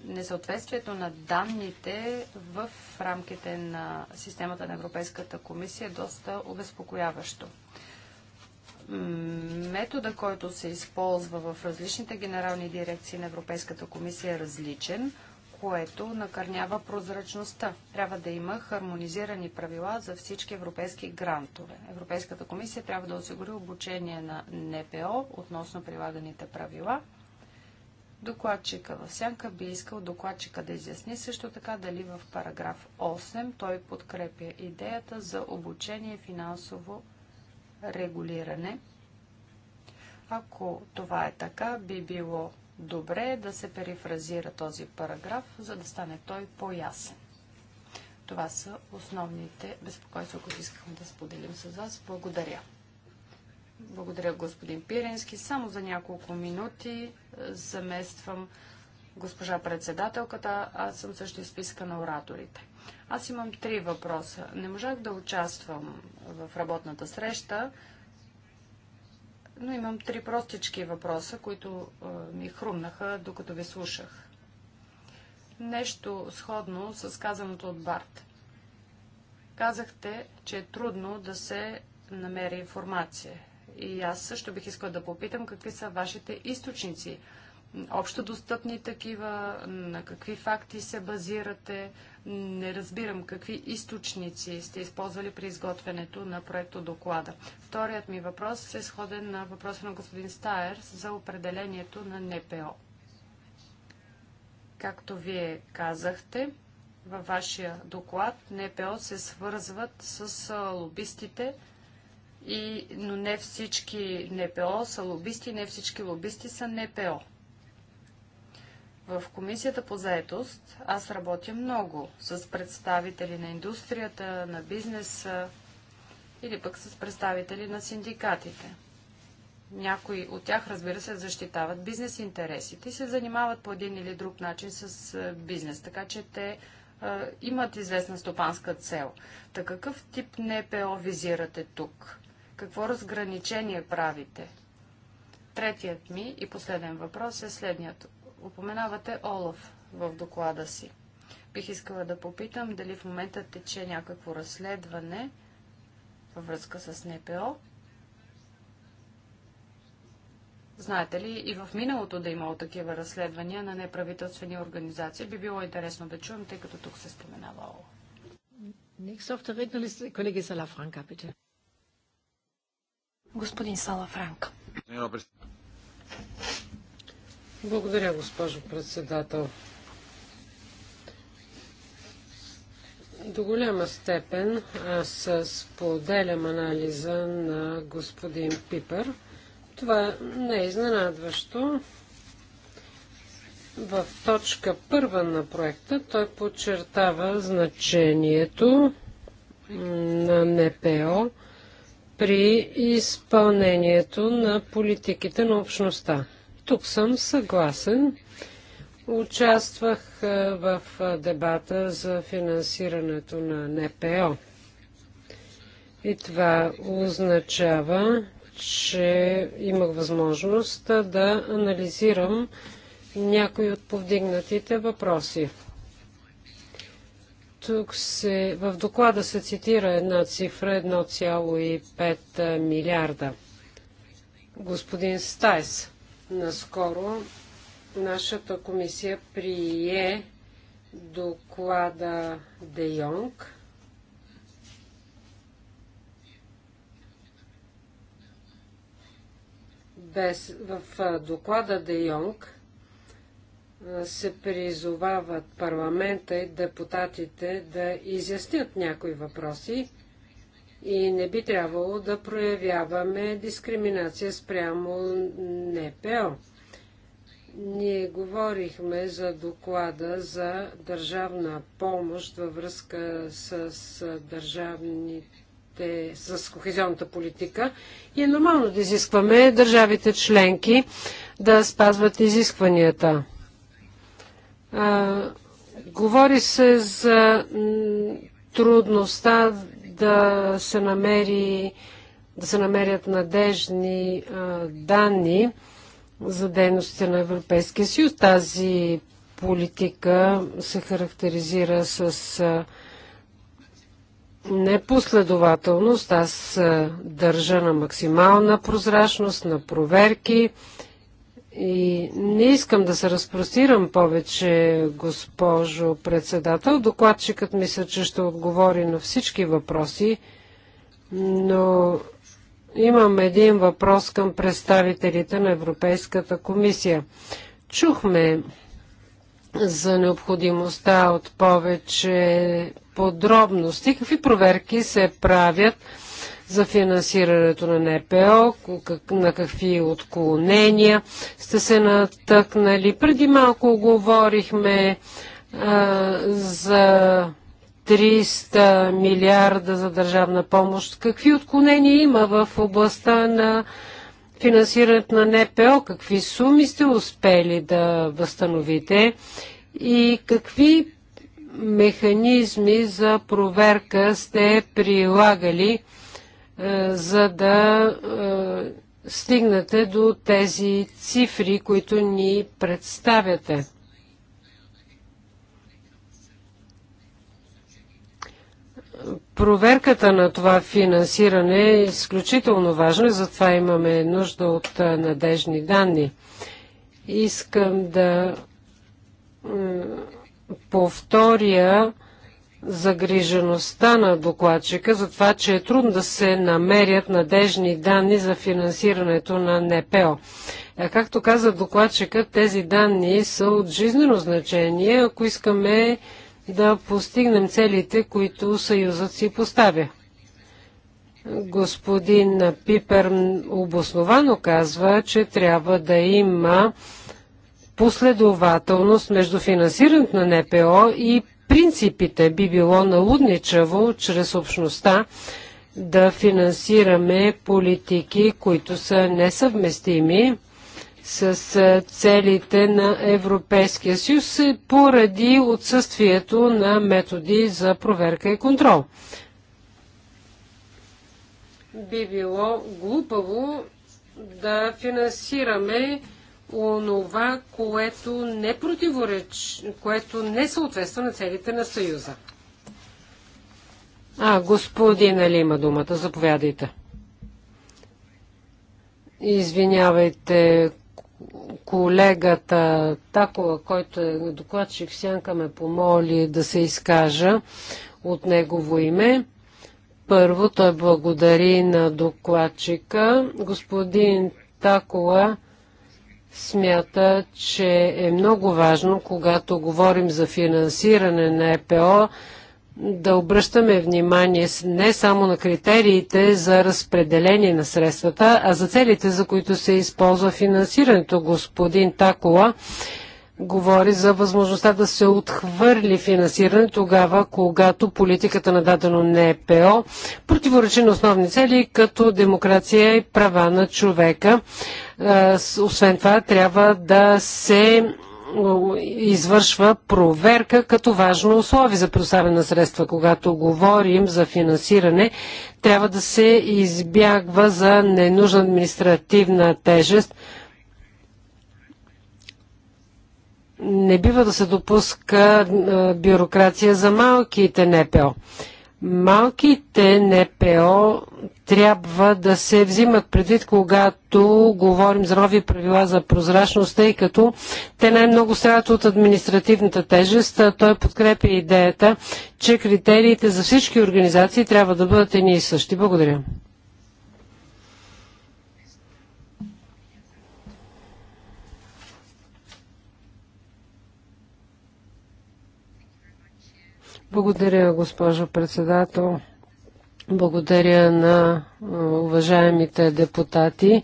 несъответствието на данните в рамките на системата на Европейската комисия е доста обезпокояващо. Метода, който се използва в различните генерални дирекции на Европейската комисия е различен – което накърнява прозрачността. Трябва да има хармонизирани правила за всички европейски грантове. Европейската комисия трябва да осигури обучение на НПО относно прилаганите правила. Докладчика в сянка би искал докладчика да изясни също така дали в параграф 8 той подкрепя идеята за обучение и финансово регулиране. Ако това е така, би било добре е да се перифразира този параграф, за да стане той по-ясен. Това са основните безпокойства, които искахме да споделим с вас. Благодаря. Благодаря, господин Пирински. Само за няколко минути е, замествам госпожа председателката. Аз съм също изписка на ораторите. Аз имам три въпроса. Не можах да участвам в работната среща, но имам три простички въпроса, които ми хрумнаха, докато ви слушах. Нещо сходно с казаното от Барт. Казахте, че е трудно да се намери информация. И аз също бих искала да попитам какви са вашите източници. Общо достъпни такива, на какви факти се базирате, не разбирам какви източници сте използвали при изготвянето на проекто доклада. Вторият ми въпрос е сходен на въпроса на господин Стайер за определението на НПО. Както вие казахте, във вашия доклад НПО се свързват с лобистите, и, но не всички НПО са лобисти, не всички лобисти са НПО. В комисията по заетост аз работя много с представители на индустрията, на бизнеса или пък с представители на синдикатите. Някои от тях, разбира се, защитават бизнес интересите и се занимават по един или друг начин с бизнес, така че те а, имат известна стопанска цел. Та какъв тип НПО визирате тук? Какво разграничение правите? Третият ми и последен въпрос е следният. Упоменавате Олаф в доклада си. Бих искала да попитам дали в момента тече някакво разследване във връзка с НПО. Знаете ли, и в миналото да имало такива разследвания на неправителствени организации, би било интересно да чуем, тъй като тук се споменава ОЛАФ. Nächster auf der Господин Салафранк. Благодаря, госпожо председател. До голяма степен аз споделям анализа на господин Пипер. Това не е изненадващо. В точка първа на проекта той подчертава значението на НПО при изпълнението на политиките на общността. Тук съм съгласен. Участвах е, в е, дебата за финансирането на НПО. И това означава, че имах възможност да анализирам някои от повдигнатите въпроси. Тук се, в доклада се цитира една цифра 1,5 е, милиарда. Господин Стайс Наскоро нашата комисия прие доклада Де Йонг. Без, в доклада Де Йонг се призовават парламента и депутатите да изяснят някои въпроси и не би трябвало да проявяваме дискриминация спрямо НПО. Ние говорихме за доклада за държавна помощ във връзка с държавните с кохезионната политика и е нормално да изискваме държавите членки да спазват изискванията. А, говори се за трудността да се намери да се намерят надежни а, данни за дейностите на Европейския съюз. Тази политика се характеризира с а, непоследователност. Аз а, държа на максимална прозрачност, на проверки, и не искам да се разпростирам повече, госпожо председател. Докладчикът мисля, че ще отговори на всички въпроси, но имам един въпрос към представителите на Европейската комисия. Чухме за необходимостта от повече подробности. Какви проверки се правят? за финансирането на НПО, на какви отклонения сте се натъкнали. Преди малко говорихме а, за 300 милиарда за държавна помощ. Какви отклонения има в областта на финансирането на НПО? Какви суми сте успели да възстановите? И какви механизми за проверка сте прилагали е, за да е, стигнете до тези цифри, които ни представяте. Проверката на това финансиране е изключително важна, затова имаме нужда от е, надежни данни. Искам да повторя загрижеността на докладчика за това, че е трудно да се намерят надежни данни за финансирането на НПО. А както каза докладчика, тези данни са от жизнено значение, ако искаме да постигнем целите, които Съюзът си поставя. Господин Пипер обосновано казва, че трябва да има последователност между финансирането на НПО и принципите. Би било налудничаво чрез общността да финансираме политики, които са несъвместими с целите на Европейския съюз поради отсъствието на методи за проверка и контрол. Би било глупаво да финансираме онова, което не противореч, което не съответства на целите на Съюза. А, господин Али има думата, заповядайте. Извинявайте, колегата Такова, който е докладчик Сянка, ме помоли да се изкажа от негово име. Първо той благодари на докладчика. Господин Такова смята, че е много важно, когато говорим за финансиране на ЕПО, да обръщаме внимание не само на критериите за разпределение на средствата, а за целите, за които се използва финансирането. Господин Такола говори за възможността да се отхвърли финансиране тогава, когато политиката на дадено НПО противоречи на основни цели, като демокрация и права на човека. Освен това, трябва да се извършва проверка като важно условие за предоставяне на средства. Когато говорим за финансиране, трябва да се избягва за ненужна административна тежест – Не бива да се допуска бюрокрация за малките НПО. Малките НПО трябва да се взимат предвид, когато говорим за нови правила за прозрачност, тъй като те най-много страдат от административната тежест. Той подкрепя идеята, че критериите за всички организации трябва да бъдат едни и същи. Благодаря. Благодаря, госпожо председател. Благодаря на уважаемите депутати.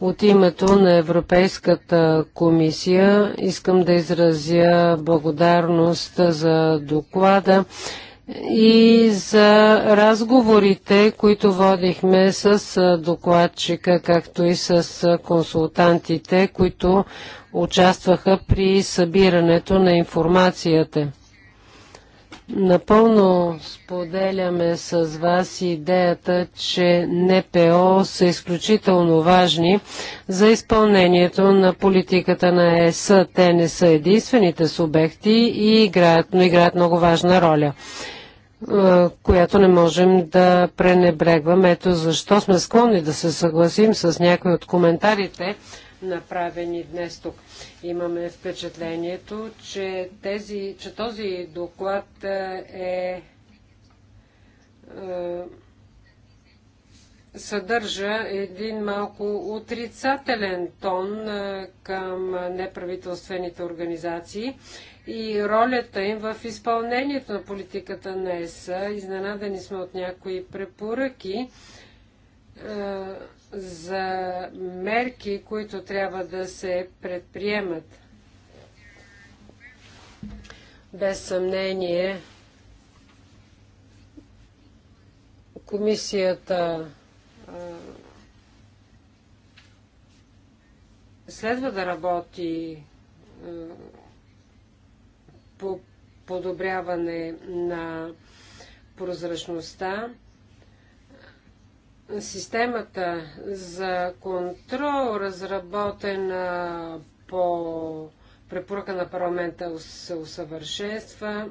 От името на Европейската комисия искам да изразя благодарност за доклада и за разговорите, които водихме с докладчика, както и с консултантите, които участваха при събирането на информацията. Напълно споделяме с вас идеята, че НПО са изключително важни за изпълнението на политиката на ЕС. Те не са единствените субекти и играят, но играят много важна роля която не можем да пренебрегваме. Ето защо сме склонни да се съгласим с някои от коментарите, направени днес тук. Имаме впечатлението, че, тези, че този доклад е, е съдържа един малко отрицателен тон е, към неправителствените организации и ролята им в изпълнението на политиката на ЕСА. Изненадани сме от някои препоръки. Е, за мерки, които трябва да се предприемат. Без съмнение, комисията следва да работи по подобряване на прозрачността. Системата за контрол, разработена по препоръка на парламента, се усъвършенства.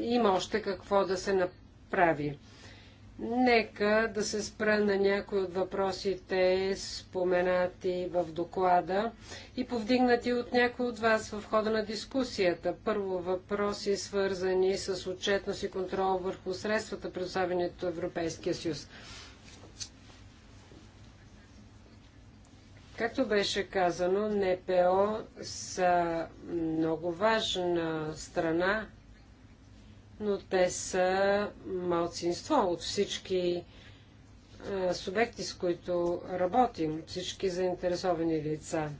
Има още какво да се направи. Нека да се спра на някои от въпросите, споменати в доклада и повдигнати от някои от вас в хода на дискусията. Първо въпроси, свързани с отчетност и контрол върху средствата, предоставени от Европейския съюз. Както беше казано, НПО са много важна страна, но те са малцинство от всички субекти, с които работим, всички заинтересовани лица.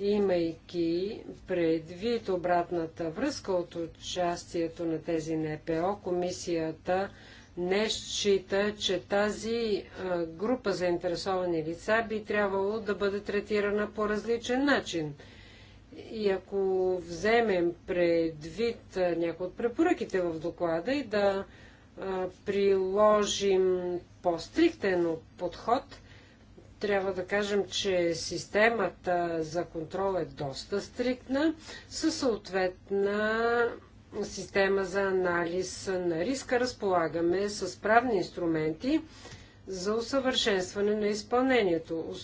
Имайки предвид обратната връзка от участието на тези НПО, комисията не счита, че тази група заинтересовани лица би трябвало да бъде третирана по различен начин. И ако вземем предвид някои от препоръките в доклада и да приложим по-стриктен подход, трябва да кажем, че системата за контрол е доста стриктна, със съответна система за анализ на риска. Разполагаме с правни инструменти за усъвършенстване на изпълнението.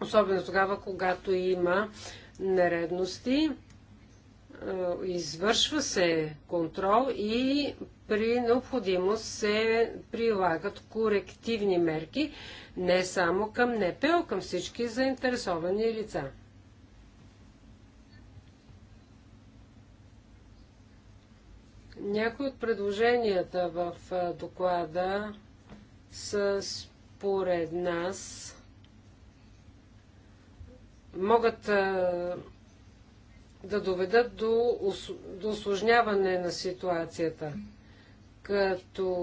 Особено тогава, когато има нередности, е, извършва се контрол и при необходимост се прилагат корективни мерки не само към НПО, към всички заинтересовани лица. Някои от предложенията в доклада са според нас могат да доведат до, до осложняване на ситуацията, като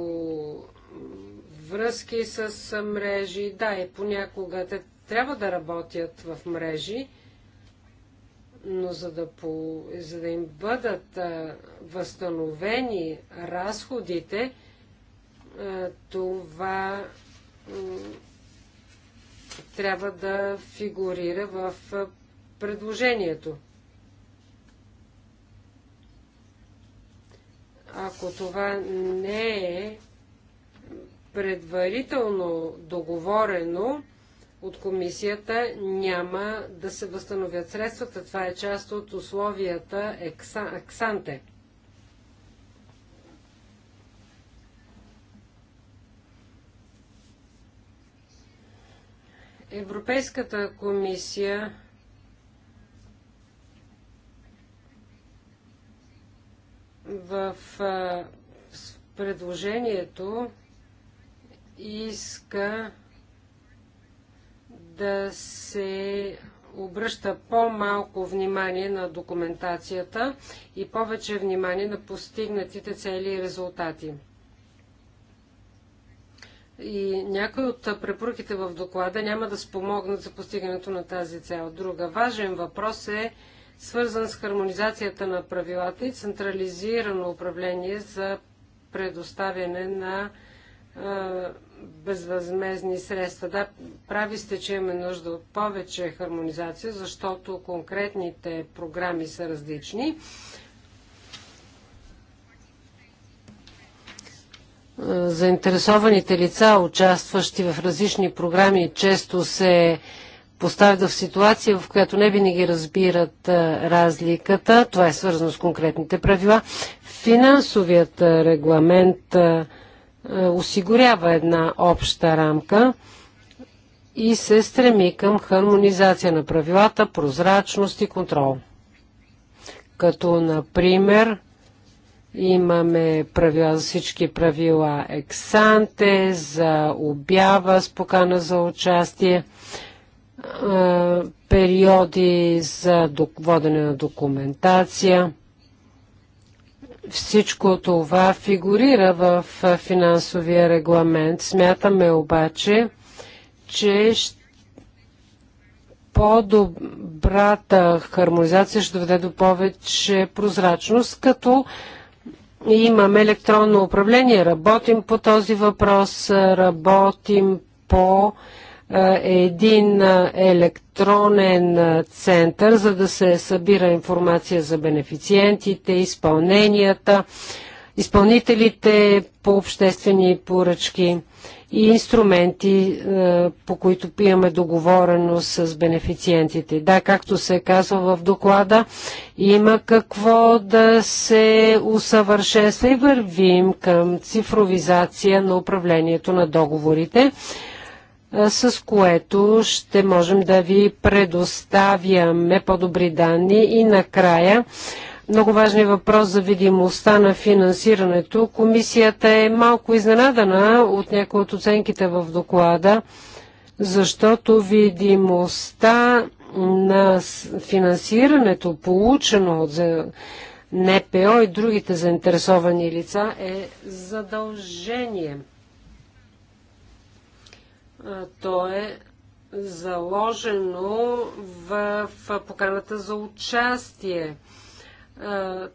връзки с мрежи. Да, и понякога те трябва да работят в мрежи, но за да, по, за да им бъдат а, възстановени разходите, а, това трябва да фигурира в предложението. Ако това не е предварително договорено, от комисията няма да се възстановят средствата. Това е част от условията Аксанте. Европейската комисия в предложението иска да се обръща по-малко внимание на документацията и повече внимание на постигнатите цели и резултати. И някои от препоръките в доклада няма да спомогнат за постигането на тази цел. Друга важен въпрос е свързан с хармонизацията на правилата и централизирано управление за предоставяне на безвъзмезни средства. Да, прави сте, че имаме нужда от повече хармонизация, защото конкретните програми са различни. Заинтересованите лица, участващи в различни програми, често се поставят в ситуация, в която не винаги разбират разликата. Това е свързано с конкретните правила. Финансовият регламент е, осигурява една обща рамка и се стреми към хармонизация на правилата, прозрачност и контрол. Като, например, имаме правила за всички правила ексанте, за обява с покана за участие, е, периоди за водене на документация всичко това фигурира в финансовия регламент. Смятаме обаче, че по-добрата хармонизация ще доведе до повече прозрачност, като имаме електронно управление. Работим по този въпрос, работим по е, един е, електронен е, център, за да се събира информация за бенефициентите, изпълненията, изпълнителите по обществени поръчки и инструменти, по които имаме договорено с бенефициентите. Да, както се казва в доклада, има какво да се усъвършенства и вървим към цифровизация на управлението на договорите с което ще можем да ви предоставяме по-добри данни и накрая много важен е въпрос за видимостта на финансирането. Комисията е малко изненадана от някои от оценките в доклада, защото видимостта на финансирането, получено от НПО и другите заинтересовани лица, е задължение. То е заложено в поканата за участие.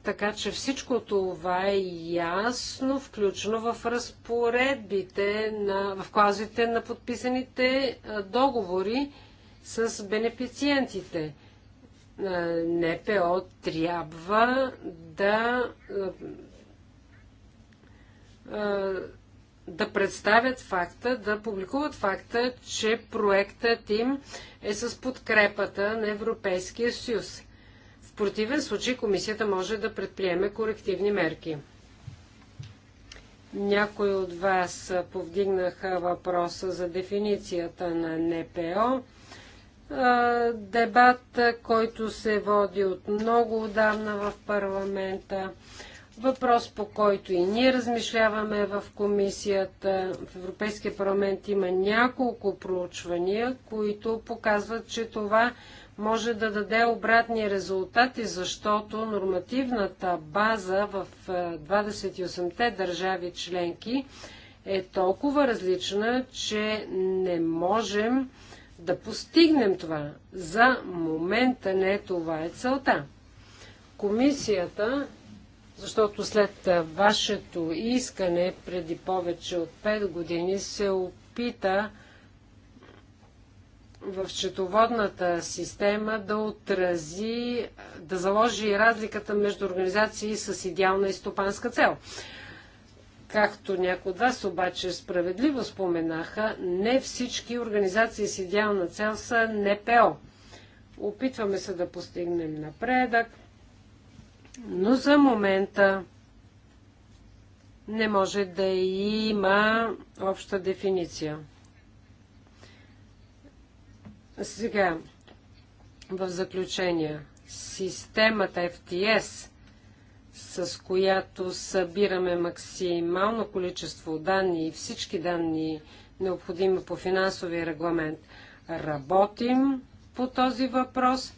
Така че всичко това е ясно включено в разпоредбите, на, в клазите на подписаните договори с бенефициентите. НПО трябва да да представят факта, да публикуват факта, че проектът им е с подкрепата на Европейския съюз. В противен случай комисията може да предприеме корективни мерки. Някои от вас повдигнаха въпроса за дефиницията на НПО. Дебат, който се води от много отдавна в парламента. Въпрос, по който и ние размишляваме в комисията, в Европейския парламент има няколко проучвания, които показват, че това може да даде обратни резултати, защото нормативната база в 28-те е, държави членки е толкова различна, че не можем да постигнем това. За момента не това е целта. Комисията защото след вашето искане преди повече от 5 години се опита в счетоводната система да отрази, да заложи разликата между организации с идеална и стопанска цел. Както някои от вас обаче справедливо споменаха, не всички организации с идеална цел са НПО. Опитваме се да постигнем напредък, но за момента не може да има обща дефиниция. Сега, в заключение, системата FTS, с която събираме максимално количество данни и всички данни, необходими по финансовия регламент, работим по този въпрос –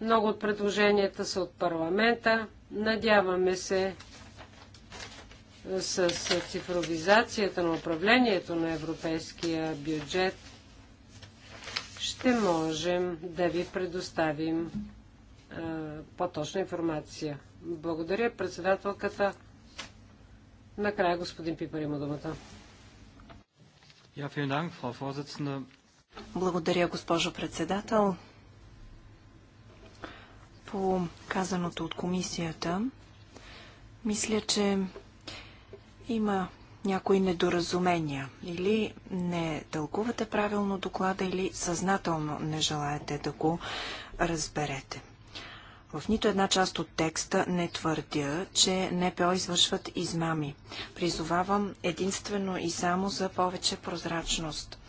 много от предложенията са от парламента. Надяваме се е, с цифровизацията на управлението на европейския бюджет ще можем да ви предоставим е, по-точна информация. Благодаря председателката. Накрая господин Пипър има думата. Благодаря, госпожо председател по казаното от комисията. Мисля, че има някои недоразумения. Или не тълкувате правилно доклада, или съзнателно не желаете да го разберете. В нито една част от текста не твърдя, че НПО извършват измами. Призовавам единствено и само за повече прозрачност.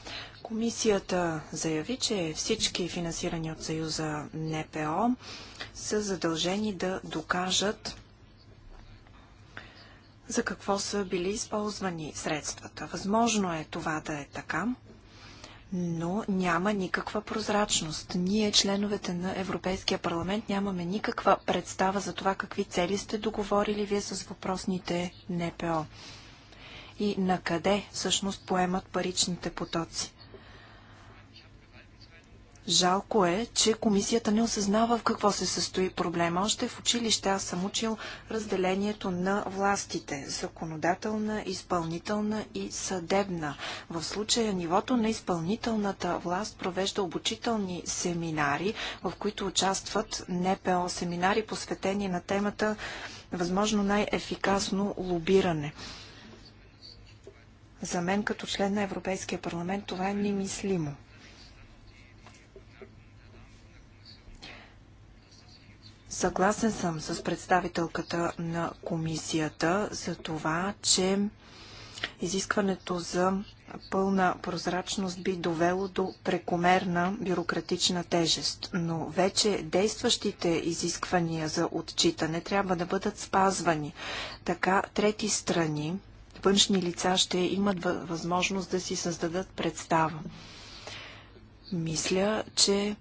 Комисията заяви, че всички финансирани от Съюза НПО са задължени да докажат за какво са били използвани средствата. Възможно е това да е така, но няма никаква прозрачност. Ние, членовете на Европейския парламент, нямаме никаква представа за това какви цели сте договорили вие с въпросните НПО и на къде всъщност поемат паричните потоци. Жалко е, че комисията не осъзнава в какво се състои проблема. Още в училище аз съм учил разделението на властите – законодателна, изпълнителна и съдебна. В случая нивото на изпълнителната власт провежда обучителни семинари, в които участват НПО семинари, посветени на темата възможно най-ефикасно лобиране. За мен като член на Европейския парламент това е немислимо. Съгласен съм с представителката на комисията за това, че изискването за пълна прозрачност би довело до прекомерна бюрократична тежест, но вече действащите изисквания за отчитане трябва да бъдат спазвани. Така трети страни, външни лица ще имат възможност да си създадат представа. Мисля, че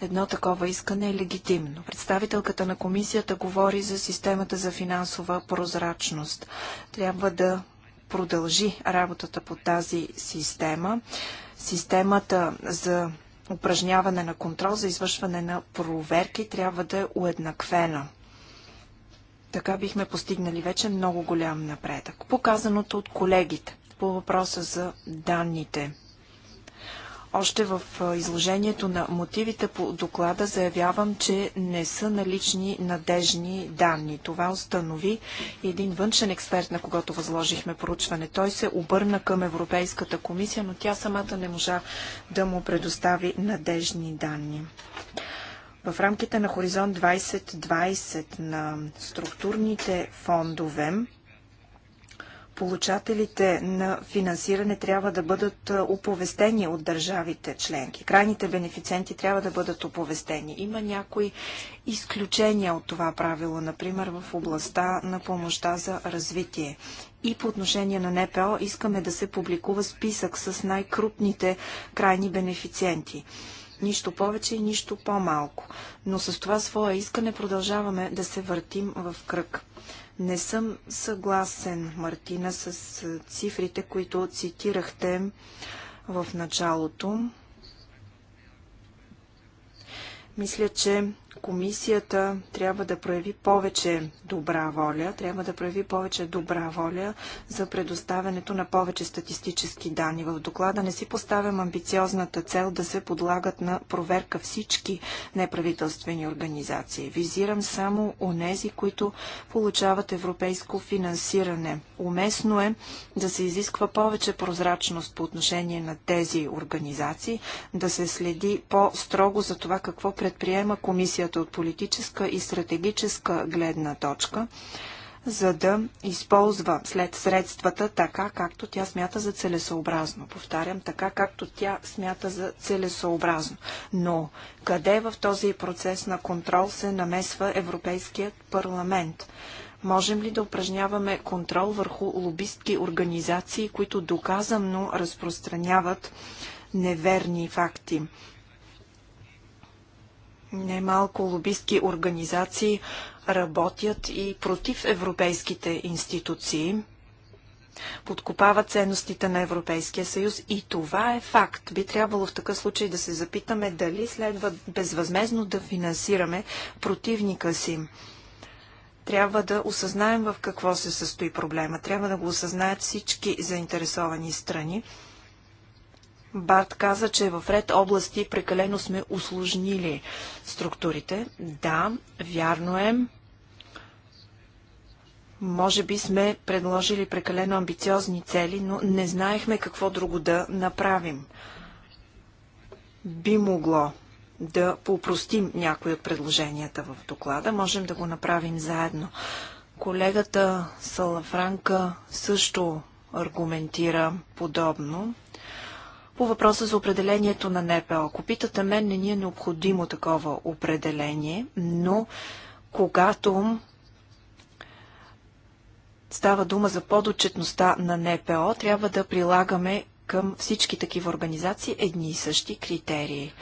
едно такова искане е легитимно. Представителката на комисията говори за системата за финансова прозрачност. Трябва да продължи работата по тази система. Системата за упражняване на контрол, за извършване на проверки трябва да е уеднаквена. Така бихме постигнали вече много голям напредък. Показаното от колегите по въпроса за данните – още в изложението на мотивите по доклада заявявам, че не са налични надежни данни. Това установи един външен експерт, на когато възложихме проучване. Той се обърна към Европейската комисия, но тя самата не можа да му предостави надежни данни. В рамките на Хоризонт 2020 на структурните фондове получателите на финансиране трябва да бъдат е, оповестени от държавите членки. Крайните бенефициенти трябва да бъдат оповестени. Има някои изключения от това правило, например в областта на помощта за развитие. И по отношение на НПО искаме да се публикува списък с най-крупните крайни бенефициенти. Нищо повече и нищо по-малко. Но с това свое искане продължаваме да се въртим в кръг. Не съм съгласен, Мартина, с цифрите, които цитирахте в началото. Мисля, че комисията трябва да прояви повече добра воля, трябва да прояви повече добра воля за предоставянето на повече статистически данни. В доклада не си поставям амбициозната цел да се подлагат на проверка всички неправителствени организации. Визирам само нези, които получават европейско финансиране. Уместно е да се изисква повече прозрачност по отношение на тези организации, да се следи по-строго за това какво предприема комисията ситуацията от политическа и стратегическа гледна точка, за да използва след средствата така, както тя смята за целесообразно. Повтарям, така, както тя смята за целесообразно. Но къде в този процес на контрол се намесва Европейският парламент? Можем ли да упражняваме контрол върху лобистки организации, които доказано разпространяват неверни факти? Немалко лобистки организации работят и против европейските институции, Подкопава ценностите на Европейския съюз и това е факт. Би трябвало в такъв случай да се запитаме дали следва безвъзмезно да финансираме противника си. Трябва да осъзнаем в какво се състои проблема. Трябва да го осъзнаят всички заинтересовани страни Барт каза, че в ред области прекалено сме усложнили структурите. Да, вярно е. Може би сме предложили прекалено амбициозни цели, но не знаехме какво друго да направим. Би могло да поупростим някои от предложенията в доклада. Можем да го направим заедно. Колегата Салафранка също аргументира подобно. По въпроса за определението на НПО. Ако питате мен, не ни е необходимо такова определение, но когато става дума за подотчетността на НПО, трябва да прилагаме към всички такива организации едни и същи критерии.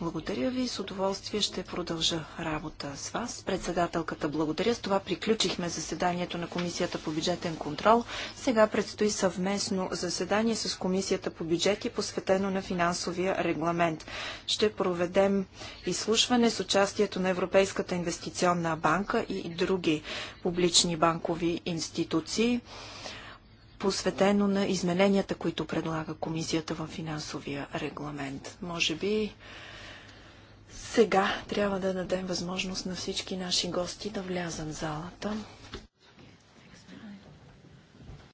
Благодаря ви, и с удоволствие ще продължа работа с вас. Председателката благодаря. С това приключихме заседанието на Комисията по бюджетен контрол. Сега предстои съвместно заседание с Комисията по бюджети, посветено на финансовия регламент. Ще проведем изслушване с участието на Европейската инвестиционна банка и други публични банкови институции посветено на измененията, които предлага комисията в финансовия регламент. Може би сега трябва да дадем възможност на всички наши гости да влязат в залата.